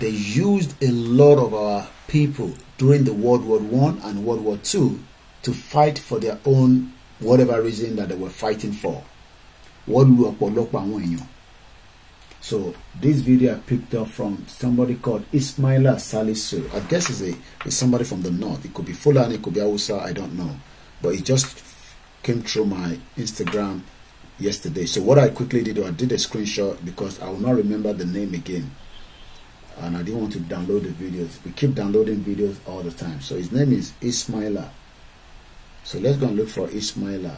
they used a lot of our people during the World War One and World War Two to fight for their own whatever reason that they were fighting for wọ́n lu ọ̀pọ̀lọpọ̀ àwọn èèyàn. So this video I picked up from somebody called Ismaila Salisu. I guess it's, a, it's somebody from the north. It could be Fulani, it could be Hausa, I don't know. But it just came through my Instagram yesterday. So what I quickly did, I did a screenshot because I will not remember the name again and I didn't want to download the videos. We keep downloading videos all the time. So his name is Ismaila. So let's go and look for Ismaila.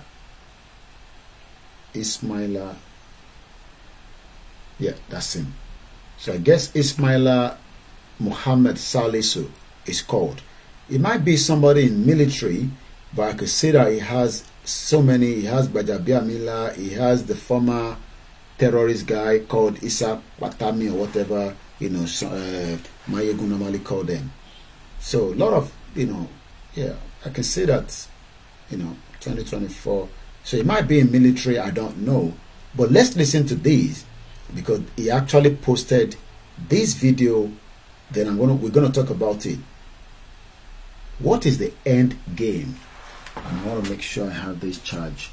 Ismaila. Yeah, that's him. So I guess Ismaila Muhammad Salisu is called. It might be somebody in military, but I could see that he has so many. He has Bajabia Mila, he has the former terrorist guy called Isa Patami or whatever, you know, uh, Mayegun normally call them. So a lot of, you know, yeah, I can see that, you know, 2024 so he might be in military, I don't know. But let's listen to this because he actually posted this video. Then I'm gonna we're gonna talk about it. What is the end game? I want to make sure I have this charge.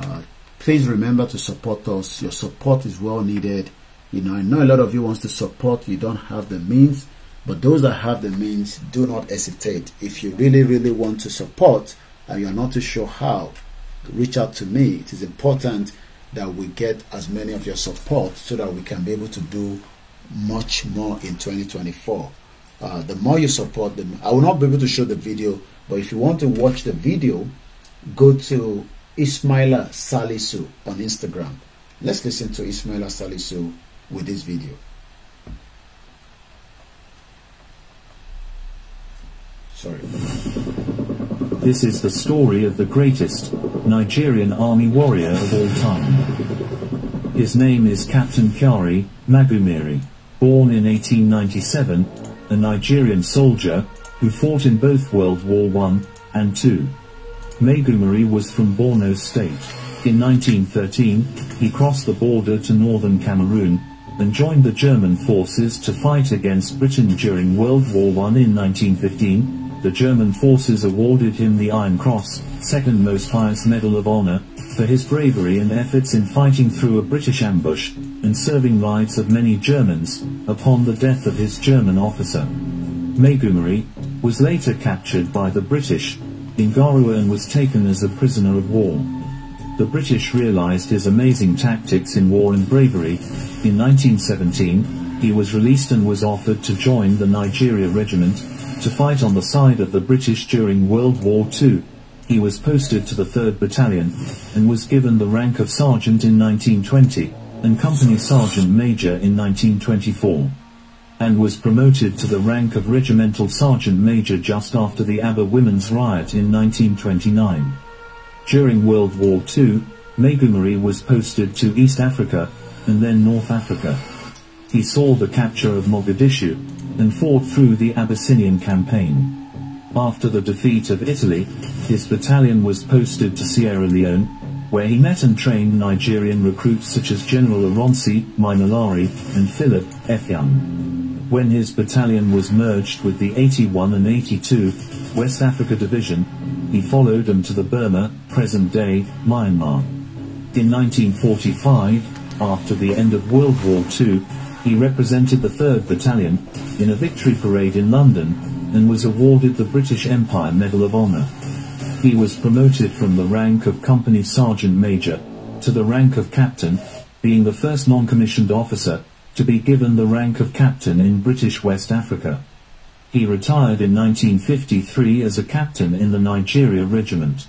Uh, please remember to support us. Your support is well needed. You know, I know a lot of you wants to support. You don't have the means, but those that have the means, do not hesitate. If you really, really want to support and you're not too sure how, reach out to me. It is important that we get as many of your support so that we can be able to do much more in 2024. Uh, the more you support them, I will not be able to show the video, but if you want to watch the video, go to Ismaila Salisu on Instagram. Let's listen to Ismaila Salisu with this video. Sorry. This is the story of the greatest, Nigerian army warrior of all time. His name is Captain Kyari Magumiri, born in 1897, a Nigerian soldier who fought in both World War I and II. Magumiri was from Borno State. In 1913, he crossed the border to northern Cameroon and joined the German forces to fight against Britain during World War I in 1915 the German forces awarded him the Iron Cross, second most highest medal of honor, for his bravery and efforts in fighting through a British ambush, and serving lives of many Germans, upon the death of his German officer. Megumari, was later captured by the British, Ngarua and was taken as a prisoner of war. The British realized his amazing tactics in war and bravery. In 1917, he was released and was offered to join the Nigeria Regiment, to fight on the side of the British during World War II. He was posted to the 3rd Battalion and was given the rank of sergeant in 1920 and company sergeant major in 1924 and was promoted to the rank of regimental sergeant major just after the Abba Women's Riot in 1929. During World War II, Megumari was posted to East Africa, and then North Africa. He saw the capture of Mogadishu and fought through the Abyssinian campaign. After the defeat of Italy, his battalion was posted to Sierra Leone, where he met and trained Nigerian recruits such as General Aronsi, Mainolari, and Philip Effiam. When his battalion was merged with the 81 and 82 West Africa Division, he followed them to the Burma, present-day, Myanmar. In 1945, after the end of World War II, he represented the 3rd Battalion in a victory parade in London and was awarded the British Empire Medal of Honor. He was promoted from the rank of Company Sergeant Major to the rank of Captain, being the first non-commissioned officer to be given the rank of Captain in British West Africa. He retired in 1953 as a captain in the Nigeria Regiment.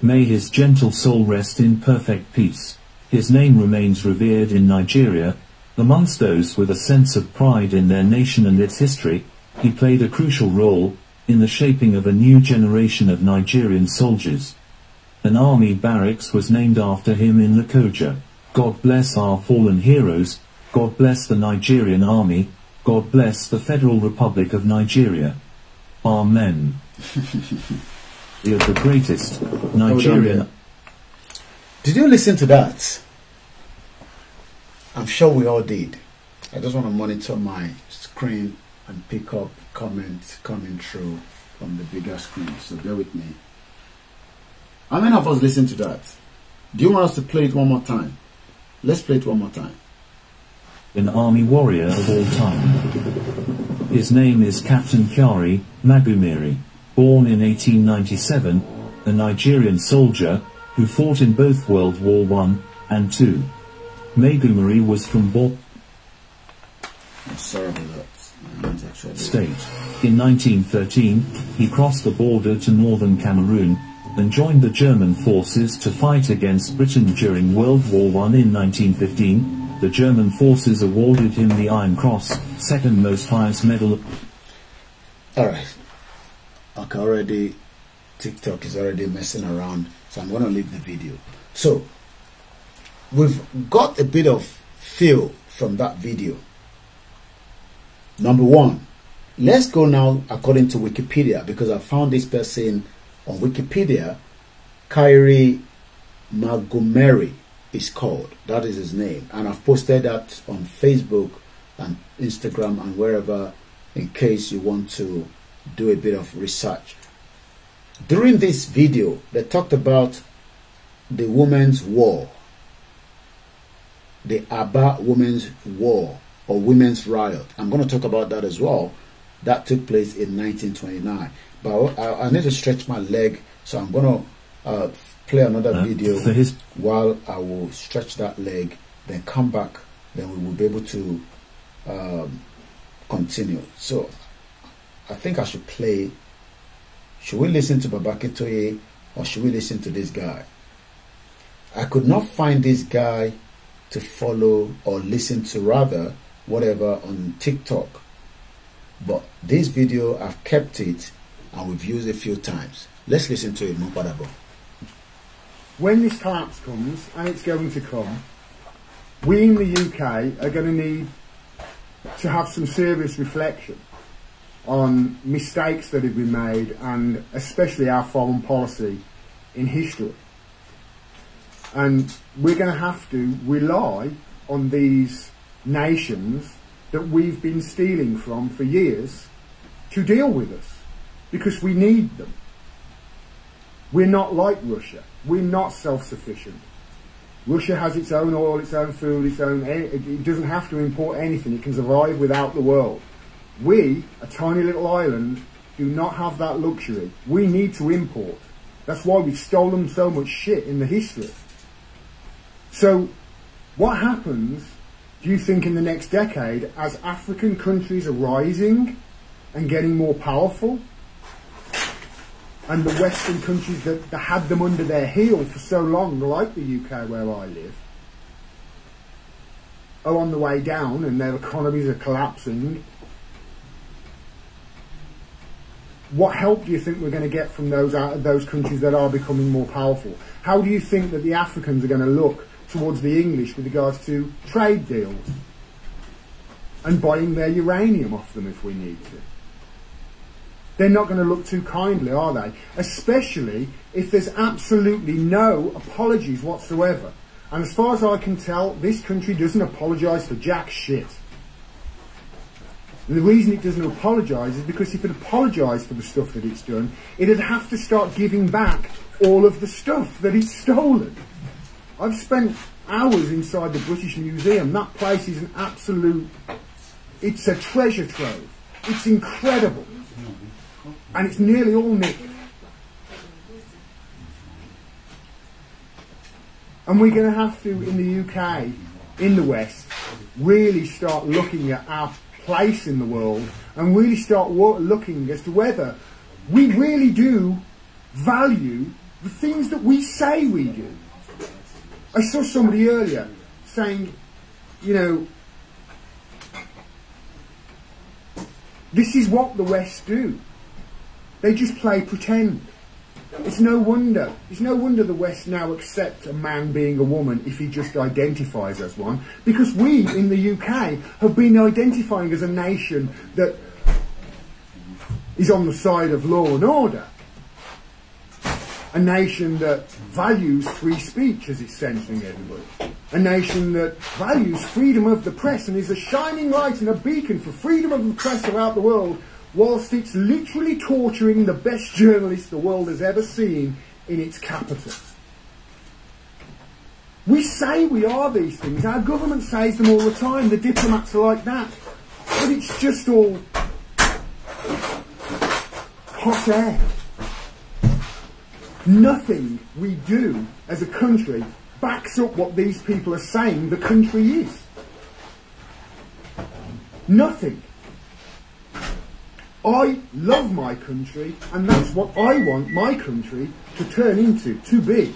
May his gentle soul rest in perfect peace. His name remains revered in Nigeria Amongst those with a sense of pride in their nation and its history, he played a crucial role in the shaping of a new generation of Nigerian soldiers. An army barracks was named after him in Lokoja. God bless our fallen heroes, God bless the Nigerian army, God bless the Federal Republic of Nigeria. Amen. You're the greatest Nigerian. Did you listen to that? I'm sure we all did. I just want to monitor my screen and pick up comments coming through from the bigger screen. So bear with me. How many of us listen to that? Do you want us to play it one more time? Let's play it one more time. An army warrior of all time. His name is Captain Kyari Magumiri, born in 1897, a Nigerian soldier who fought in both World War I and II. Marie was from Bol. State. In 1913, he crossed the border to northern Cameroon and joined the German forces to fight against Britain during World War I in 1915. The German forces awarded him the Iron Cross, second most highest medal. Alright. Okay, already TikTok is already messing around, so I'm going to leave the video. So, we've got a bit of feel from that video. Number one, let's go now according to Wikipedia because I found this person on Wikipedia, Kyrie Magomeri is called. That is his name. And I've posted that on Facebook and Instagram and wherever in case you want to do a bit of research. During this video, they talked about the women's war the Abba Women's War or Women's Riot. I'm going to talk about that as well. That took place in 1929. But I, I need to stretch my leg, so I'm going to uh, play another uh, video while I will stretch that leg, then come back, then we will be able to um, continue. So I think I should play. Should we listen to Toye or should we listen to this guy? I could not find this guy to follow or listen to rather whatever on TikTok. But this video, I've kept it and we've used it a few times. Let's listen to it, Mumpadabo. When this collapse comes, and it's going to come, we in the UK are going to need to have some serious reflection on mistakes that have been made and especially our foreign policy in history. And we're going to have to rely on these nations that we've been stealing from for years to deal with us because we need them. We're not like Russia. We're not self-sufficient. Russia has its own oil, its own food, its own. It doesn't have to import anything. It can survive without the world. We, a tiny little island, do not have that luxury. We need to import. That's why we've stolen so much shit in the history. So, what happens, do you think, in the next decade as African countries are rising and getting more powerful? And the Western countries that, that had them under their heel for so long, like the UK where I live, are on the way down and their economies are collapsing. What help do you think we're going to get from those uh, those countries that are becoming more powerful? How do you think that the Africans are going to look towards the English with regards to trade deals and buying their uranium off them if we need to. They're not going to look too kindly, are they? Especially if there's absolutely no apologies whatsoever. And as far as I can tell, this country doesn't apologise for jack shit. And the reason it doesn't apologise is because if it apologised for the stuff that it's done, it'd have to start giving back all of the stuff that it's stolen. I've spent hours inside the British Museum. That place is an absolute, it's a treasure trove. It's incredible. And it's nearly all nicked. And we're going to have to, in the UK, in the West, really start looking at our place in the world and really start looking as to whether we really do value the things that we say we do. I saw somebody earlier saying, you know, this is what the West do. They just play pretend. It's no wonder. It's no wonder the West now accept a man being a woman if he just identifies as one. Because we in the UK have been identifying as a nation that is on the side of law and order a nation that values free speech as it's censoring everybody, a nation that values freedom of the press and is a shining light and a beacon for freedom of the press throughout the world, whilst it's literally torturing the best journalists the world has ever seen in its capital. We say we are these things, our government says them all the time, the diplomats are like that, but it's just all hot air. Nothing we do as a country backs up what these people are saying the country is. Nothing. I love my country, and that's what I want my country to turn into, to be.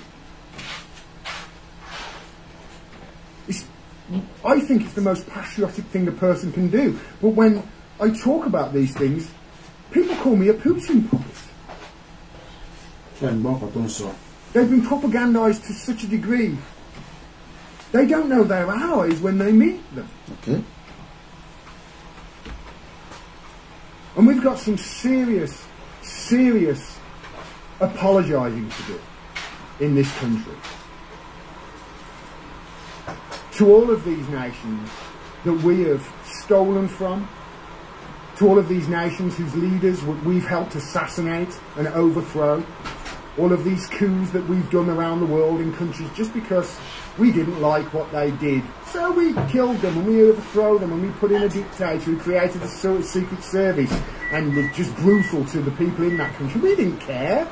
It's, I think it's the most patriotic thing a person can do. But when I talk about these things, people call me a Putin puppet. They've been propagandised to such a degree. They don't know their allies when they meet them. Okay. And we've got some serious, serious apologising to do in this country. To all of these nations that we have stolen from, to all of these nations whose leaders we've helped assassinate and overthrow, all of these coups that we've done around the world in countries just because we didn't like what they did. So we killed them and we overthrow them and we put in a dictator who created a sort of secret service and was just brutal to the people in that country. We didn't care.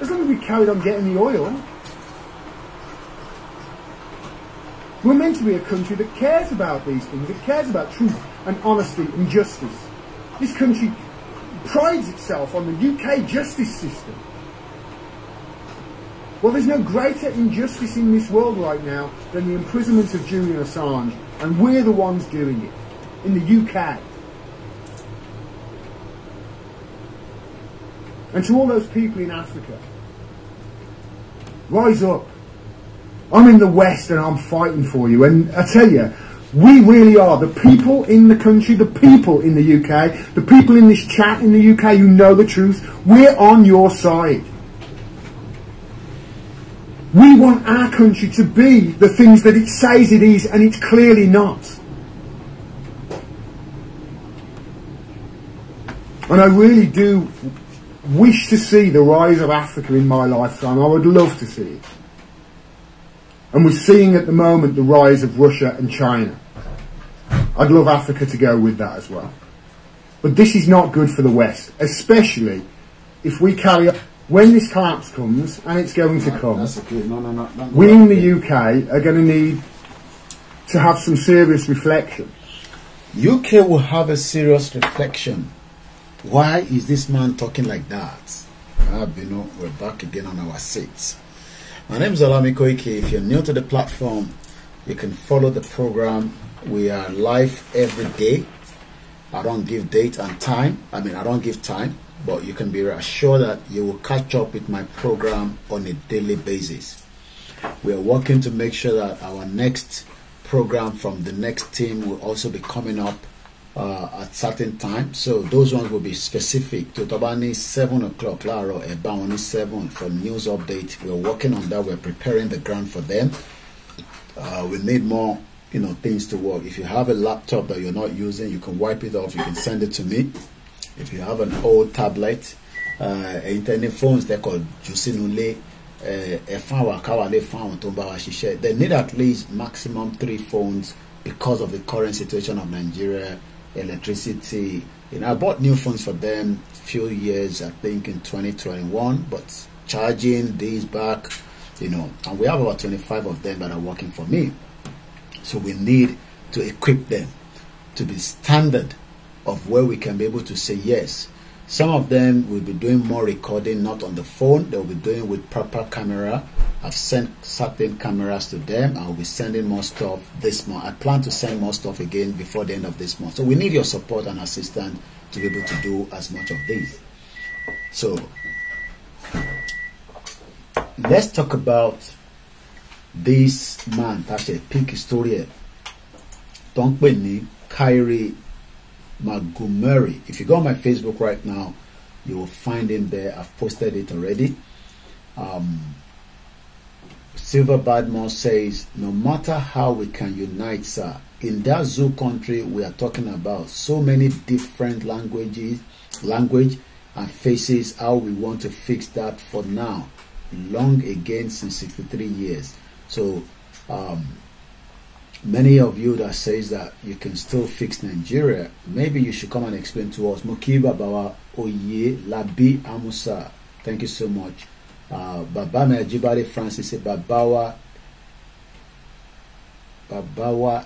As long as we carried on getting the oil. We're meant to be a country that cares about these things, that cares about truth and honesty and justice. This country prides itself on the UK justice system. Well, there's no greater injustice in this world right now than the imprisonment of Julian Assange, and we're the ones doing it in the UK. And to all those people in Africa, rise up. I'm in the West and I'm fighting for you. And I tell you, we really are. The people in the country, the people in the UK, the people in this chat in the UK who know the truth, we're on your side. We want our country to be the things that it says it is and it's clearly not. And I really do wish to see the rise of Africa in my lifetime. I would love to see it. And we're seeing at the moment the rise of Russia and China. I'd love Africa to go with that as well. But this is not good for the West, especially if we carry on when this collapse comes, and it's going to come, we in the UK are going to need to have some serious reflection. UK will have a serious reflection. Why is this man talking like that? Ah, you know, we're back again on our seats. My name is Olami Koike. If you're new to the platform, you can follow the program. We are live every day. I don't give date and time. I mean, I don't give time but you can be assured that you will catch up with my program on a daily basis. We are working to make sure that our next program from the next team will also be coming up uh, at certain time. So those ones will be specific. Totobani 7 o'clock, Laro Ebaoni 7 for news update. We're working on that. We're preparing the ground for them. Uh, we need more you know, things to work. If you have a laptop that you're not using, you can wipe it off. You can send it to me. If you have an old tablet, uh, internet phones they are called jusinule a phone or àwọn àkáwà tó They need at least maximum three phones because of the current situation of Nigeria electricity. You know, I bought new phones for them few years, I think in 2021, but charging these back, you know, and we have about 25 of them that are working for me. So we need to equip them to be standard of where we can be able to say yes. Some of them will be doing more recording, not on the phone. They'll be doing with proper camera. I've sent certain cameras to them. I'll be sending more stuff this month. I plan to send more stuff again before the end of this month. So we need your support and assistance to be able to do as much of this. So let's talk about this man. That's a pick story. Don't pay me, Kyrie Montgomery. If you go on my Facebook right now, you will find him there. I've posted it already. Um, Silver Badmore says, No matter how we can unite, sir, in that zoo country we are talking about, so many different languages, language and faces, how we want to fix that for now. Long again since 63 years. So um, many of you that says that you can still fix Nigeria, maybe you should come and explain to us. Mukiba Bawa Oye Labi Amusa. Thank you so much. Uh, Baba Mejibari Francis Babawa Babawa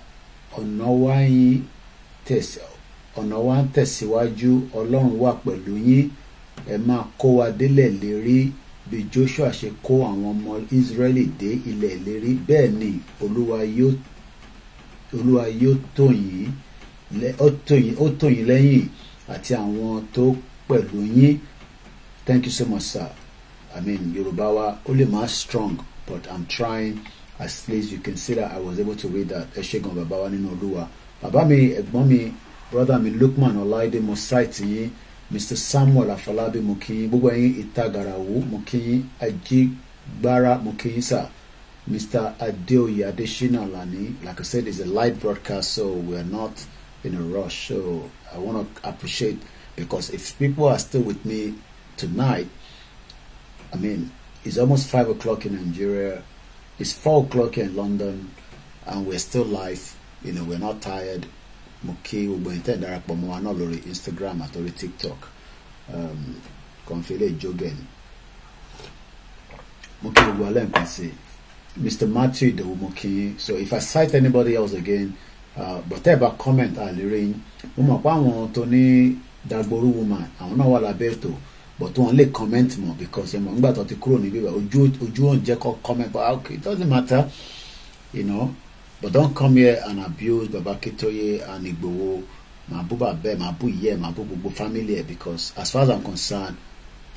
Onowayi Tesi Onowa Tesiwaju Ọlọ́run wà pẹ̀lú yín. Ẹ máa kó wa délẹ̀ maa bí Joshua ṣe kó àwọn ọmọ Israẹli dé ilẹ̀ lérí bẹ́ẹ̀ ni Olúwa yóò olúwa yóò tò yín ó tò yín lẹ́yìn àti àwọn tó pẹ̀lú yín thank you so much sir i mean yorùbá wa ó lè má strong but i'm trying at least you can see that i was able to read that ẹ ṣé gan bàbá wa nínú olúwa bàbá mi ẹ̀gbọ́n mi brother mi lukman ọláìdé mo ṣáìtì yín mr samuel afọlábí mo kí yín gbogbo ẹ̀yin ìta mo kí yín ajígbára mo kí yín sáà Mr. Adeoye Adeshina Lani, like I said, it's a live broadcast, so we're not in a rush. So I want to appreciate because if people are still with me tonight, I mean, it's almost five o'clock in Nigeria, it's four o'clock in London, and we're still live. You know, we're not tired. mo kí gbogbo ẹ̀yin lórí Instagram àtòrí TikTok um, kàn jogen. lè jógẹ̀ Mr. Matthew Dewumoki. So if I cite anybody else again, uh, but ẹ bá comment àlèrè mo mọ̀ pé àwọn tó ní Dagboru woman àwọn náà wà lábẹ́ ètò but wọn lè comment mọ̀ because ẹ mọ̀ nígbà tó ti kúrò níbí wa ojú ojú ò ń jẹ́ kó comment but ah, okay it doesn't matter you know but don't come here and abuse Baba Akintoye and Igboho màá bú bàbá ẹ̀ màá bú ìyá ẹ̀ màá bú gbogbo family ẹ̀ because as far as I'm concerned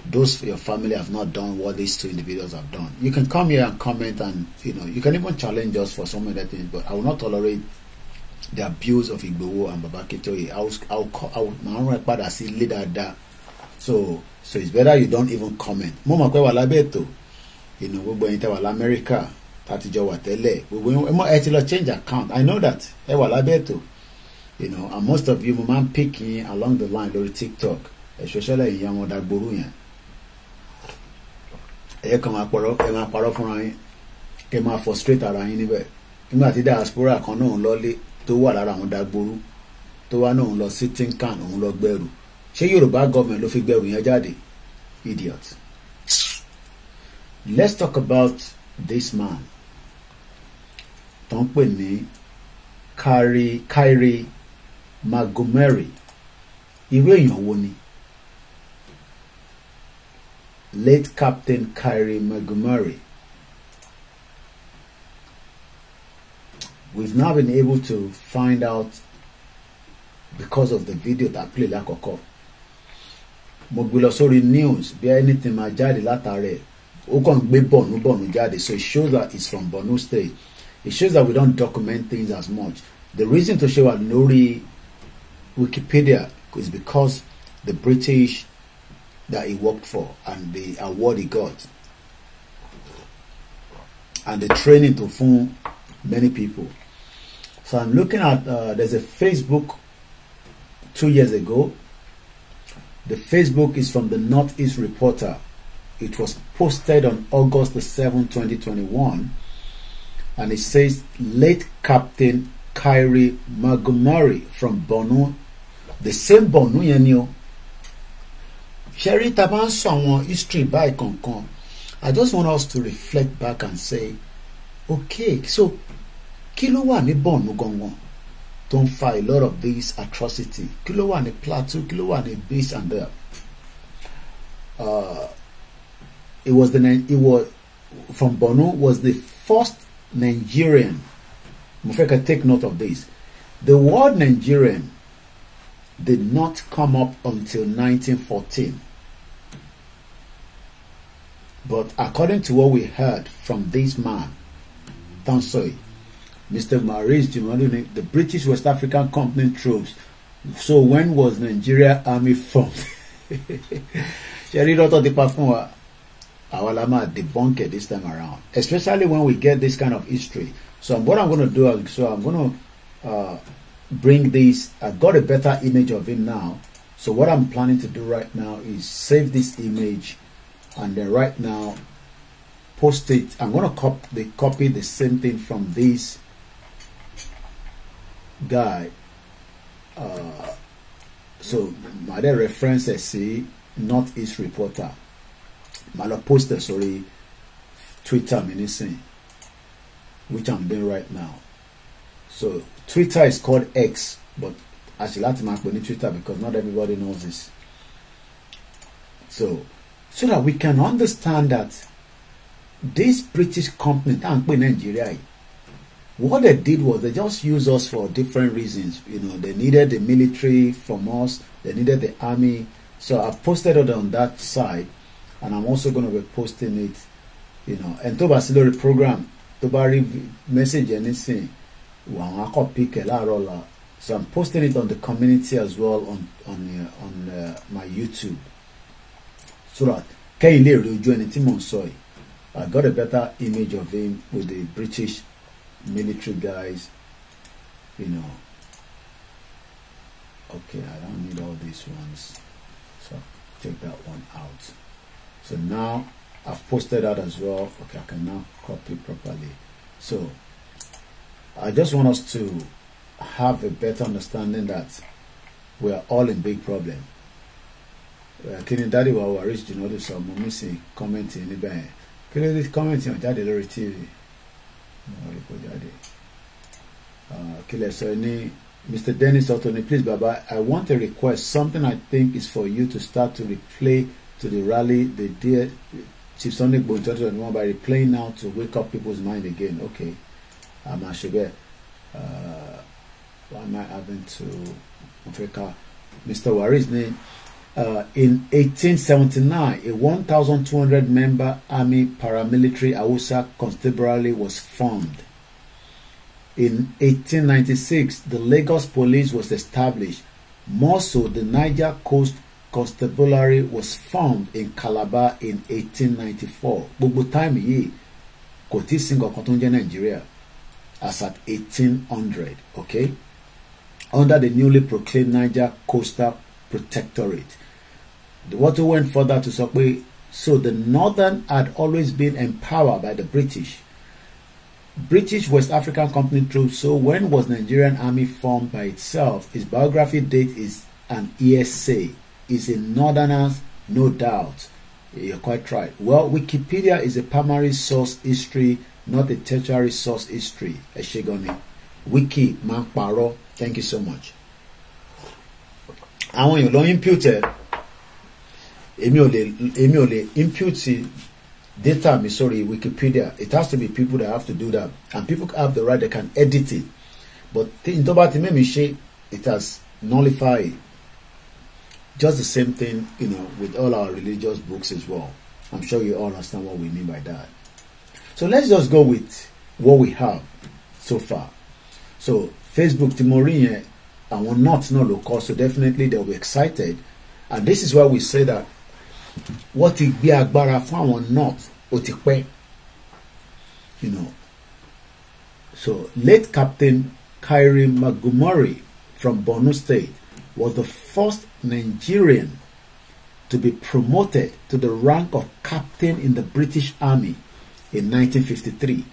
those your family have not done what these two individuals have done. You can come here and comment and you know you can even challenge us for some of that things, but I will not tolerate the abuse of Igboho and Baba I will I will call I will my own padà sí ilé dáadáa. So so it's better you don't even comment. Mo mọ̀ pé wà lábẹ́ ètò ìnà gbogbo ẹ̀yin tẹ́ wà lamẹ́ríkà tàtijọ́ wà tẹ́lẹ̀ gbogbo ẹ change account I know that ẹ wà you know and most of you mo máa ń along the line lórí TikTok especially in wọn dàgbòrú yẹn ẹ kàn máa pọ̀rọ̀ ẹ máa parọ́ fúnra yín kẹ máa frustrate ara yín níbẹ̀ nígbà tí diaspora kan náà ń lọlé tó wà lára àwọn dagboru tó wá náà ń lọ sí tinkan òun lọ gbẹrù ṣé Yorùbá gọọmẹ ló fi gbẹrù yẹn jáde idiot. Let's talk about this man tó ń pè ní Kyrie Kyrie Montgomery irú èèyàn wo ni late Captain Kyrie Montgomery. We've now been able to find out because of the video that played lákọ̀ọ́kọ́ mo gbé lọ sórí news bí anything máa jáde látàrẹ ó kàn gbé bọ̀nú bọ̀nú jáde so it shows that it's from Borno state it shows that we don't document things as much the reason to show wà lórí Wikipedia is because the British that he worked for and the award he got and the training to fund many people. So I'm looking at uh, there's a Facebook two years ago. The Facebook is from the Northeast Reporter. It was posted on August the 7th, 2021. And it says, late Captain Kyrie Montgomery from Bonu. The same Bonu, you know, Sherry, ta bá ń sọ àwọn history báyìí kankan I just want us to reflect back and say okay so kí ló wà ní Borno gangan tó ń fa a lot of these atrocity kí ló wà ní Plateau kí ló wà ní this and there. uh, it was the it was from Borno was the first Nigerian mo fẹ́ ka take note of this the word Nigerian did not come up until 1914. But according to what we heard from this man, Tansoy, Mr. Maurice Jimaduni, the British West African Company troops. So when was Nigeria Army formed? Sherry Roto Dipafunwa, lama debunked this time around, especially when we get this kind of history. So what I'm going to do, so I'm going to uh, bring this i got a better image of him now so what i'm planning to do right now is save this image and then right now post it i'm going to cop the copy the same thing from this guy uh, so my reference see northeast reporter my poster, sorry twitter mini which i'm doing right now so Twitter is called X but a ṣe láti máa pè ní Twitter because not everybody knows this so so that we can understand that this British company tá in Nigeria, what they did was they just used us for different reasons you know they needed the military from us they needed the army so I posted it on that side and I'm also going to be posting it you know and to bá sí program to bá rí message anything. i kọ pick ẹ láàárọ̀ so i'm posting it on the community as well on on uh, on uh, my youtube so that kẹ́yìn lè the team on Soy. i got a better image of him with the british military guys you know okay i don't need all these ones so take that one out so now i've posted that as well okay i can now copy properly so I just want us to have a better understanding that we are all in big problem. Uh, Kíni daddy, wa wa Rich Jinodu sọ mo mí sí kọ́mẹ̀ntì níbẹ̀ yẹn kí ló dé kọ́mẹ̀ntì yẹn jáde lórí TV mo rí kó uh, Mr. Dennis Otoni please baba I want a request something I think is for you to start to replay to the rally the dear Chief Sunday Igboho in by replaying now to wake up people's mind again okay. I'm actually ṣe bẹ́ẹ̀ what am I having to Africa, Mr. Waris ní uh, in 1879 a 1,200 member army paramilitary Hausa constabulary was formed. In 1896 the Lagos police was established more so the Niger coast constabulary was formed in Calabar in 1894 gbogbo táìmù yìí kò tí ì sí nǹkan as at 1800, okay, under the newly proclaimed Niger Coastal Protectorate. The water went further to sọ so the northern had always been empowered by the British. British West African Company troops, so when was Nigerian army formed by itself? His biography date is an ESA. Is a northerner's, no doubt. You're quite right. Well, Wikipedia is a primary source history not a tertiary source history ẹ ṣe gan wiki máa ń parọ́ thank you so much. àwọn èèyàn ló ń impute ẹ èmi ò lè èmi ò lè impute data mi sórí wikipedia it has to be people that have to do that and people have the right they can edit it but n tó bá ti mẹ́mi ṣe it has nullified just the same thing you know with all our religious books as well i'm sure you all understand what we mean by that so let's just go with what we have so far so Facebook tí mo rí yẹn àwọn not náà ló kọ so definitely they will be excited and this is why we say that wọ́n ti gbé agbára fún àwọn not ó ti pẹ́ you know so late Captain Kyrie Magumori from Borno State was the first Nigerian to be promoted to the rank of captain in the British Army in 1953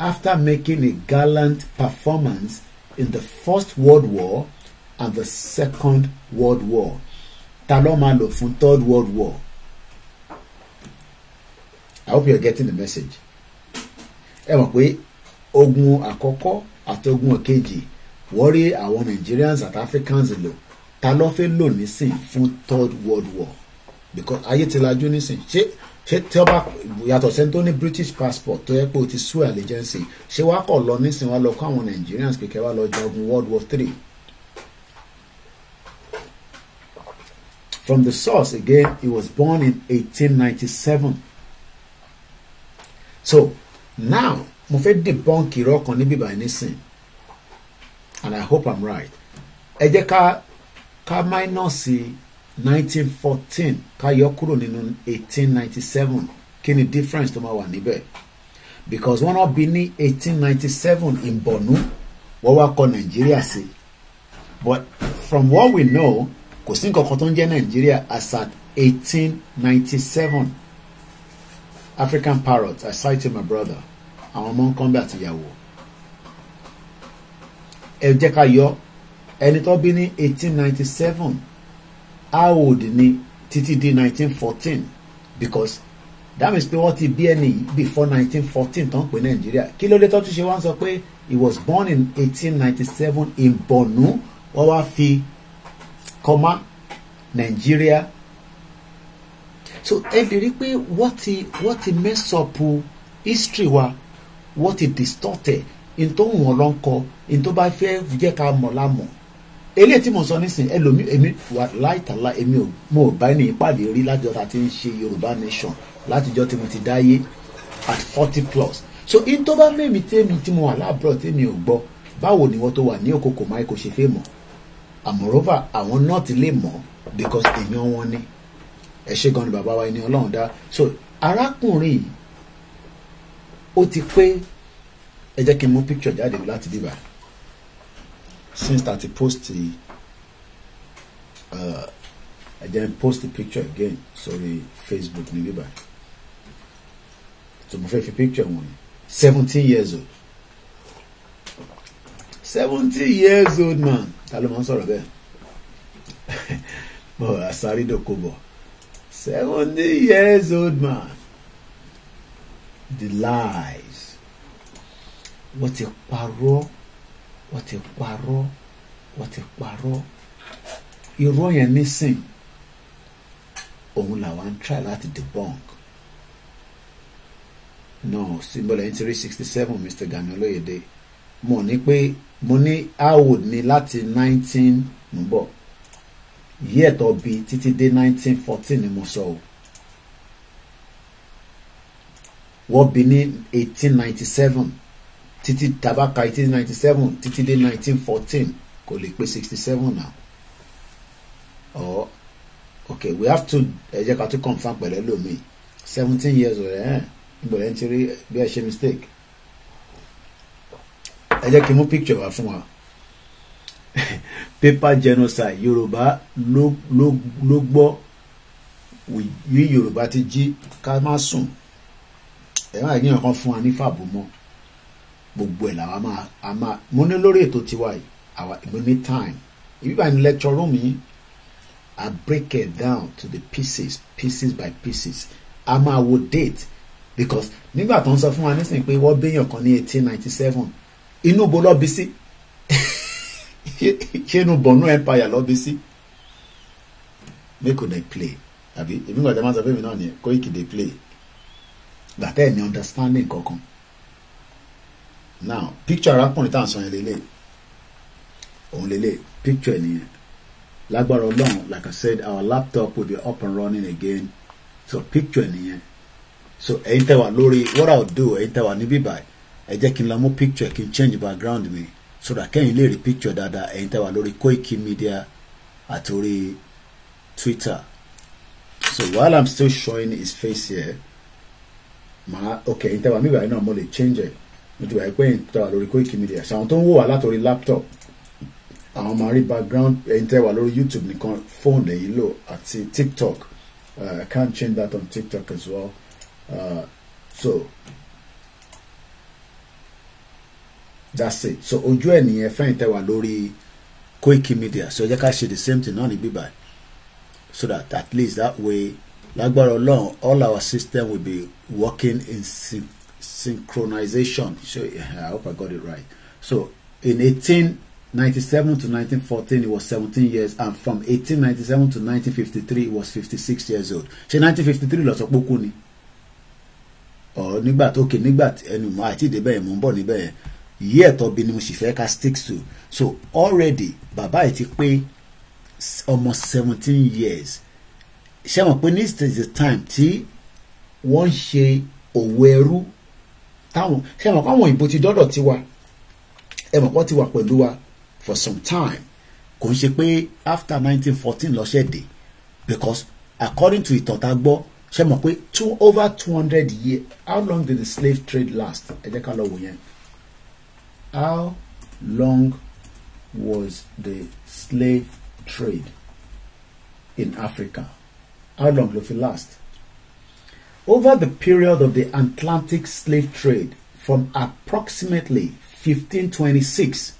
after making a gallant performance in the First World War and the Second World War. Ta ló máa Third World War? I hope you are getting the message. Ẹ mọ̀ pé ogun àkọ́kọ́ àti ogun èkejì wọ́n àwọn Nigerians àti Africans lò ta ló fẹ́ lò nísìn fún Third World War because ayé ti lajú nísìn ṣé ṣé tí ọba yàtọ̀ sẹ́ni tó ní British passport tó yẹ pé o ti sú allegiance ṣé wàá kọ̀ lọ nísìnyí wàá lọ kó àwọn Nigerians kékeré wàá lọ jagun World War three From the source again, he was born in 1897. So now, mo fẹ́ debunk irọ́ kan níbí báyìí nísìn and I hope I'm right. Ẹ jẹ́ ká ká máínọ́ọ̀sì nineteen fourteen ká yọ kúrò nínú eighteen ninety seven kí ni difference tó máa wà níbẹ̀ because wọ́n náà bí ní eighteen ninety seven in Borno wọ́n wá kọ Nàìjíríà sí but from what we know kò sí nǹkan kan tó ń jẹ́ Nàìjíríà as at eighteen ninety seven African parrot I cite my brother àwọn ọmọ nǹkan bí àtìyàwó ẹ jẹ́ ká yọ ẹni tó bí ní eighteen ninety seven aod ni títí di 1914 because that means pé wọ́n ti bí ẹni before 1914 tó ń pè nàìjíríà kí ló dé tó tún ṣe wá ń sọ pé he was born in 1897 in Bonu, wọ́n wá fi kọ́má nàìjíríà so ẹ lè rí pé wọ́n ti wọ́n ti mess up history wa wọ́n ti distorted. ẹ̀ in tó ń wọ̀n lọ́nkọ in tó bá fẹ́ jẹ́ ká mọ̀ lámọ̀ eléyìí tí mo sọ nísìnyí ẹlòmíì èmi láìtàlá èmi ò mo ò bá ní ìpàdé rí látijọ́ tá a ti ń ṣe Yorùbá nation látijọ́ tí mo ti dáyé at forty plus so in tó bá mẹ́mi tẹ́mi tí mo wà láàbúrò tẹ́mi ò gbọ́ báwo ni wọ́n tó wà ní òkòkò máì kò ṣe fẹ́ mọ̀ àmọ́rọ́bà àwọn náà ti lè mọ̀ because èèyàn wọn ni ẹ ṣe gan ni bàbá wa ẹni Ọlọ́run dá so arákùnrin yìí ó ti pé ẹ jẹ́ kí n mú picture jáde láti bíbá since that he post the uh, I then post the picture again sorry Facebook níbí báyìí so mo fẹ́ picture one, seventeen years old seventeen years old man Tell ta ló máa ń sọ̀rọ̀ bẹ́ẹ̀ bọ̀ àsárídòkobọ̀ seventeen years old man the lies What a parọ́ wọ́n ti parọ́ wọ́n ti parọ́ irọ́ yẹn nísìn òun làwọn ń try láti debunk náà símbọ́lá yín ti sixty seven Mr. Gani Olóyèdè mo ní pé mo ní awo ní láti nineteen mo bọ̀ yíyẹ̀tọ̀ bí títí dé nineteen fourteen ni mo sọ o wọ́n bí ní eighteen ninety seven títí tabaka eighteen ninety seven títí dé nineteen fourteen kò lè pé sixty seven now or okay we have to ẹ jẹ́ ká tún confam pẹ̀lú ẹlòmíì seventeen years old ẹ̀ eh? níbo ẹ̀ ń ti rí bí ẹ ṣe mistake ẹ jẹ́ kí n mú picture wá fún wa paper genocide yorùbá ló ló ló gbọ́ yí yorùbá ti jí ká má sùn ẹ̀ máa yíyan kan fún wa ní fàbọ̀ mọ́ gbogbo ẹ̀ làwa máa a máa mo ní lórí ètò tiwa yìí àwa mo ní time ibi bá ní lecture room yìí I break it down to the pieces pieces by pieces a máa wo date because nígbà tó ń sọ fún wa nísìnyí pé wọ́n béèyàn kan ní eighteen ninety seven inú bo lọ́bi sí ṣé inú bọ̀nú empire lọ́bi sí make una play àbí èmi gbàdá máa sọ fún mi náà nìyẹn Koiki dey play gbàtẹ́ ẹ̀ ní understanding kankan now picture arákùnrin tá à ń sọ yẹn lélẹ̀ òun lélẹ̀ picture nìyẹn lágbára ọlọ́run like I said our laptop will be up and running again so picture nìyẹn so ẹ̀yin tẹ́ wà lórí what I will do ẹ̀yin tẹ́ wà níbí báyìí ẹ jẹ́ kí n lọ mú picture kí n change background mi so that kẹ́yìn lè rí picture dáadáa ẹ̀yin tẹ́ wà lórí Koiki Media àti orí Twitter so while I'm still showing his face here màá okay ẹ̀yin tẹ́ wà níbí báyìí náà mo lè change it mo ti wà pé ìta lórí quick Media ṣàwọn tó ń wò wá látòrí laptop àwọn máa rí background ẹni tẹ́ wà lórí YouTube nìkan fóònù lẹ́yìn lò àti TikTok uh, I can change that on TikTok as well uh, so that's it so ojú ẹ̀ nìyẹn fẹ́yìn tẹ́ wà lórí quick Media so jẹ́ ká ṣe the same thing náà ní bíbá so that at least that way lágbára Ọlọ́run all our system will be working in sync synchronization. So I hope I got it right. So in 1897 to 1914, he was 17 years, and from 1897 to 1953, he was 56 years old. Ṣé 1953 lọ sọ pé kú ni? Ọ̀rọ̀ nígbà tó kè nígbà ẹnu mọ́ àti ìdébẹ̀ mò ń bọ̀ níbẹ̀ yẹn. Yí ẹ̀tọ́ bí ni mo sì fẹ́ ká stick to. So already bàbá yìí ti pé ọmọ 17 years. Ṣé mo pé ní is the time tí wọ́n ṣe òwò ẹrú táwọn ṣe mọ̀ káwọn òyìnbó ti dọ́dọ̀ tiwa ẹ mọ̀ kọ́ ti wà pẹ̀lú wa for some time kò ń ṣe pé after nineteen fourteen lọ́ṣẹ̀ dé because according to ìtàn tá a gbọ́ ṣe mọ̀ pé two over two hundred years how long did the slave trade last ẹ jẹ́ ká lọ wò yẹn how long was the slave trade in Africa how long ló fi last Over the period of the Atlantic slave trade from approximately 1526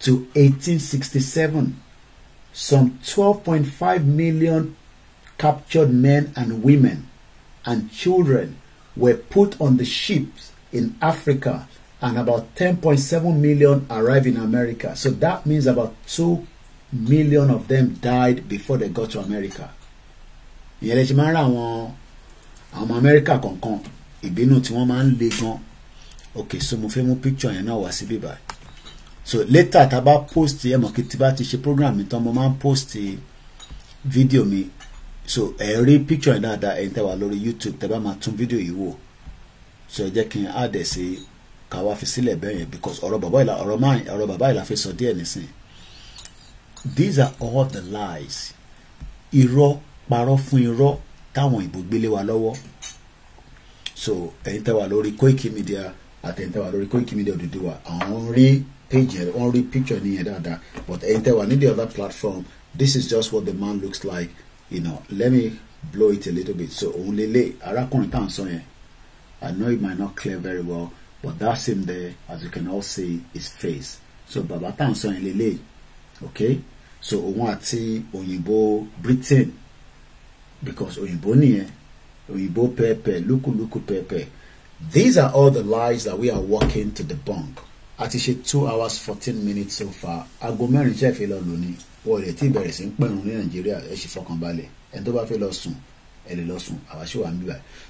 to 1867, some 12.5 million captured men and women and children were put on the ships in Africa and about 10.7 million arrived in America. So that means about 2 million of them died before they got to America àwọn ọmọ amẹ́ríkà kọ̀ọ̀kan ìbínú tí wọ́n máa ń le gan ok so mo fẹ́ mú picture yẹn náà wá sí bíbá so later tá a bá post ẹ mọ̀ kí tí bá ti ṣe program mi tán mo máa ń post video mi so ẹ rí picture yẹn dáadáa ẹ̀yin tẹ́ wà lórí youtube tẹ́ bá máa tún video yìí wò so ẹ jẹ́ kí n add ẹ̀ sí ká wá fi sílẹ̀ bẹ́ẹ̀ yẹn because ọ̀rọ̀ bàbá ìlà ọ̀rọ̀ máa ọ̀rọ̀ bàbá ìlà fi sọ díẹ̀ nísìnyí these are all the lies irọ́ parọ́ fún irọ́ táwọn òyìnbó gbélé wa lọ́wọ́ so ẹ̀yin tẹ́ wà lórí Koiki Media àtẹ̀yin tẹ́ wà lórí Koiki Media Odùduwà àwọn rí page yẹn wọ́n rí picture ní yẹn dáadáa but ẹ̀yin tẹ́ wà ní the other platform this is just what the man looks like you know let me blow it a little bit so òun lè lè arákùnrin tá à ń sọ yẹn I know it might not clear very well but that's him there as you can all see his face so bàbá tá à ń sọ yẹn lè lè okay so òun àti òyìnbó Britain because òyìnbó nìyẹn òyìnbó pẹ́ẹ́pẹ́ lúkúlúkú Pepe, these are all the lies that we are working to debunk a ti ṣe two hours fourteen minutes so far aago mẹ́rin ṣe fi lọ lónìí wọ́n rẹ̀ tí ìbẹ̀rẹ̀ sí ń pẹ̀rùn ní nàìjíríà ẹ̀ ṣì fọkànbalẹ̀ ẹni tó bá fẹ́ lọ sùn ẹ̀ lè lọ sùn àwa ṣì wà ń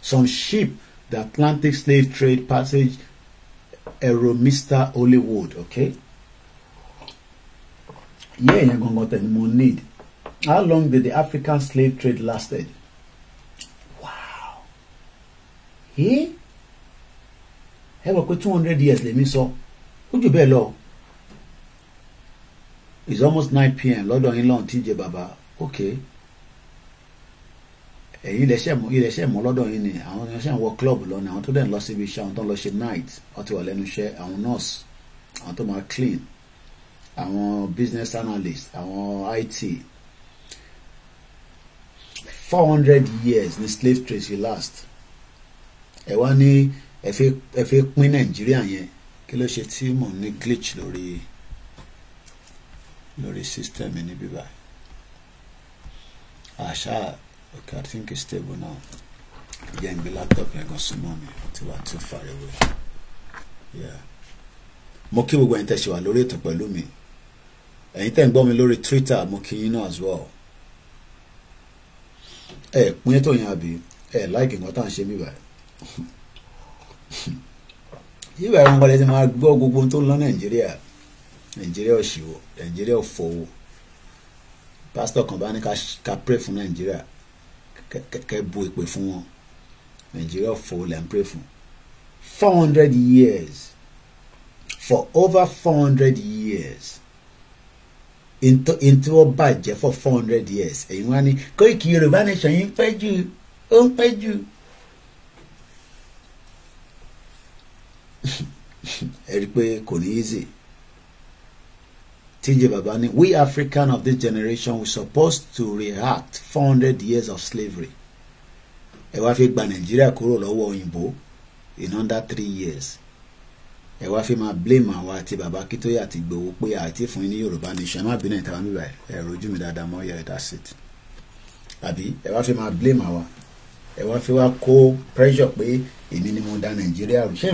some sheep the Atlantic slave trade passage ẹ̀rọ Mr. Hollywood okay yẹ́ ìyẹn gangan tẹ̀ ni mo need How long did the African slave trade lasted? Wow. He? Ẹ wọ pé two hundred years lèmi sọ, ó jù bẹ́ẹ̀ lọ. It's almost nine pm Lord yín lọ́hùn tíjẹ baba. Okay. Ẹ̀yin ilẹ̀ṣẹ̀ mọ́ ilẹ̀ṣẹ̀ mọ́ lọ́dọ̀ yín ni àwọn ilẹ̀ṣẹ̀ ń wọ club lọ ni àwọn tó dẹ̀ ń lọ síbi iṣẹ́ àwọn tó ń lọ ṣe night ọtí wà lẹ́nu iṣẹ́ àwọn nurse àwọn to máa clean àwọn business analyst àwọn IT 400 years ni slave trade ṣe last ẹ wá ní ẹ fi pín nàìjíríà yẹn kí ló ṣe tí mò ń ní glitch lórí lórí system níbí báyìí àṣà ah, okay i think it's stable now jẹ́ ń gbé laptop yẹn gan súnmọ́ mi tí wàá too far away yeah mo kí gbogbo ẹ̀yin tẹ́ ṣe wà lórí ètò pẹ̀lú mi ẹ̀yin tẹ́ ń gbọ́ mi lórí Twitter mo kí yín náà as well ẹ pín ètò yẹn àbí ẹ láìkì nǹkan tá à ń ṣe bíbà bíbà ẹran kan lè ti máa gbọ́ gbogbo tó ń lọ nàìjíríà nàìjíríà òṣìwò nàìjíríà òfòwò pásítọ̀ kan bá ní ká pray fún nàìjíríà kẹ́ bu ìpè fún wọn nàìjíríà òfòwò là ń pray fún four hundred years for over four hundred years n tí wọ́n bàjẹ́ for four hundred years ẹ̀yin wá ní Koiki Yorùbá nation yìí ń pẹ́ jù ó ń pẹ́ jù. ẹ rí i pé kò ní easy TJ Baba ni we African of this generation we supposed to react four hundred years of slavery ẹ wá fi gba Nàìjíríà kúrò lọ́wọ́ òyìnbó in under three years ẹ wá fi máa blame àwọn àti bàbá Akíntóyè àti Ìgbòho pé àti fún yín ní Yorùbá nation ẹ má bínú ìta wọn bíbá ẹ rojú mi dáadáa mọ́ yẹ that's it àbí ẹ wá fi máa blame àwa ẹ wá fi wá kó pressure pé èmi ni mo da Nàìjíríà rú ṣé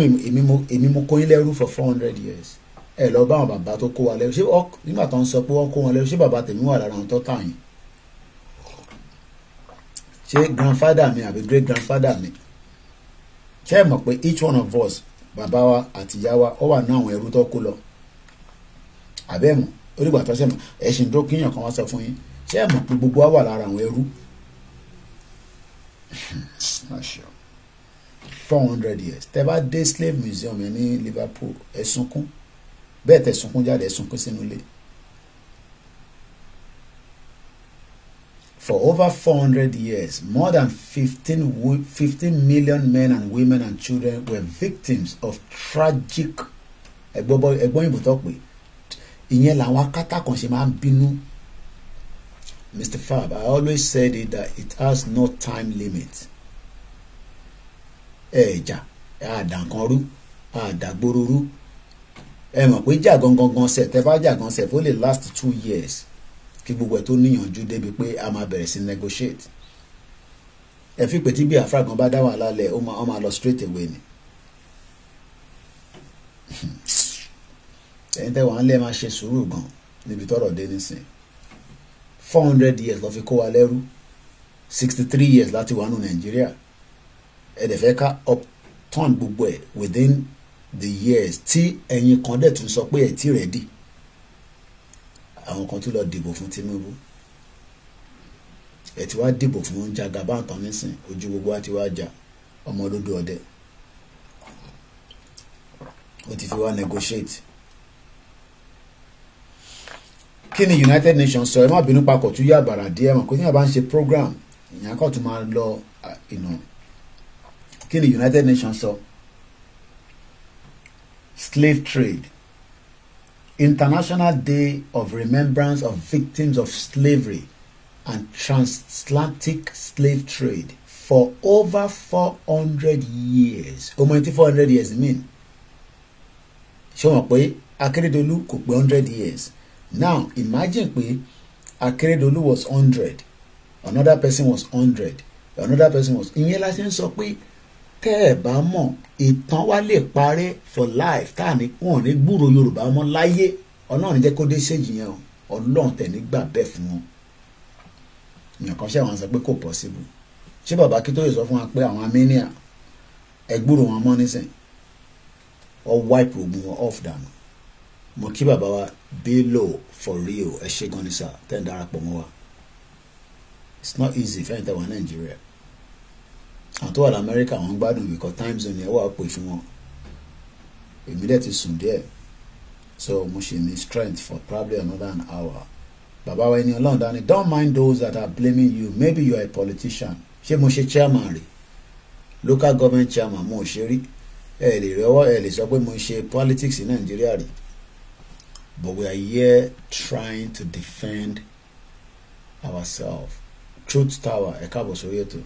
èmi mo kó yín lẹ́rú for four hundred years ẹ lọ bá àwọn bàbá tó kó wa lẹ́rú ṣé nígbà tó ń sọ pé wọ́n kó wọn lẹ́rú ṣé bàbá tèmi wà lára àwọn tó tà yín ṣé grandfather mi àbí great grandfather mi ṣé ẹ mọ̀ pé each one of us bàbá wa àti ìyá wa ọ wà ní àwọn ẹrú tó kó lọ àbẹ́mọ̀ onígbà tó sẹ́mọ̀ ẹ̀sìn tó kíyàn kan wá sọ fún yín ṣé ẹ̀ mọ̀ pé gbogbo wa wà lára àwọn ẹrú four hundred years tẹ dé slave museum ní Liverpool ẹ sunkún bẹ́ẹ̀ tẹ sunkún jáde ẹ sunkún sínú ilé. For over 400 years, more than 15, 15 million men and women and children were victims of tragic ẹ̀gbọ́n ìbò tó pé ìyẹn làwọn akátá kan ṣe máa ń bínú. Mr. Fab, I always said it that it has no time limit. Ẹ̀jà àdàkanrú àdàgbòrúurú ẹ mọ̀ pé jà gangan gan sẹ̀ tẹ́ bá jà gan sẹ̀ ó lè last two years kí gbogbo ẹ̀ tó níyànjú débi pé a máa bẹ̀rẹ̀ sí negotiate ẹ fi pé tí bí àfúrà gan bá dá wàhálà lẹ̀ ó máa lọ straight away ni ẹ̀yin tẹ́ wàá lẹ́ máa ṣe sùúrù gan níbi tọ́rọ̀ dé nísìn four hundred years ló fi kó wa lẹ́rú sixty three years láti wà nù nàìjíríà ẹ̀dẹ̀ fẹ́ ká upturn gbogbo ẹ̀ within the years tí ẹ̀yin kan dẹ̀ tún sọ pé ẹ̀ ti ready àwọn kan tún lọ dìbò fún Tinubu ẹ ti wá dìbò fún Jagaban tán nísìn ojú gbogbo wa ti wá jà ọmọ olódò ọdẹ ó ti fi wá negotiate kí ni United Nations sọ ẹ má bínú papọ̀ tún yá àbàrà díẹ̀ mọ̀ kó tí yàrá bá ń ṣe program ìyàn kan tún máa lọ ìnà kí ni United Nations sọ slave trade International Day of Remembrance of Victims of Slavery and Transatlantic Slave Trade for over 400 years. Ọmọ ẹni 400 years mean? Ṣé wọ́n pé Akérédolú kò pé 100 years? Now imagine pé Akérédolú was 100, another person was 100, another person was. Ìyẹn la ṣe ń sọ pé tẹ́ ẹ̀ bá mọ̀ ìtàn wa lè parẹ́ for life tá à ní wọn ní gbúrò yorùbá mọ́ láyé ọlọ́run jẹ́ kó dé séjì yẹn o ọlọ́run tẹ̀ ní gbà bẹ́ẹ̀ fún wọn èèyàn kan ṣe àwọn sọ pé kò possible ṣé bàbá Akíntóyè sọ fún wa pé àwọn amíníà ẹ gbúrò wọn mọ́ nísìn ọ wipe ogun wọn off dànù mo kí bàbá wa Bello for real ẹ ṣe gan ni sá tẹ́ ń darapọ̀ mọ́ wa it's not easy fẹ́yìntẹ́ wa Nàìjíríà àwọn tó wà lamẹ́ríkà wọ́n gbádùn because time zone ẹ̀ wà pè fún wọn èmi dẹ̀ ti sùn díẹ̀ so mo ṣe ní strength for probably another an hour bàbá wa ẹni ọlọ́run dání don't mind those that are blaming you maybe you are a politician ṣé mo ṣe chairman rè local government chairman mo ṣe rí ẹ lè rẹwọ́ ẹ lè sọ pé mo ṣe politics ní nàìjíríà rè but we are here trying to defend ourselves truth tower ẹ káàbọ̀ sórí ètò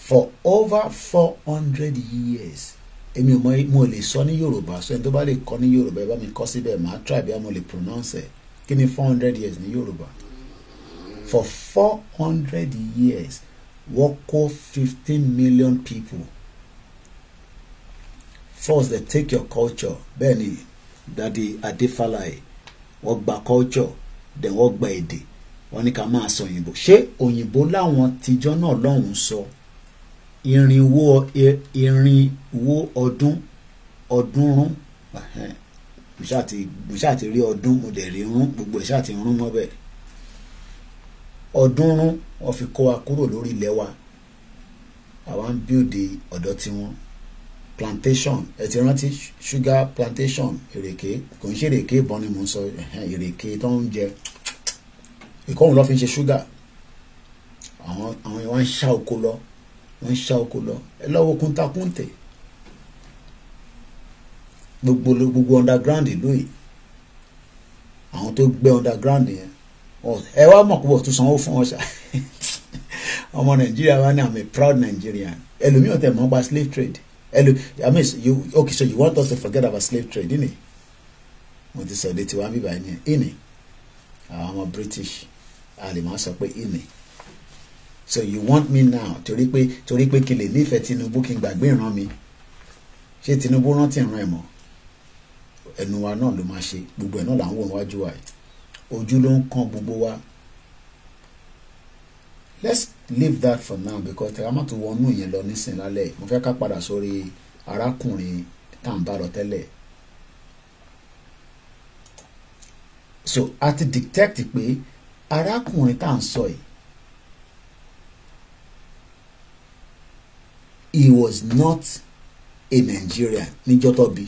for over four hundred years èmi ò mọ mo lè sọ ní yorùbá so ẹni tó bá lè kọ ní yorùbá ẹ bá mi kọ síbẹ̀ màá try bí mo lè pronounce ẹ kí ni four hundred years ní yorùbá for four hundred years wọ́n kó fifteen million people first they take your culture bẹ́ẹ̀ ni dadi adefalaye wọ́n gba culture then wọ́n gba èdè wọ́n ní ká máa sọ òyìnbó ṣé òyìnbó láwọn tijọ́ náà lọ́hùn-ún sọ. So irinwó irinwó ọdún ọdúnrún mo ṣáà ti rí ọdún mo dẹ̀ rí rún gbogbo ẹ̀ ṣáà ti rún mọ́ bẹ́ẹ̀ ọdúnrún wọ́n fi kó wa kúrò lórí ilẹ̀ wa àwa ń bíòde ọ̀dọ̀ tiwọn plantation ẹ ti rántí sugar plantation èrèké kò ń ṣe èrèké ìbọn ni mò ń sọ èrèké tó ń jẹ ìkọ́hùn lọ́ fi ń ṣe sugar àwọn àwọn yẹn wá ń ṣá oko lọ wọ́n ń ṣá oko lọ ẹ lọ́wọ́ kúntakúntẹ̀ gbogbo gbogbo underground ìlú yìí àwọn tó gbé underground yẹn ẹ wá mọ̀ púpọ̀ tó sanwó fún wọn ọmọ nàìjíríà wa ni i'm a proud nigerian ẹlòmíràn tẹ mọ́ gba slave trade ẹlò i mean you okay so you want us to forget about slave trade ìní mo ti sọ de tiwa bíbá ẹni ìní àwọn ọmọ british a lè máa sọ pé ìní so you want me now torí pé torí pé kí lè nífẹ̀ẹ́ Tinubu kí n gbàgbé ìran mi ṣé Tinubu rántí ìran ẹ̀ mọ́ ẹnu wa náà ló máa ṣe gbogbo ẹ̀ náà là ń wò níwájú wa yìí ojú ló ń kan gbogbo wa let's leave that for now because tẹ̀ka má tún wọnú ìyẹn lọ nísìn lálẹ́ mo fẹ́ ká padà sórí arákùnrin tá à ń bá lọ tẹ́lẹ̀ so a ti detect pé arákùnrin tá à ń sọ yìí he was not a Nigerian níjọ́ tó bí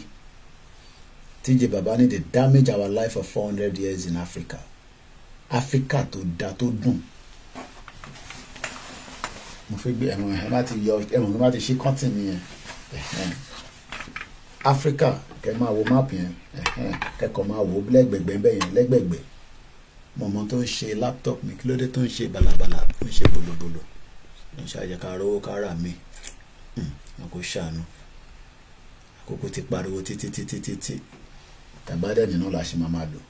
TJ Babani dey damage our life for four hundred years in Africa Africa tó da tó dùn mo fi gbé ẹ̀rọ ẹ̀ láti yọ ẹ̀rọ ẹ̀ láti ṣí kọ́ńtì nìyẹn Africa kẹ máa wo máàpù yẹn kẹkọọ máa wo lẹ́gbẹ̀gbẹ̀ bẹ́ẹ̀ yẹn lẹ́gbẹ̀gbẹ̀ mọ̀mọ́ tó ń ṣe laptop mi kí ló dé tó ń ṣe balabala tó ń ṣe bolobolo ń ṣe àjẹkára owó kára mi kò ṣàánú àkókò ti pariwo títí títí títí tàbádẹ́ nínú la ṣe máa máa lò.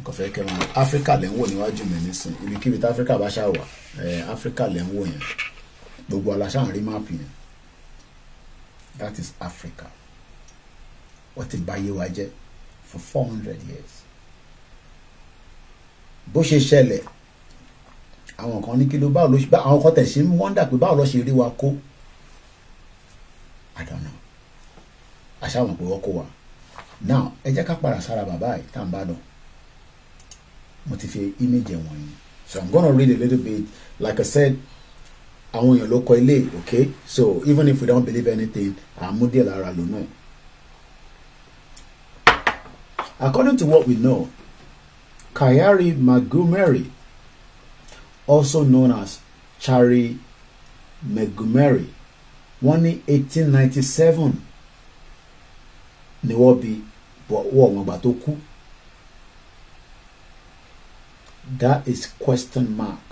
nǹkan fẹ́ kẹ́ máa áfíríkà lẹ́ ń wò níwájú mi nísìnyí ibikíbi tí áfíríkà bá ṣáà wà áfíríkà lẹ́ ń wò yẹn gbogbo aláṣà ń rí máàpù yẹn that is Africa wọ́n ti báyé wa jẹ́ for four hundred years bó ṣe ṣẹlẹ̀ àwọn kan ní kí ló báwo ló ṣe àwọn kan tẹ̀sí ń wọ́ndà pé báwo ló ṣe rí wa kó àdánù àṣàwọn pé wọ́n kó wa now ẹ jẹ́ ká padà sára bàbá yìí tá à ń bá lọ mo ti fi image wọ̀nyí so i'm gonna read a little bit like i said àwọn èèyàn ló kọ ilé okay so even if we don't believe anything àmúdíẹ̀ lára ló náà according to what we know Kyari Magumeri also known as Chari Montgomery wọ́n ní 1897 ni wọ́n bí wọ́n ọ̀wọ́n gbà tó kú that is question mark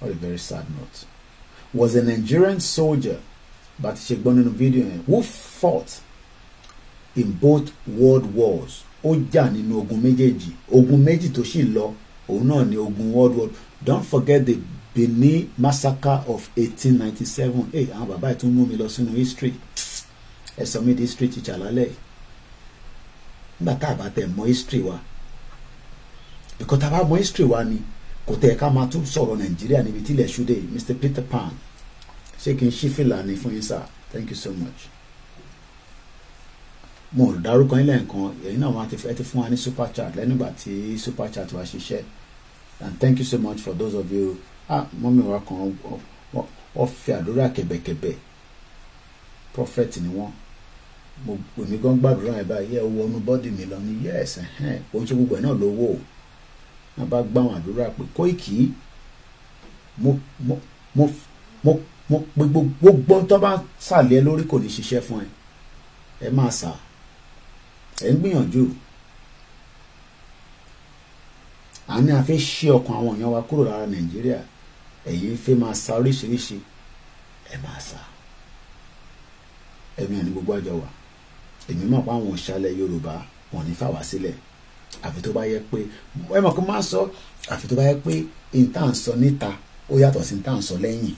what a very sad note was a Nigerian soldier bá ti ṣe gbọ́ nínú fídíò yẹn who fought in both world wars ó jà nínú ogun méjèèjì ogun méjì tó sì lọ òun náà ni ogun world war don't forget the Benin massacre of eighteen ninety seven hey eh, àwọn bàbá yìí tún mú mi lọ sínú history ẹ sọ mi di history teacher lálẹ́ yìí nígbà tá a bá tẹ̀ mọ̀ history wa because tá a bá mọ̀ history wa ni kò tẹ̀ ká máa tún sọ̀rọ̀ nàìjíríà níbi tí ilẹ̀ ṣúdẹ̀ mr peter pan ṣé kí n ṣí fìlà ní fún yín sir thank you so much mo ò dárúkọ yín lẹ́ẹ̀kan èyí náà wọn ẹ ti fún wa ní super chat lẹ́nìgbà tí super chat wa ṣiṣẹ́ and thank you so much for those of you ah mọ́mí wa kan wọ́n fi àdúrà kẹ̀bẹ̀kẹ̀bẹ̀ prophet ni wọ́n mo èmi gan gbàdúrà ẹ̀ báyìí ẹ̀ wọnú bọ́dì mi lọ ní yẹ́ẹ̀sì ẹ̀hẹ́n òun ṣe gbogbo ẹ̀ náà lówó o wọn bá gbà wọn àdúrà pé Koiki mo mo mo mo mo pe gbogbo tó bá sàlẹ̀ lórí kò ní ṣiṣẹ́ fún ẹ ẹ máa sà á ẹ ń gbìyànjú à ní a fẹ́ ṣí ọkàn àwọn èèyàn wa kúrò lára nàìjíríà ẹ̀yin fẹ́ máa sa oríṣiríṣi ẹ máa sa ẹ̀mí àní gbogbo àjọ wa èmi mọ̀ pé àwọn òṣàlẹ̀ yorùbá wọn ní fàwá sílẹ̀ àfi tó bá yẹ pé ẹ mọ̀ kó má sọ àfi tó bá yẹ pé n tá ń sọ níta ó yàtọ̀ sí n tá ń sọ lẹ́yìn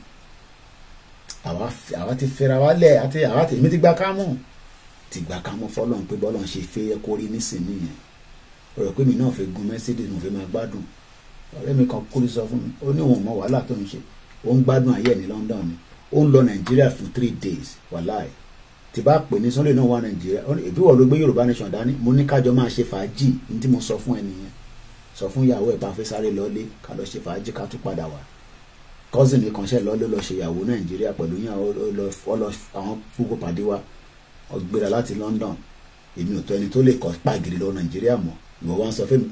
àwa ti fẹ́ra wa àti àwa tèmi ti gbá kámú ti gbà ká mọ́ fọ́lọ́run pé bọ́lọ́run ṣe fẹ́ yẹ kó rí nísìnyí yẹn ọ̀rọ̀ pé mi náà fẹ́ gun Mercedes mo fẹ́ máa gbádùn ọ̀rẹ́ mi kan kúrú sọ fún mi ó ní òun mọ wàhálà tó ń ṣe ó ń gbádùn ayé ẹ̀ ní London ni ó ń lọ Nàìjíríà fún three days wàláì tí bá pè ní Sunday náà wà Nàìjíríà ìbí wọ̀ ló gbé Yorùbá nation dání mo ní kájọ máa ṣe fàájì ní tí mo sọ fún ẹ nìyẹn sọ fún ìyàwó ẹ̀ bá fẹ́ sáré lọ́lé ká lọ ṣe fàájì ká tún padà wá cousin mi kan ṣe lọ́lé lọ ṣe ìyàwó Nàìjíríà pẹ̀lú yàn ó lọ àwọn gbogbo pàdé wa ó gbéra láti London èmi ò tó ẹni tó lè kọ́ pàgìrì lọ Nàìjíríà mọ́ ìwọ wa ń sọ fún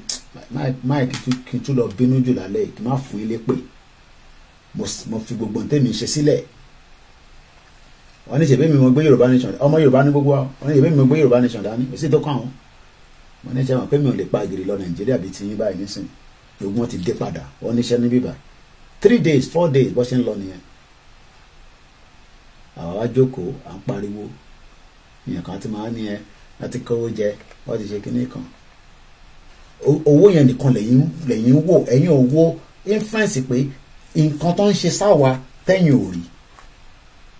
mi Mike kí n tún lọ bínú jù lálẹ́ kí n má fún ilé pè mo fi gbogbo ohun tẹ́mi ṣe sílẹ̀ wọ́n ní ṣèbí mi mo gbé Yorùbá nation ọmọ Yorùbá ní gbogbo wa wọ́n ní ṣèbí mi mo gbé Yorùbá nation dání èsì tó kàn wọ́n mo ní ṣe wọn pé mi ò lè pàgìrì lọ Nàìjíríà bíi tiyín báyìí nísìnyí ogun wọn ti dé padà wọ́n níṣẹ́ níbí báyìí three days four days bó ṣe ń lọ nìyẹn àwa wá jókòó à ń pariwo èèyàn kan ti máa ní ẹ wọ́n ti kówó jẹ wọ́n ti ṣe kínní kan owó yẹn nìkan lẹ́yìn lẹ́yìn wò ẹ̀yìn owó influence pé nǹkan tó ń ṣe sáwa tẹ́yìn ò rí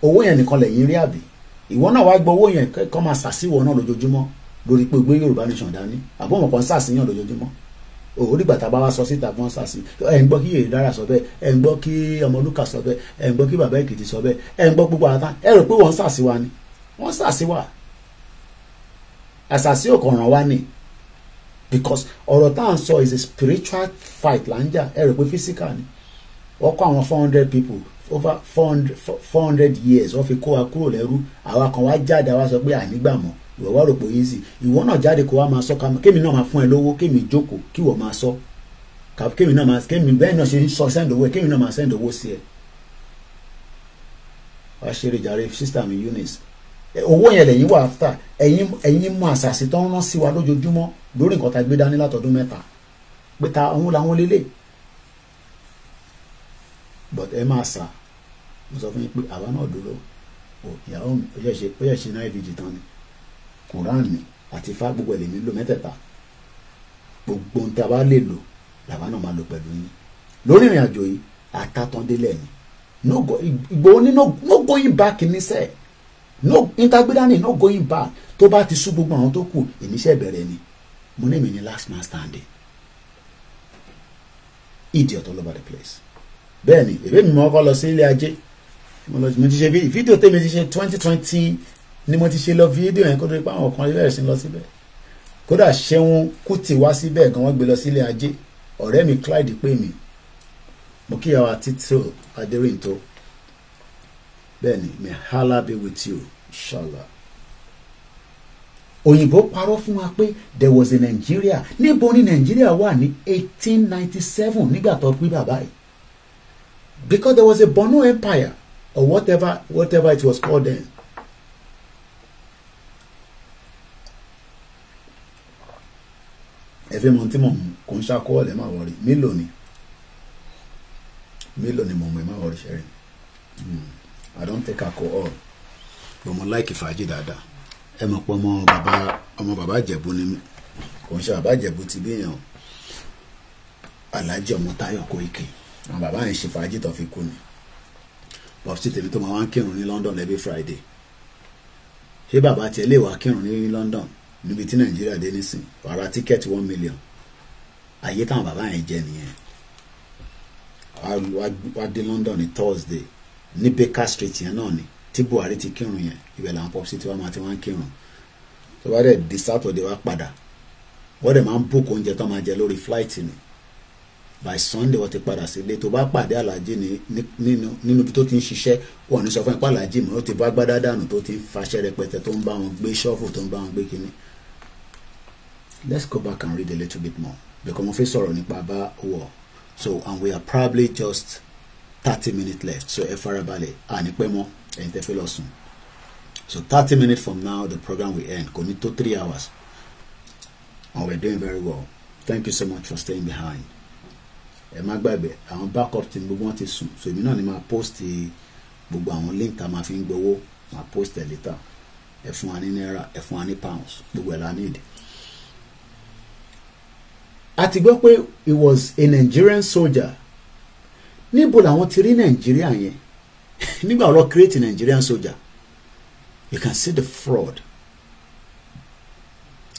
owó yẹn nìkan lẹ́yìn rí àbí ìwọ náà wàá gbọ́ owó yẹn kọ́ máa ṣàṣìwọ̀ náà lójoojúmọ́ lórí pé gbé Yorùbá Nation dání àbọ̀ wọn kàn ń ṣàṣìyàn lójoojúmọ́ òrìgbà tá a bá wá sọ síta fún ṣàṣì ẹ̀ ń gbọ́ kí Yèyé Dára sọ bẹ́ẹ̀ ẹ̀ ń gbọ́ kí Ọmọlúkà sọ bẹ́ẹ̀ ẹ̀ ń gbọ́ kí bàbá Èkìtì sọ bẹ́ẹ̀ ẹ̀ ń gbọ́ gbogbo àtà ẹ̀ rò pé wọ́n ń ṣàṣìwá ni wọ́n sàṣì wà àṣàṣì ò kàn ràn wá ni because ọ̀rọ̀ tá à ń sọ is a spiritual fight là ń jà ẹ rò pé physical ni wọ́n kọ́ àwọn four hundred people over four hundred years wọ́n fi kó wa kúrò lẹ́rú àwa kan wá jáde àwa sọ pé ànígbà mọ́ ìwọ wá rò pé easy ìwọ náà jáde kó wa máa sọ kémi náà máa fún ẹ lówó kémi jókòó kí wọ́n máa sọ kémi náà máa kémi bẹ́ẹ̀ náà ṣe ń sọ send owó ẹ kémi náà máa send owó sí ẹ. wàá ṣeré jàre sísítà Eunice owó yẹn lẹ́yìn wà áfítà ẹ̀yin ẹ̀yin mú àṣàṣì tó ń rán sí wa lójoojúmọ́ lórí nǹkan tá a gbé dání látọdún mẹ́ta pé ta òun làwọn lélẹ̀ but ẹ máa sà mo sọ fún yín pé àwa náà dúró ìyàwó mi ó yẹ ṣe ó yẹ ṣe náà ìdíjì tán ni Quran mi àti ifá gbogbo ẹ̀ lèmi lò mẹ́tẹ̀ẹ̀ta gbogbo ohun tí a bá lè lò làwa náà máa lò pẹ̀lú yín lórí ìrìn àjò yìí àtàtàn délẹ̀ ni ìgbòho ní no going back ní sẹ́ẹ̀ no intergbedani no going back tó bá ti sú gbogbo àwọn tó kù ìníṣẹ́ bẹ̀rẹ̀ ni mo ní mi ní last man standing idiot all over the place bẹ́ẹ̀ ni èmi mi mọ́ ọkọ lọ sí ilé ajé mo ti ṣe fídíò tèmi ti ṣe twenty twenty ni mo ti ṣe lọ fídíò yẹn kó tó di pé àwọn kan bẹ̀rẹ̀ sí lọ síbẹ̀ kódà Ṣẹ́wọ́n Kútì wá síbẹ̀ gan wọ́n gbé lọ sí ilé ajé ọ̀rẹ́ mi Clyde pè mí mo kíyàwó àti tí ó adérìntó bẹ́ẹ̀ ni may Allah be with you inshallah òyìnbó parọ́ fún wa pé there was a Nigeria níbo ni Nigeria wà ní eighteen ninety seven nígbà tó pín bàbá yìí because there was a Borno Empire or whatever whatever it was called then. ẹ fẹ́ mọ tí mò ń kò ń ṣàkọọ́lẹ̀ má wọrí mélòó ni mélòó ni mò ń mọ ẹ má wọrí ṣẹ́rin hmm. I don't take alcohol pọ̀ mọ́ láìkì fàájì dáadáa ẹ mọ̀ pọ̀ mọ́ bàbá ọmọ bàbá ìjẹ̀bú ni mí kò ń ṣe bàbá ìjẹ̀bú ti bíyàn aláàjì ọmọ táyọ̀ Koiki àwọn bàbá yẹn ṣe fàájì tó fi kú ni pọ̀pítì tèmi tó máa wá ń kírun ní London every Friday ṣé bàbá tiẹ̀ lè wá kírun ní London níbi tí Nàìjíríà dé nísìn wàá tíkẹ́ẹ̀tì one million ayé táwọn bàbá yẹn jẹ nìyẹn wàá dé London ní Thursday ní Baker Street yẹn náà ni tí Buhari ti kírun yẹn ibẹ̀ làwọn pọ́pọ́sì tí wọ́n máa ti wọ́n kírun tó bá dẹ̀ di Saturday wá padà wọ́n dẹ̀ máa ń bùkún oúnjẹ tó máa jẹ lórí flight ni by Sunday wọ́n ti padà sílé tó bá pàdé alájí nínú ibi tó ti ń ṣiṣẹ́ wọn ní sọ fún ipa alájí mi ó ti bá gbádá dànù tó ti ń faṣẹ́ rẹpẹtẹ tó ń bá wọn gbé ṣọ́ọ̀fù tó ń bá wọn gbé kinní. let's go back and read a little bit more because mo fẹ́ sọ̀rọ̀ nípa bá wọ̀ so and we are probably just thirty minutes left so ẹ farabalẹ̀ ànípẹ́ mọ́ ẹ̀yin tẹ́ fẹ́ lọ so thirty minutes from now the program will end kò ní tó three hours and we are doing very well thank you so much for staying behind ẹ má gbàgbé àwọn backup team gbogbo wọn ti sùn so èmi náà ni máa post gbogbo àwọn link tá a máa fi ń gbowó máa post ẹ̀ later ẹ fún wa ní náírà ẹ fún wa ní pounds gbogbo ẹ̀ la need. a ti gbọ́ pé he was a Nigerian soldier níbo làwọn ti rí Nàìjíríà yẹn nígbà ọ̀rọ̀ create Nigerian soldier you can see the fraud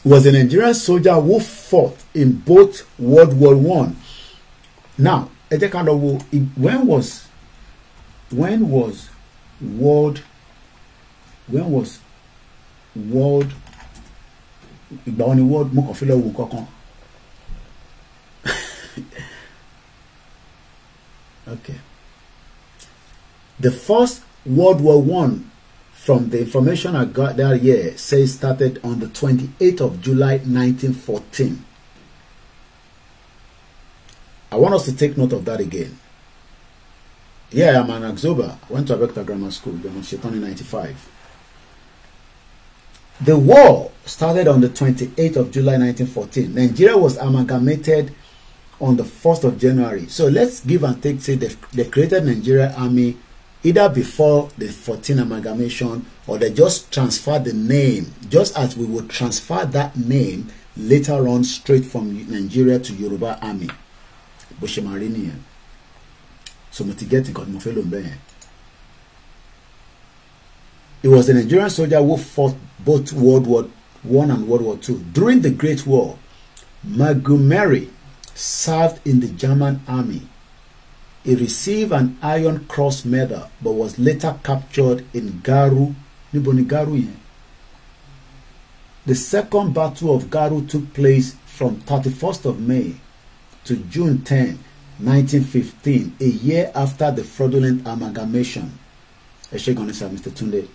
it was a Nigerian soldier who fought in both World War One now ẹ jẹ́ ká lọ wo when was when was world when was world ìgbà wọn ni world mo kàn fi lọ wo nǹkan okay. The first World War One, from the information I got that year, says started on the 28th of July 1914. I want us to take note of that again. Yeah, I'm an Axoba. I went to Abekta Grammar School, Shetan in 95. The war started on the 28th of July 1914. Nigeria was amalgamated on the 1st of January. So let's give and take, say they've, they created Nigeria Army either before the fourteen amalgamation or they just transfer the name, just as we would transfer that name later on straight from Nigeria to Yoruba army. Bó ṣe máa rí nìyẹn. So mo ti get nǹkan mo fẹ́ lò ń bẹ̀ It was the Nigerian soldier who fought both World War One and World War Two. During the Great War, Magumeri served in the German army He received an Iron Cross medal but was later captured in Garu. Níbo ni Garu yẹn? The second battle of Garu took place from 31st of May to June 10, 1915, a year after the fraudulent amalgamation. Ẹ sir, Mr. Tunde.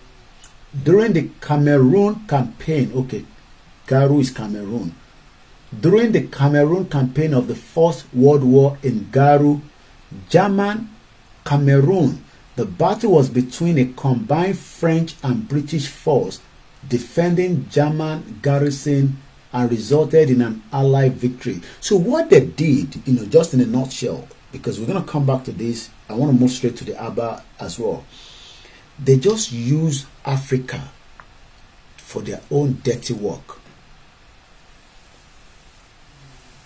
During the Cameroon campaign, okay, Garu is Cameroon. During the Cameroon campaign of the First World War in Garu, German Cameroon. The battle was between a combined French and British force defending German garrison and resulted in an Allied victory. So what they did, you know, just in a nutshell, because we're going to come back to this, I want to move straight to the Abba as well. They just used Africa for their own dirty work.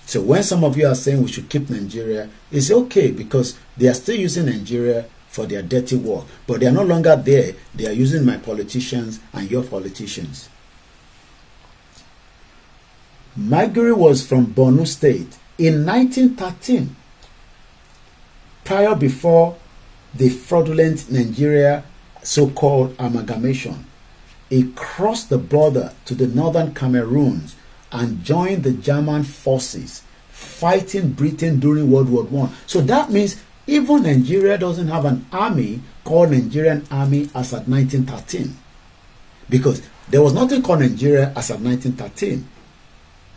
So when some of you are saying we should keep Nigeria, it's okay because they are still using Nigeria for their dirty work. But they are no longer there. They are using my politicians and your politicians. Magiri was from Borno State in 1913, prior before the fraudulent Nigeria so-called amalgamation. He crossed the border to the northern Cameroons and joined the German forces fighting Britain during World War One. So that means even Nigeria doesn't have an army called Nigerian Army as at 1913 because there was nothing called Nigeria as at 1913.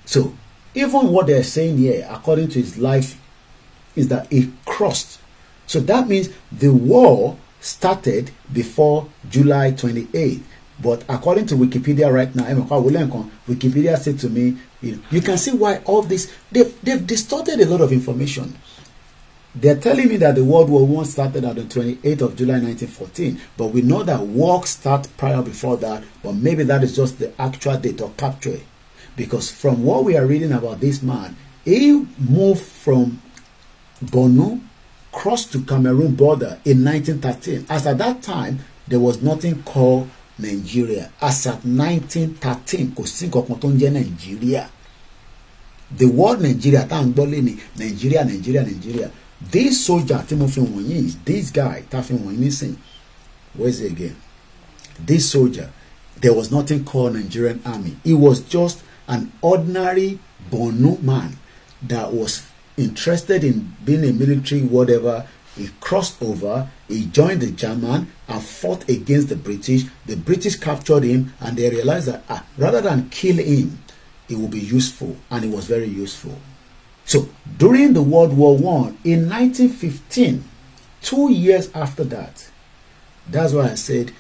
So even what they're saying here, according to his life, is that it crossed. So that means the war started before July 28 but according to Wikipedia right now, Wikipedia said to me, you can see why all this, they've, they've distorted a lot of information. They're telling me that the World War I started on the 28th of July 1914, but we know that work start prior before that, but maybe that is just the actual date of capture. Because from what we are reading about this man, he moved from Borno crossed to Cameroon border in 1913. As at that time, there was nothing called Nigeria as at nineteen thirteen kò sí nǹkan tó ń jẹ́ Nigeria the word Nigeria tá à ń gbọ́ lé ní Nigeria Nigeria Nigeria this soldier tí mo fi wọ̀nyí this guy tá a fi wọ̀nyí nísìn where is he again this soldier there was nothing called Nigerian army he was just an ordinary Bonu man that was interested in being a military whatever he crossed over He joined the German and fought against the British. The British captured him and they realized that ah, rather than kill him, it would be useful and it was very useful. So during the World War One in 1915, two years after that, that's why I said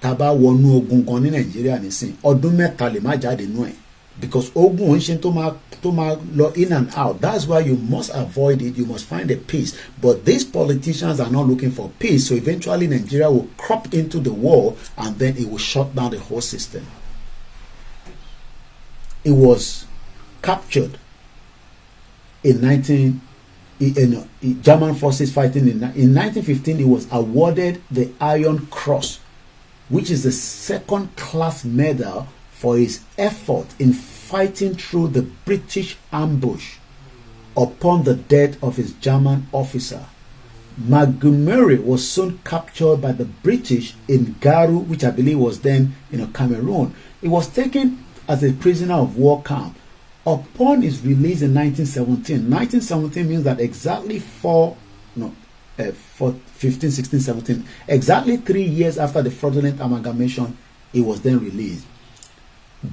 taba wonu ogun kan ní Nàìjíríà nísìn ọdún mẹ́ta lè má jáde nú ẹ̀ because ogun ò ń ṣe tó máa tó máa law in and out that's why you must avoid it you must find a peace but these politicians are not looking for peace so eventually Nigeria will crop into the war and then it will shut down the whole system it was captured in 19 in, in German forces fighting in, in 1915 he was awarded the Iron Cross which is the second class medal for his effort in fighting through the British ambush upon the death of his German officer. Montgomery was soon captured by the British in Garu, which I believe was then in Cameroon. He was taken as a prisoner of war camp. Upon his release in 1917, 1917 means that exactly four, no, uh, 15, 16, 17, exactly three years after the fraudulent amalgamation, he was then released.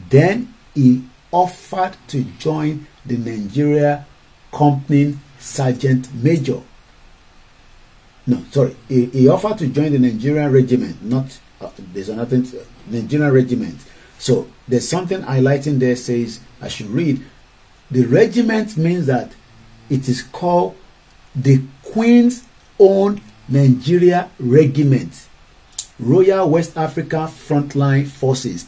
Then he offered to join the Nigeria Company Sergeant Major. No, sorry, he, he offered to join the Nigerian Regiment, not uh, there's another uh, Nigerian Regiment. So there's something highlighting there says I should read. The regiment means that it is called the Queen's Own Nigeria Regiment, Royal West Africa Frontline Forces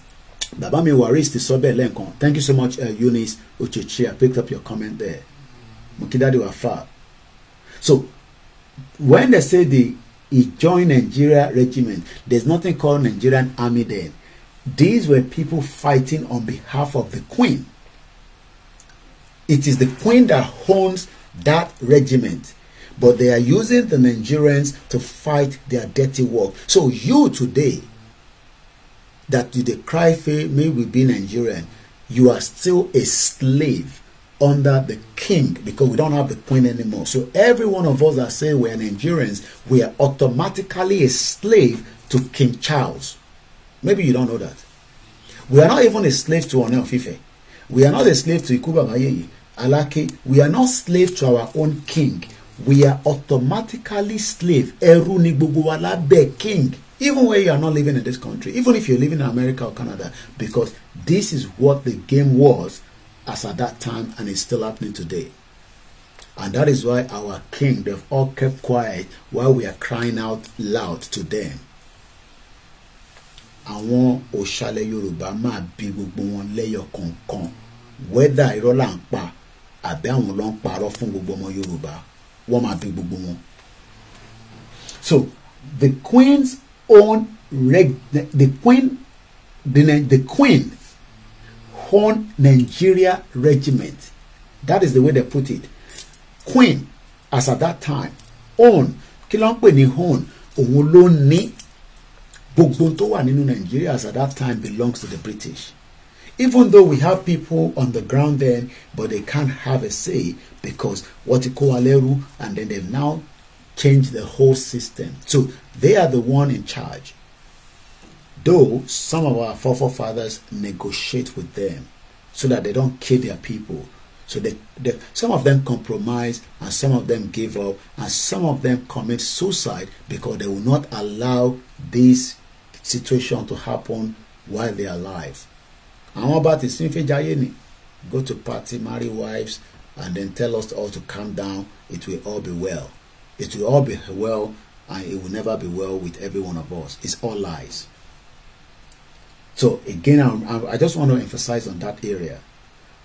bàbá mi waris ti sọ bẹ́ẹ̀ lẹ́ẹ̀kan thank you so much uh, Eunice Ochechi I picked up your comment there mokidade wa fa. so when they say they he joined Nigeria regiment there's nothing called Nigerian army then these were people fighting on behalf of the queen it is the queen that owns that regiment but they are using the Nigerians to fight their dirty work so you today that you cry for me we be Nigerian, you are still a slave under the king because we don't have the queen anymore. So every one of us that say we're Nigerians, we are automatically a slave to King Charles. Maybe you don't know that. We are not even a slave to Onel Fife. We are not a slave to Ikuba Bayeyi, Alaki, We are not slave to our own king. We are automatically slave. Eru ni king. even when you are not living in this country, even if you're living in America or Canada, because this is what the game was as at that time and it's still happening today. And that is why our king, they've all kept quiet while we are crying out loud to them. Àwọn òṣàlẹ̀ Yorùbá máa bi gbogbo wọn lẹ́yọ kọ̀ọ̀kan wẹ́dà irọ́ là ń pa àbí àwọn ló ń parọ́ fún gbogbo ọmọ Yorùbá wọ́n máa bi gbogbo wọn. So the queens own reg the, the Queen the, the Queen own Nigeria regiment. That is the way they put it. Queen as at that time own kí ló ń pè ní own òun ló ní gbogbo tó wà nínú Nigeria as at that time belongs to the British. Even though we have people on the ground then, but they can't have a say because what Aleru and then they now change the whole system So. They are the one in charge. Though some of our forefathers negotiate with them so that they don't kill their people. So they, they, some of them compromise and some of them give up and some of them commit suicide because they will not allow this situation to happen while they are alive. I'm about to fẹ́ go to party marry wives and then tell us all to calm down it will all be well. It will all be well and it will never be well with every one of us. It's all lies. So again, i I just want to emphasize on that area.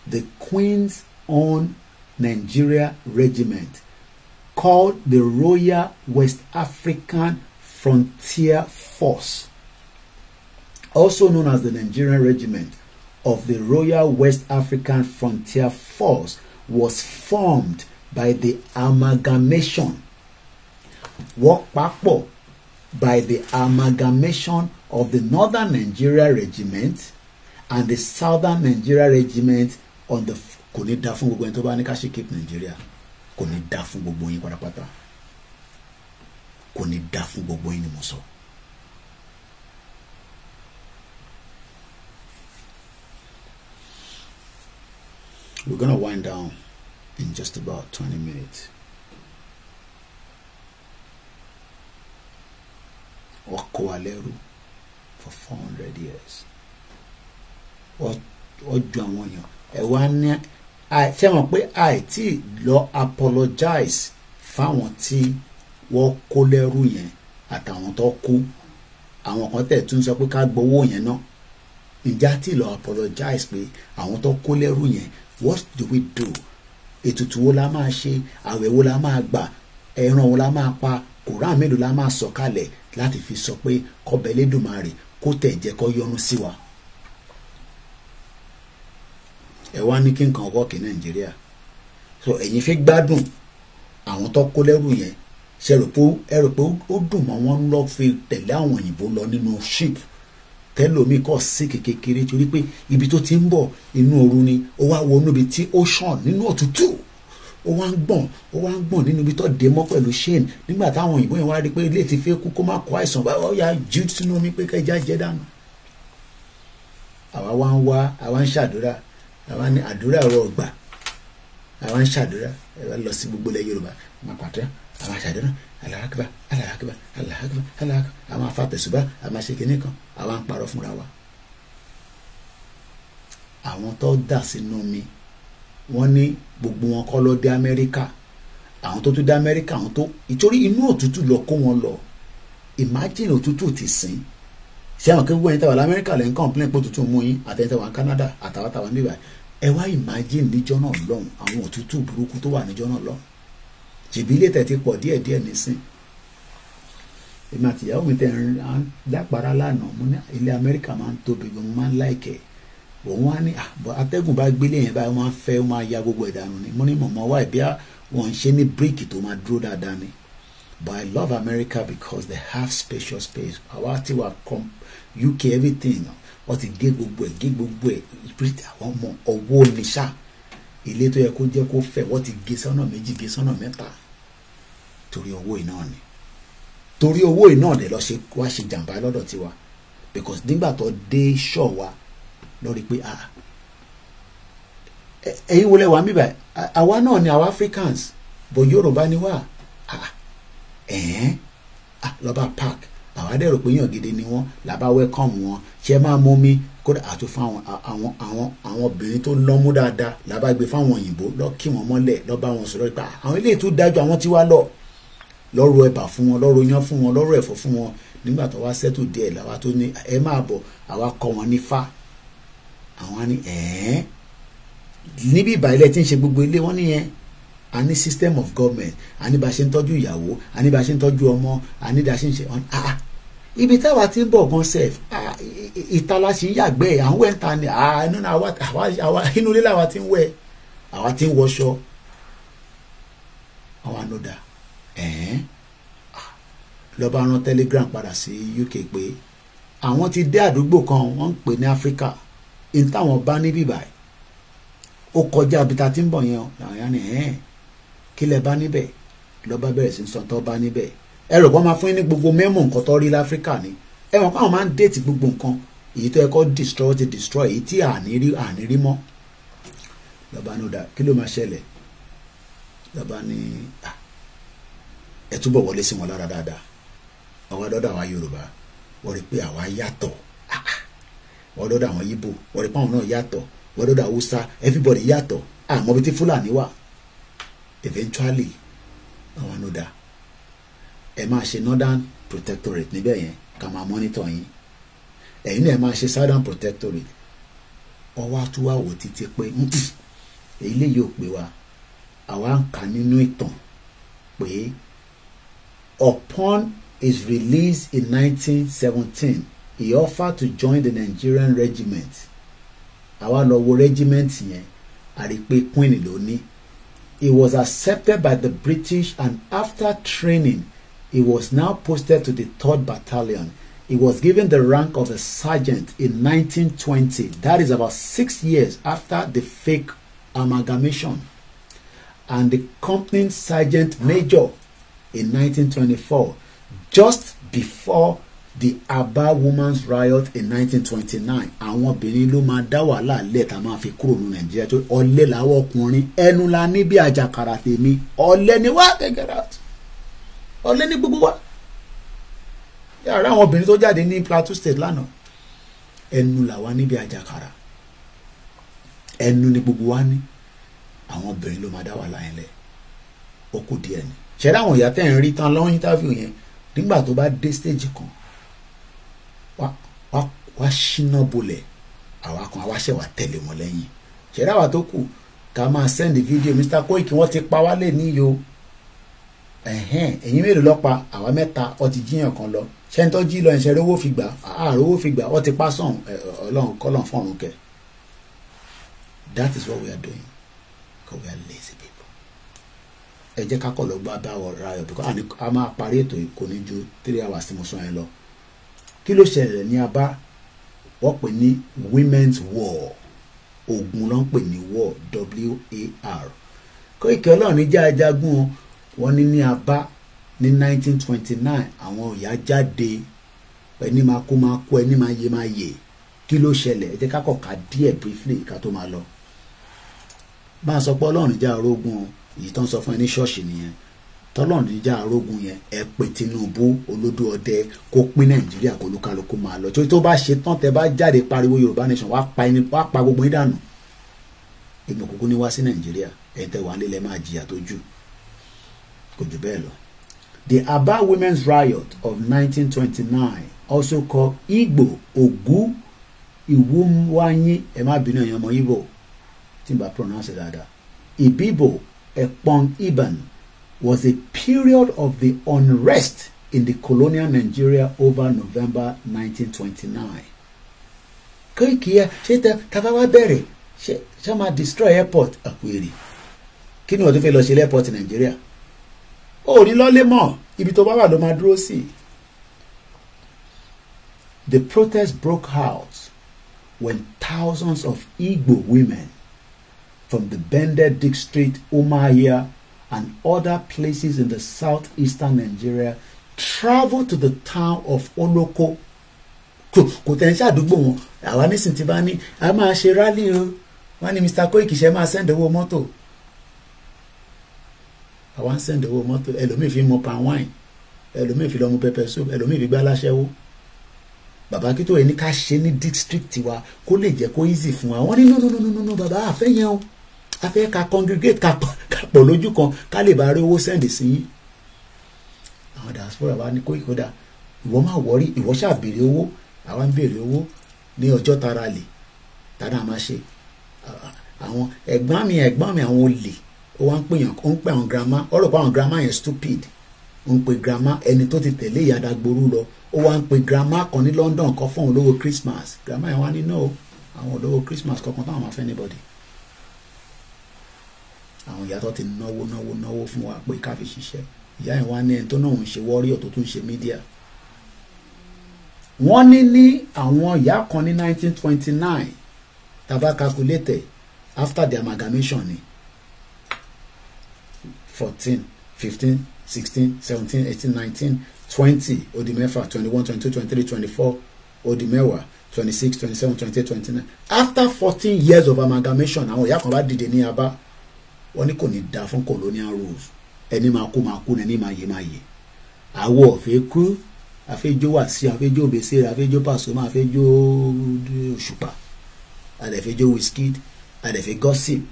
The Queen's own Nigeria regiment called the Royal West African Frontier Force, also known as the Nigerian Regiment of the Royal West African Frontier Force, was formed by the amalgamation work papọ̀ by the amalgamation of the Northern Nigeria Regiment and the Southern Nigeria Regiment on the Nigeria yín yín we We're gonna wind down in just about 20 minutes. wọ́n kó wa lẹ́rú for four hundred years wọ́n ju àwọn èèyàn ẹ̀ wá ní ṣé wọn pé àìtí lọ apologize fáwọn tí wọ́n kó lẹ́rú yẹn àtàwọn tó kú àwọn kan tẹ̀ tún sọ pé ká gbowó yẹn náà ǹjẹ́ àti lọ apologize pé àwọn tó kó lẹ́rú yẹn what do we do ètùtù wo la máa ṣe àwẹ̀ wo la máa gbà ẹran wo la máa pa kùrá mélòó la máa sọ kalẹ̀ láti fi sọ pé kọ́bẹ̀ lédùmarè kó tẹ̀ jẹ́ kó yọ́nú sí wa. ẹ wá ní kí nǹkan wọ́ọ̀kì nàìjíríà so ẹ̀yin fi gbádùn àwọn tó kó lẹ́rù yẹn ṣe rò pé ẹ rò pé ó dùn mọ́ wọn lọ fi tẹ̀lé àwọn òyìnbó lọ nínú ship tẹlomi kọ síkì kékeré torí pé ibi tó ti ń bọ̀ inú ooru ni ó wá wọnú ibi tí ó ṣàn nínú òtútù ó wá ń gbọ̀n ó wá ń gbọ̀n nínú ibi tó dé mọ́ pẹ̀lú shane nígbà táwọn òyìnbó yẹn wá rí pé ilé ti fẹ́ kú kó má kó àìsàn báyìí ó yà jù sínú omi pé kẹjá jẹ dànù. àwa wá ń wá àwa ń ṣàdúrà àwa ní àdúrà ọ̀rọ̀ ọ̀gbà àwa ń ṣàdúrà àwa lọ sí gbogbo ilẹ̀ yorùbá àmà pàtó àmà ṣàdúrà alahakba alahakba alahakba alahakba àmà afapẹ̀sùbá àmà ṣe kinní kan àwa ń parọ́ fúnra wa àwọn tó dà sínú omi wọ́n ní gbogbo wọn kọ́ lọ dé amẹ́ríkà àwọn tó tún dé amẹ́ríkà àwọn tó ìtorí inú òtútù lọ kó wọn lọ imagine òtútù ti sìn ṣé àwọn kéwọ́n yẹn tàwa lamẹ́ríkà lẹ́ ń complain pé òtútù mú yín àtẹ̀tẹ̀wá canada àtàwátàwá níbà ẹ wá imagine níjọ́ náà lọ́hùn àwọn òtútù burúkú tó wà níjọ́ náà lọ́hùn ṣèbí ilé tẹ̀ ti pọ̀ díẹ̀díẹ̀ nísìn èmi àtìyàwó mi tẹ̀ ń dápara lánàá mo ní ilẹ̀ amẹ́ríkà máa ń tóbi gan mo máa ń láìkẹ́ òun wá ní atẹ́gùn bá gbélé yẹn báyìí wọ́n á fẹ́ wọ́n á ya gbogbo ìdànù ni mo ní mọ̀mọ́ wá ìbí wọ́n ṣe ní bíríkì tó máa dúró dáadáa ni but I love America because they have spacious space àwa ti wà com UK everything wọ́n ti gé gbogbo ẹ̀ gé gbogbo ẹ̀ ìpírìtì àwọn ọmọ ọwọ́ ni ṣá ilé tó yẹ kó jẹ́ kó fẹ̀ wọ́n ti gé sọ́nà méjì gé sọ́nà mẹ́ta torí owó iná ni torí owó iná dẹ̀ lọ ṣe wá ṣe jàǹbá lọ́dọ̀ tiwa because nígbà tó dé ṣọ́ọ̀ wa lórí pé a ah, ẹ̀yin wo lẹ́wàá bíbá àwa náà ni àwa Africans bọ̀ Yorùbá ni wá a ah, ẹ̀ẹ́n a ah, lọ́ba park àwa dẹ̀rọ pé yàn gidi ni wọ́n làbá welcome wọn ṣe máa mú mi kódà àti fún àwọn àwọn àwọn àwọn obìnrin tó lọ́mú dáadáa làbá gbé fáwọn òyìnbó lọ kí wọn mọ́lẹ̀ lọ bá wọn sọ̀rọ̀ pé àwọn eléyìí tó dájú àwọn tí wá lọ lọ́rọ̀ ẹ̀bà fún wọn lọ́rọ̀ yan fún wọn lọ́rọ̀ ẹ̀fọ́ fún wọn nígbà tó wá sẹ́tù díẹ̀ làwa tó ní ẹ máa bọ̀ àwa kọ́ wọn ní fa àwọn ni ẹ̀ẹ́ níbi ìbàlẹ̀ tí ń ṣe gbogbo ilé wọn nìyẹn a ní system of government a ní bá a ṣe ń tọ́jú ìyàwó a ní bá a ṣe ń tọ́jú ọmọ a ní bá a ṣe ń ṣe ọ̀n ah, ah ibi táwa ti ń bọ̀ gan sef ah, ìtala ṣì ń yàgbẹ́ àwọn ẹ̀ ń ta ni inú ilé làwa ti ń wẹ̀ àwa ti ń wọṣọ àwa ló dà ẹ̀ẹ́n ah, lọ́ba rán telegram padà sí UK pé àwọn ti dé àdúgbò kan wọ́n ń pè ní Africa n táwọn bá níbí báyìí ó kọjá ibi tá a ti ń bọ̀ yẹn o làwọn yẹn ni ẹ̀ẹ́n kí lẹ bá níbẹ̀ lọ́ba bẹ̀rẹ̀ sí sọ tó bá níbẹ̀ ẹ rò pé máa fún yín ní gbogbo mẹ́mọ̀ nǹkan tó rí láfíríkà ni ẹ mọ̀ pé àwọn máa ń déètì gbogbo nǹkan èyí tó yẹ kó destroy ti destroy èyí tí àní rí àní rí mọ́ lọ́ba ní ọ̀dà kí ló máa ṣẹlẹ̀ lọ́ba ní ẹ túbọ̀ wọlé sí wọn lára dáadáa àwọn ọ̀dọ́dọ̀ àwa Yorùbá wọ́n rí pé àwa yàtọ̀ ah, ah wọ́n àwọn Ìgbò wọ́n rí náà yàtọ̀ wọ́n lọ́dọ̀ everybody yàtọ̀ àmọ́ bí ti Fúlàní wà eventually àwọn ànúdà ẹ máa ṣe northern protectorate níbẹ̀ yẹn ká máa monitor yín ẹ̀yin náà ẹ máa ṣe southern protectorate ọwọ́ àtúwàwò títí pé èyí lè yóò pè wá àwa ń kà nínú ìtàn pé upon his release in 1917 he offered to join the Nigerian regiment àwa lọ wo regiment yẹn àrípé queen ló ní he was accepted by the British and after training he was now posted to the third battalion he was given the rank of a sergeant in 1920 that is about six years after the fake amalgamation and the company sergeant major in 1924 just before the Aba women's riot in 1929 àwọn obìnrin ló máa dá wàhálà lẹ̀ tá a máa fi kúrò ní nàìjíríà tó ọ̀lẹ làwọn ọkùnrin ẹnu la ní bí àjàkàrà tèmi ọ̀lẹ ni wá get out ọ̀lẹ ni gbogbo wa yàrá àwọn obìnrin tó jáde ní Plateau State lánàá ẹnu làwa níbi àjàkàrà ẹnu ni gbogbo wa ní àwọn obìnrin ló máa dá wàhálà yẹn lẹ̀ ó kù díẹ̀ ni ṣẹlẹ àwọn ìyá tẹ ń rí tán lọ́wọ́ interview yẹn nígbà tó bá dé stage kan wá ṣínà bolẹ̀ àwa kan àwa ṣẹ̀ wá tẹ̀lé wọn lẹ́yìn ṣẹ̀dá àwa tó kù ká máa sẹ́ndì fídíò Mr Koiki wọ́n ti pa wálé níyò ẹ̀hẹ́n ẹ̀yin mélòó lọ́pa àwa mẹ́ta wọ́n ti jíyàn kan lọ ṣẹ́ńtọ́ jí lọ ẹ̀ṣẹ̀ rówó fi àárò owó fi wọ́n ti pa sàn ọlọ́run kọ́lọ̀ fọ́run kẹ that is what we are doing because we are lazy people ẹ jẹ́ ká kọ̀ lọ́gbà bá wọ̀ ra ẹ̀ because a máa parí ètò yìí kò ní ju three hours tí mo sọ yẹn lọ kí ló ṣẹlẹ̀ ní abá wọ́n pè ní women's war ogun ló ń pè ní war w-a-r Koiki Ọlámidé ajagun wọn ní ní abá ní 1929 àwọn ọ̀yà jáde ẹni máa kó máa kó ẹni máa yé máa yè kí ló ṣẹlẹ̀ ẹ jẹ́ ká kọ̀ọ̀ka díẹ̀ briefly ká tó máa lọ máa sọ pé ọlọ́run já orógun èyí tó ń sọ fún ẹ ní ṣọ́ọ̀ṣì nìyẹn tọ́lọ́run níjà arógun yẹn ẹ Tinubu olódó ọdẹ kó pín Nàìjíríà kó olúkálukú máa lọ torí tó bá ṣe tán tẹ bá jáde pariwo Yorùbá nation wàá pa ẹni wàá pa gbogbo yín dànù èmi òkúkú ní wá sí Nàìjíríà ẹ̀tẹ̀ wà nílẹ̀ máa jìyà tó jù kò jù bẹ́ẹ̀ lọ. The Aba Women's Riot of 1929 also called Igbo Ogu Iwuwanyi ẹ má bínú ẹ̀yàn ọmọ Igbo tí n bá pronounce dáadáa Ibibo Ẹ̀pọ̀n Iban was a period of the unrest in the colonial Nigeria over November 1929. Kéèkìá ṣé tàbá wá bẹ̀rẹ̀ ṣá destroy airport àpèrè ah, kí ni wọ́n tún fẹ́ lọ Nigeria? Ó ní lọ́lé mọ̀ ibi tó The protest broke out when thousands of Igbo women from the Bendel district Umuahia and other places in the southeastern Nigeria travel to the town of Oloko kò tẹ̀ ń ṣàdúgbò wọn àwa nísìn tí bá ní a máa ṣe rálì o wọn ní Mr Koiki ṣe máa send owó mọ́tò àwa ń send owó mọ́tò ẹlòmíì fi mọ palm wine ẹlòmíì fi lọ mu pepper soup ẹlòmíì fi gbá aláṣẹ́wó bàbá kí tó yẹ ní ká ṣe ní district wa kó lè jẹ́ kó easy fún wa wọ́n ní no no no no no bàbá àfẹ́ a fẹ́ ka congregate ka pọ̀ lójú kan ká lè bá rí owó sẹ́ǹdì sí yín àwọn diaspora wa ní kóyè kódà ìwọ máa wọrí ìwọ ṣáà béèrè owó àwa ń béèrè owó ní ọjọ́ tara lè tara máa ṣe àwọn ẹ̀gbọ́n mi ẹ̀gbọ́n mi àwọn olè ó wá ń pè yàn ó ń pè àwọn grandma ó rò pé àwọn grandma yẹn stupid ó ń pè grandma ẹni tó ti tẹ̀lé ìyá dagboru lọ ó wá ń pè grandma kan ní London kan fún òun lówó Christmas grandma yẹn wá ní no àwọn olówó Christmas kankan táwọn máa fẹ́ anybody àwọn ìyá tó ti náwó náwó náwó fún wa pé ká fi ṣiṣẹ́ ìyá yẹn wá ní ẹni tó náà ń ṣe wọ́ríọ̀ tó tún ṣe mídíà wọ́n ní ní àwọn ìyá kan ní 1929 taba calculated after the amalgamation ni 14 15 16 17 18 19 20 ó di mẹ́fà 21 22 23 24 ó di mẹ́wàá 26 27 28 29 after 14 years of amalgamation àwọn ìyá kan bá dìde ní abá wọ́n ní kò ní da fún colonial rules ẹni máa kú máa kú ní ẹni máa yè máa yè àwọ̀ ọ̀fẹ́ kú àfẹ́jọ́ wà sí àfẹ́jọ́ òbèsè àfẹ́jọ́ Pasuma àfẹ́jọ́ òṣùpá àdẹ̀fẹ́jọ́ Wizkid àdẹ̀fẹ́ gossip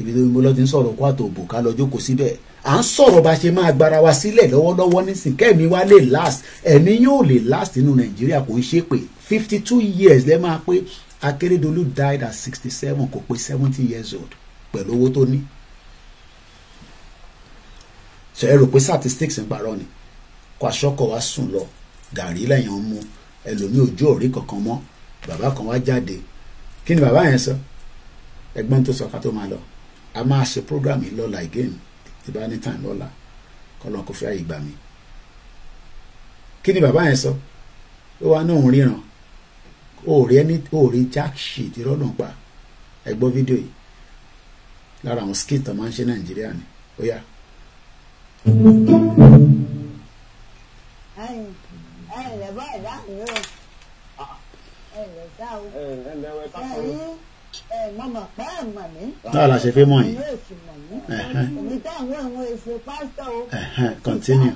ibi tó ń bọ́ lọ́ti ń sọ̀rọ̀ kó àtòbò ká lọ jókòó síbẹ̀ à ń sọ̀rọ̀ bá ṣe máa gbára wa sílẹ̀ lọ́wọ́lọ́wọ́ nísìn kẹ́mi wa lè last ẹ̀mí yóò lè last nínú Nàìjíríà kò ń ṣe pé fifty two years lẹ́ máa pé Akérédolú died at sixty seven kò pé seventy years old pẹ̀lú owó tó ní so ẹ rò pé statistics ń parọ́ ni Kwashiorkor wa sùn lọ gàrí lẹ́yìn ọmú ẹlòmíì ojú òrí kankan mọ́ bàbá kan wá jáde kí ni bàbá yẹn sọ ẹ̀gbọ́n tó sọ ká tó máa lọ a máa ṣe program yìí lọ́la again tí bá ní time lọ́la kọ́lọ́n kò fi àyè gbà mí kí ni bàbá yẹn sọ ó wá náà ń ríran òòrí ẹni òòrí jack shit ìrọ́lùn pa ẹ fídíò yìí lára àwọn skit tó máa ń ṣe nàìjíríà ni ó yá. Oh, yeah táà la ṣe fẹ́ mọ̀ yìí. continue.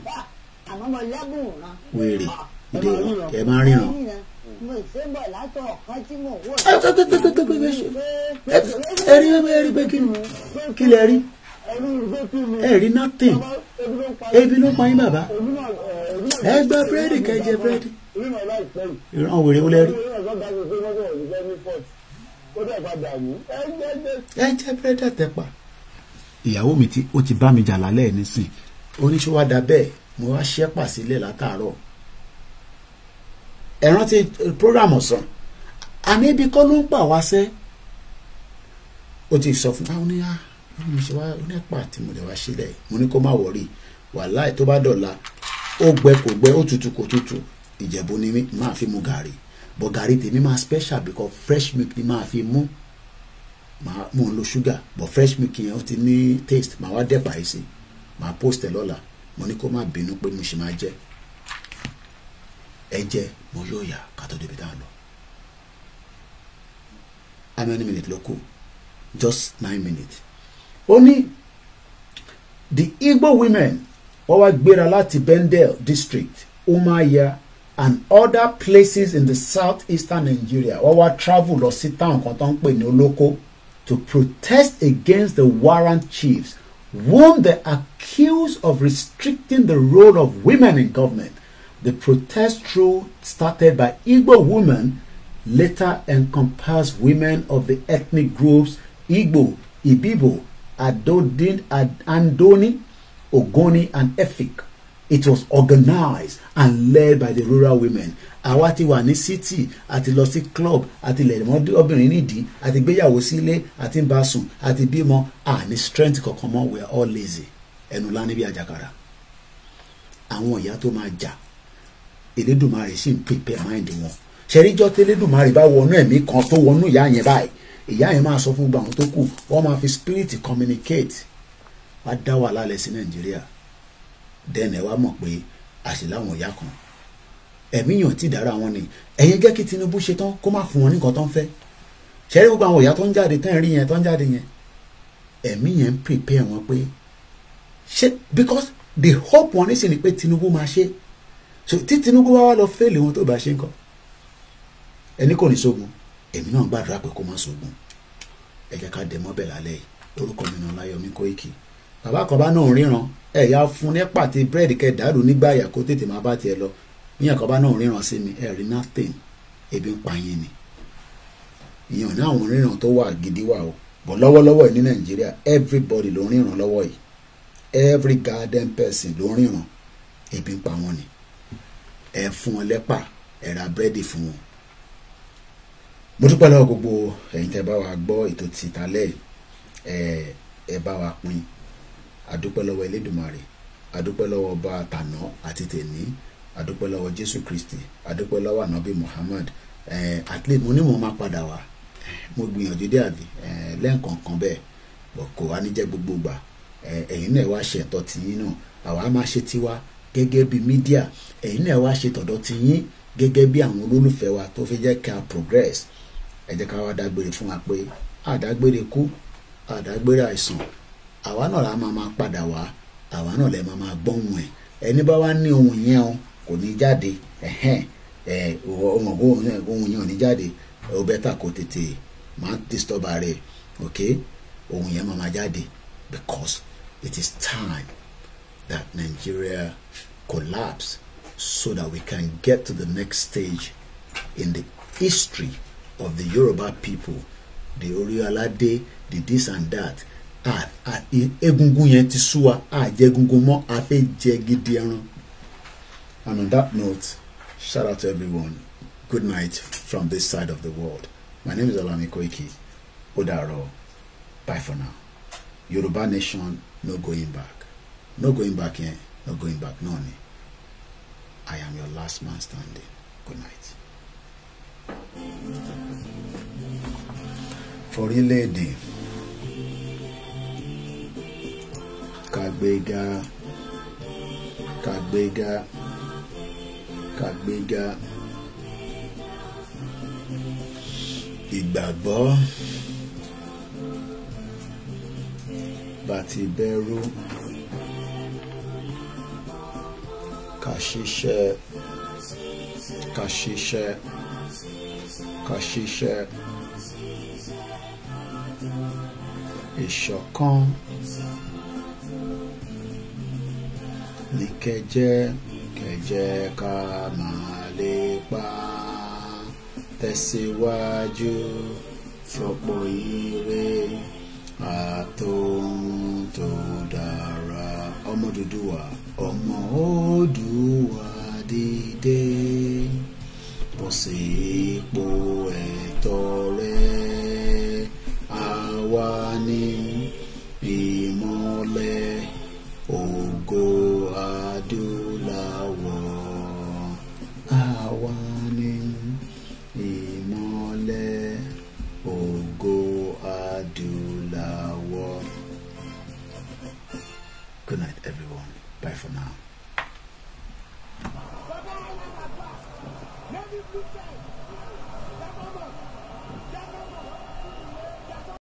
wèrè ìdè ẹ máa ríran. ẹ rí ẹ rí pé kí ni kí lè rí ẹ rí nothing ebi ló pa yín bàbá ẹ gbà búrẹ́dì kẹjẹ búrẹ́dì ìran wèrè wọlé rí ẹ jẹ búrẹ́dì àtẹ̀pà ìyàwó mi tí ó ti bá mi jà lálẹ́ nísìn oníṣòwádà bẹ́ẹ̀ mo wá ṣẹ́pà sílẹ̀ látàárọ̀ ẹ rántí program ọ̀sán àmì ibi kọ́ ló ń pa wá sẹ́ ó ti sọ fún báwọn ní á ah? mo ṣe wá nípa àti mo lè wá sílẹ̀ mo ní kó má wọ̀rí wàláì tó bá dọ̀la ó gbẹ kò gbẹ ó tutù kò tutù ìjẹ̀bú ni mí máa fi mu gàrí bọ̀ gàrí tèmi máa special because fresh milk ni máa fi mú mo ń lo sugar bọ̀ fresh milk yẹn ó ti ní taste màá wá dẹ̀pà yìí sí màá post ẹ̀ lọ́la mo ní kó má bínú pé mo ṣe máa jẹ́ ẹ jẹ́ mo yóò yà ká débi tá lọ how many minutes ló kù just nine minutes ó ní the Igbo women wọ́n wá gbéra láti Bendel district Umuahia and other places in the south eastern Nigeria wọ́n wá travel lọ sí town kan tó ń pè ní Olóko to protest against the warrant chiefs whom they accuse of restricting the role of women in government. The protest through started by Igbo women later encompassed women of the ethnic groups Igbo, Ibibo, Adodin, Ad, Andoni, Ogoni, and Efik. It was organized and led by the rural women. Àwa ti wà ní city àti lọ sí club àti lẹ̀mọ́ obìnrin nídìí àti gbéyàwó sílé àti ń bá sùn àti bímọ àní strength kankan mọ́ we are all lazy ẹnu lá níbi àjàkàrà. Àwọn ìyá tó máa jà Elédùmarè sì ń prepare mind wọn. Ṣẹ̀ríjọ́ tẹ́lẹ́dùmarè bá wọnú ẹ̀mí kan tó wọnú ìyá yẹn báyìí ìyá yẹn máa sọ fún gbogbo àwọn tó kù wọ́n máa fi spirit communicate wá dá wà lálẹ́ sí nàìjíríà dẹ́nà ẹ wá mọ̀ pé àṣìlá àwọn ìyá kan ẹ̀mí yàn tí dára wọn ni ẹ̀yin jẹ́ kí Tinubu ṣe tán kó má fún wọn ní nǹkan fẹ́ ṣẹ́rí gbogbo àwọn ìyá tó ń jáde tán rí yẹn tó ń jáde yẹn ẹ̀mí yẹn ń prepare wọn pé ṣe because the hope wọn nísìnyí pé Tinubu máa ṣe so tí Tinubu wá wá lọ fẹ́ẹ̀lì wọn tó bá ṣe nǹkan ẹni kò ní sógun èmi náà gbàdúrà pé kó má sọgbọn ẹ jẹ́ ká dẹ̀ mọ́bẹ̀ lálẹ́ yìí orúkọ mi náà láyọ̀mí Kóìkì bàbá kan bá náà ríran ẹ yá fún ní pàtẹ búrẹ́dì kẹdàrú nígbà àyà kó tètè má bá tiẹ̀ lọ níyàn kan náà ríran sí mi ẹ rí nothing ebi ń pa yín ni ìyàn ní àwọn ríran tó wà gidi wà o bọ̀ lọ́wọ́lọ́wọ́ ní Nàìjíríà everybody ló ń ríran lọ́wọ́ yìí every garden person ló ń ríran ebi ń pa wọn ni ẹ fún wọn lẹ́pà ẹ ra búrẹ́dì fún wọn mo dúpẹ́ lọ́wọ́ gbogbo ẹ̀yin tẹ́ bá wa gbọ́ ètò tìta lẹ́yìn ẹ bá wa pín adúpẹ́ lọ́wọ́ Elédùmarè adúpẹ́ lọ́wọ́ ọba tàná àti tèní adúpẹ́ lọ́wọ́ Jésù Kristi adúpẹ́ lọ́wọ́ ànábì Muhammad at least mo ní mo máa padà wá mo gbìyànjú dé àbí lẹ́ǹkọ̀ọ̀kan bẹ́ẹ̀ bọ̀ kò wá ní jẹ́ gbogbo gbà ẹ̀yin náà wá ṣe ẹ̀tọ́ tiyín náà àwa máa ṣe tiwa gẹ́gẹ́ bí mídíà ẹ̀yin náà wá ṣe tọ̀dọ̀ tiyín gẹ́gẹ́ bí àwọn olólùfẹ́ wa tó fi jẹ́ ká progress ẹ jẹ́ ká wá dágbére fún wa pé àdágbére kú àdágbére àìsàn àwa náà la máa máa padà wá àwa náà lè máa máa gbọ́ ohun ẹ̀ ẹni bá wá ní ohun yẹn o kò ní jáde ẹ̀hẹ́n ẹ̀ ohun ohun yẹn ò ní jáde ó bẹ́tà kó tètè máa disturb rẹ̀ ok ohun yẹn máa jáde because it is time that Nigeria collapse so that we can get to the next stage in the history of the Yoruba people the Oriolade the this and that egungun yẹn ti sú wa àjẹ egungun mọ́ a jẹ gidi ẹran and on that note shout out to everyone good night from this side of the world my name is Alani Koiki ó bye for now Yoruba nation no going back no going back yẹn no going back náà ni I am your last man standing good night forílẹ̀-èdè kàgbéga kàgbéga kàgbéga ìgbàgbọ́ bàtì bẹ̀rù kàṣiṣẹ́ kàṣiṣẹ́ ìṣọ̀kan ṣíṣe ìṣọ̀kan ní kẹjẹ kẹjẹ ká máa lè pa tẹ̀síwájú fọ̀pọ̀ ire àtòhun tó dára ọmọ Odùduwà ọmọ Odùduwà dìde sípò ẹ̀tọ́ rẹ̀ àwa ni ìmọ́lẹ̀.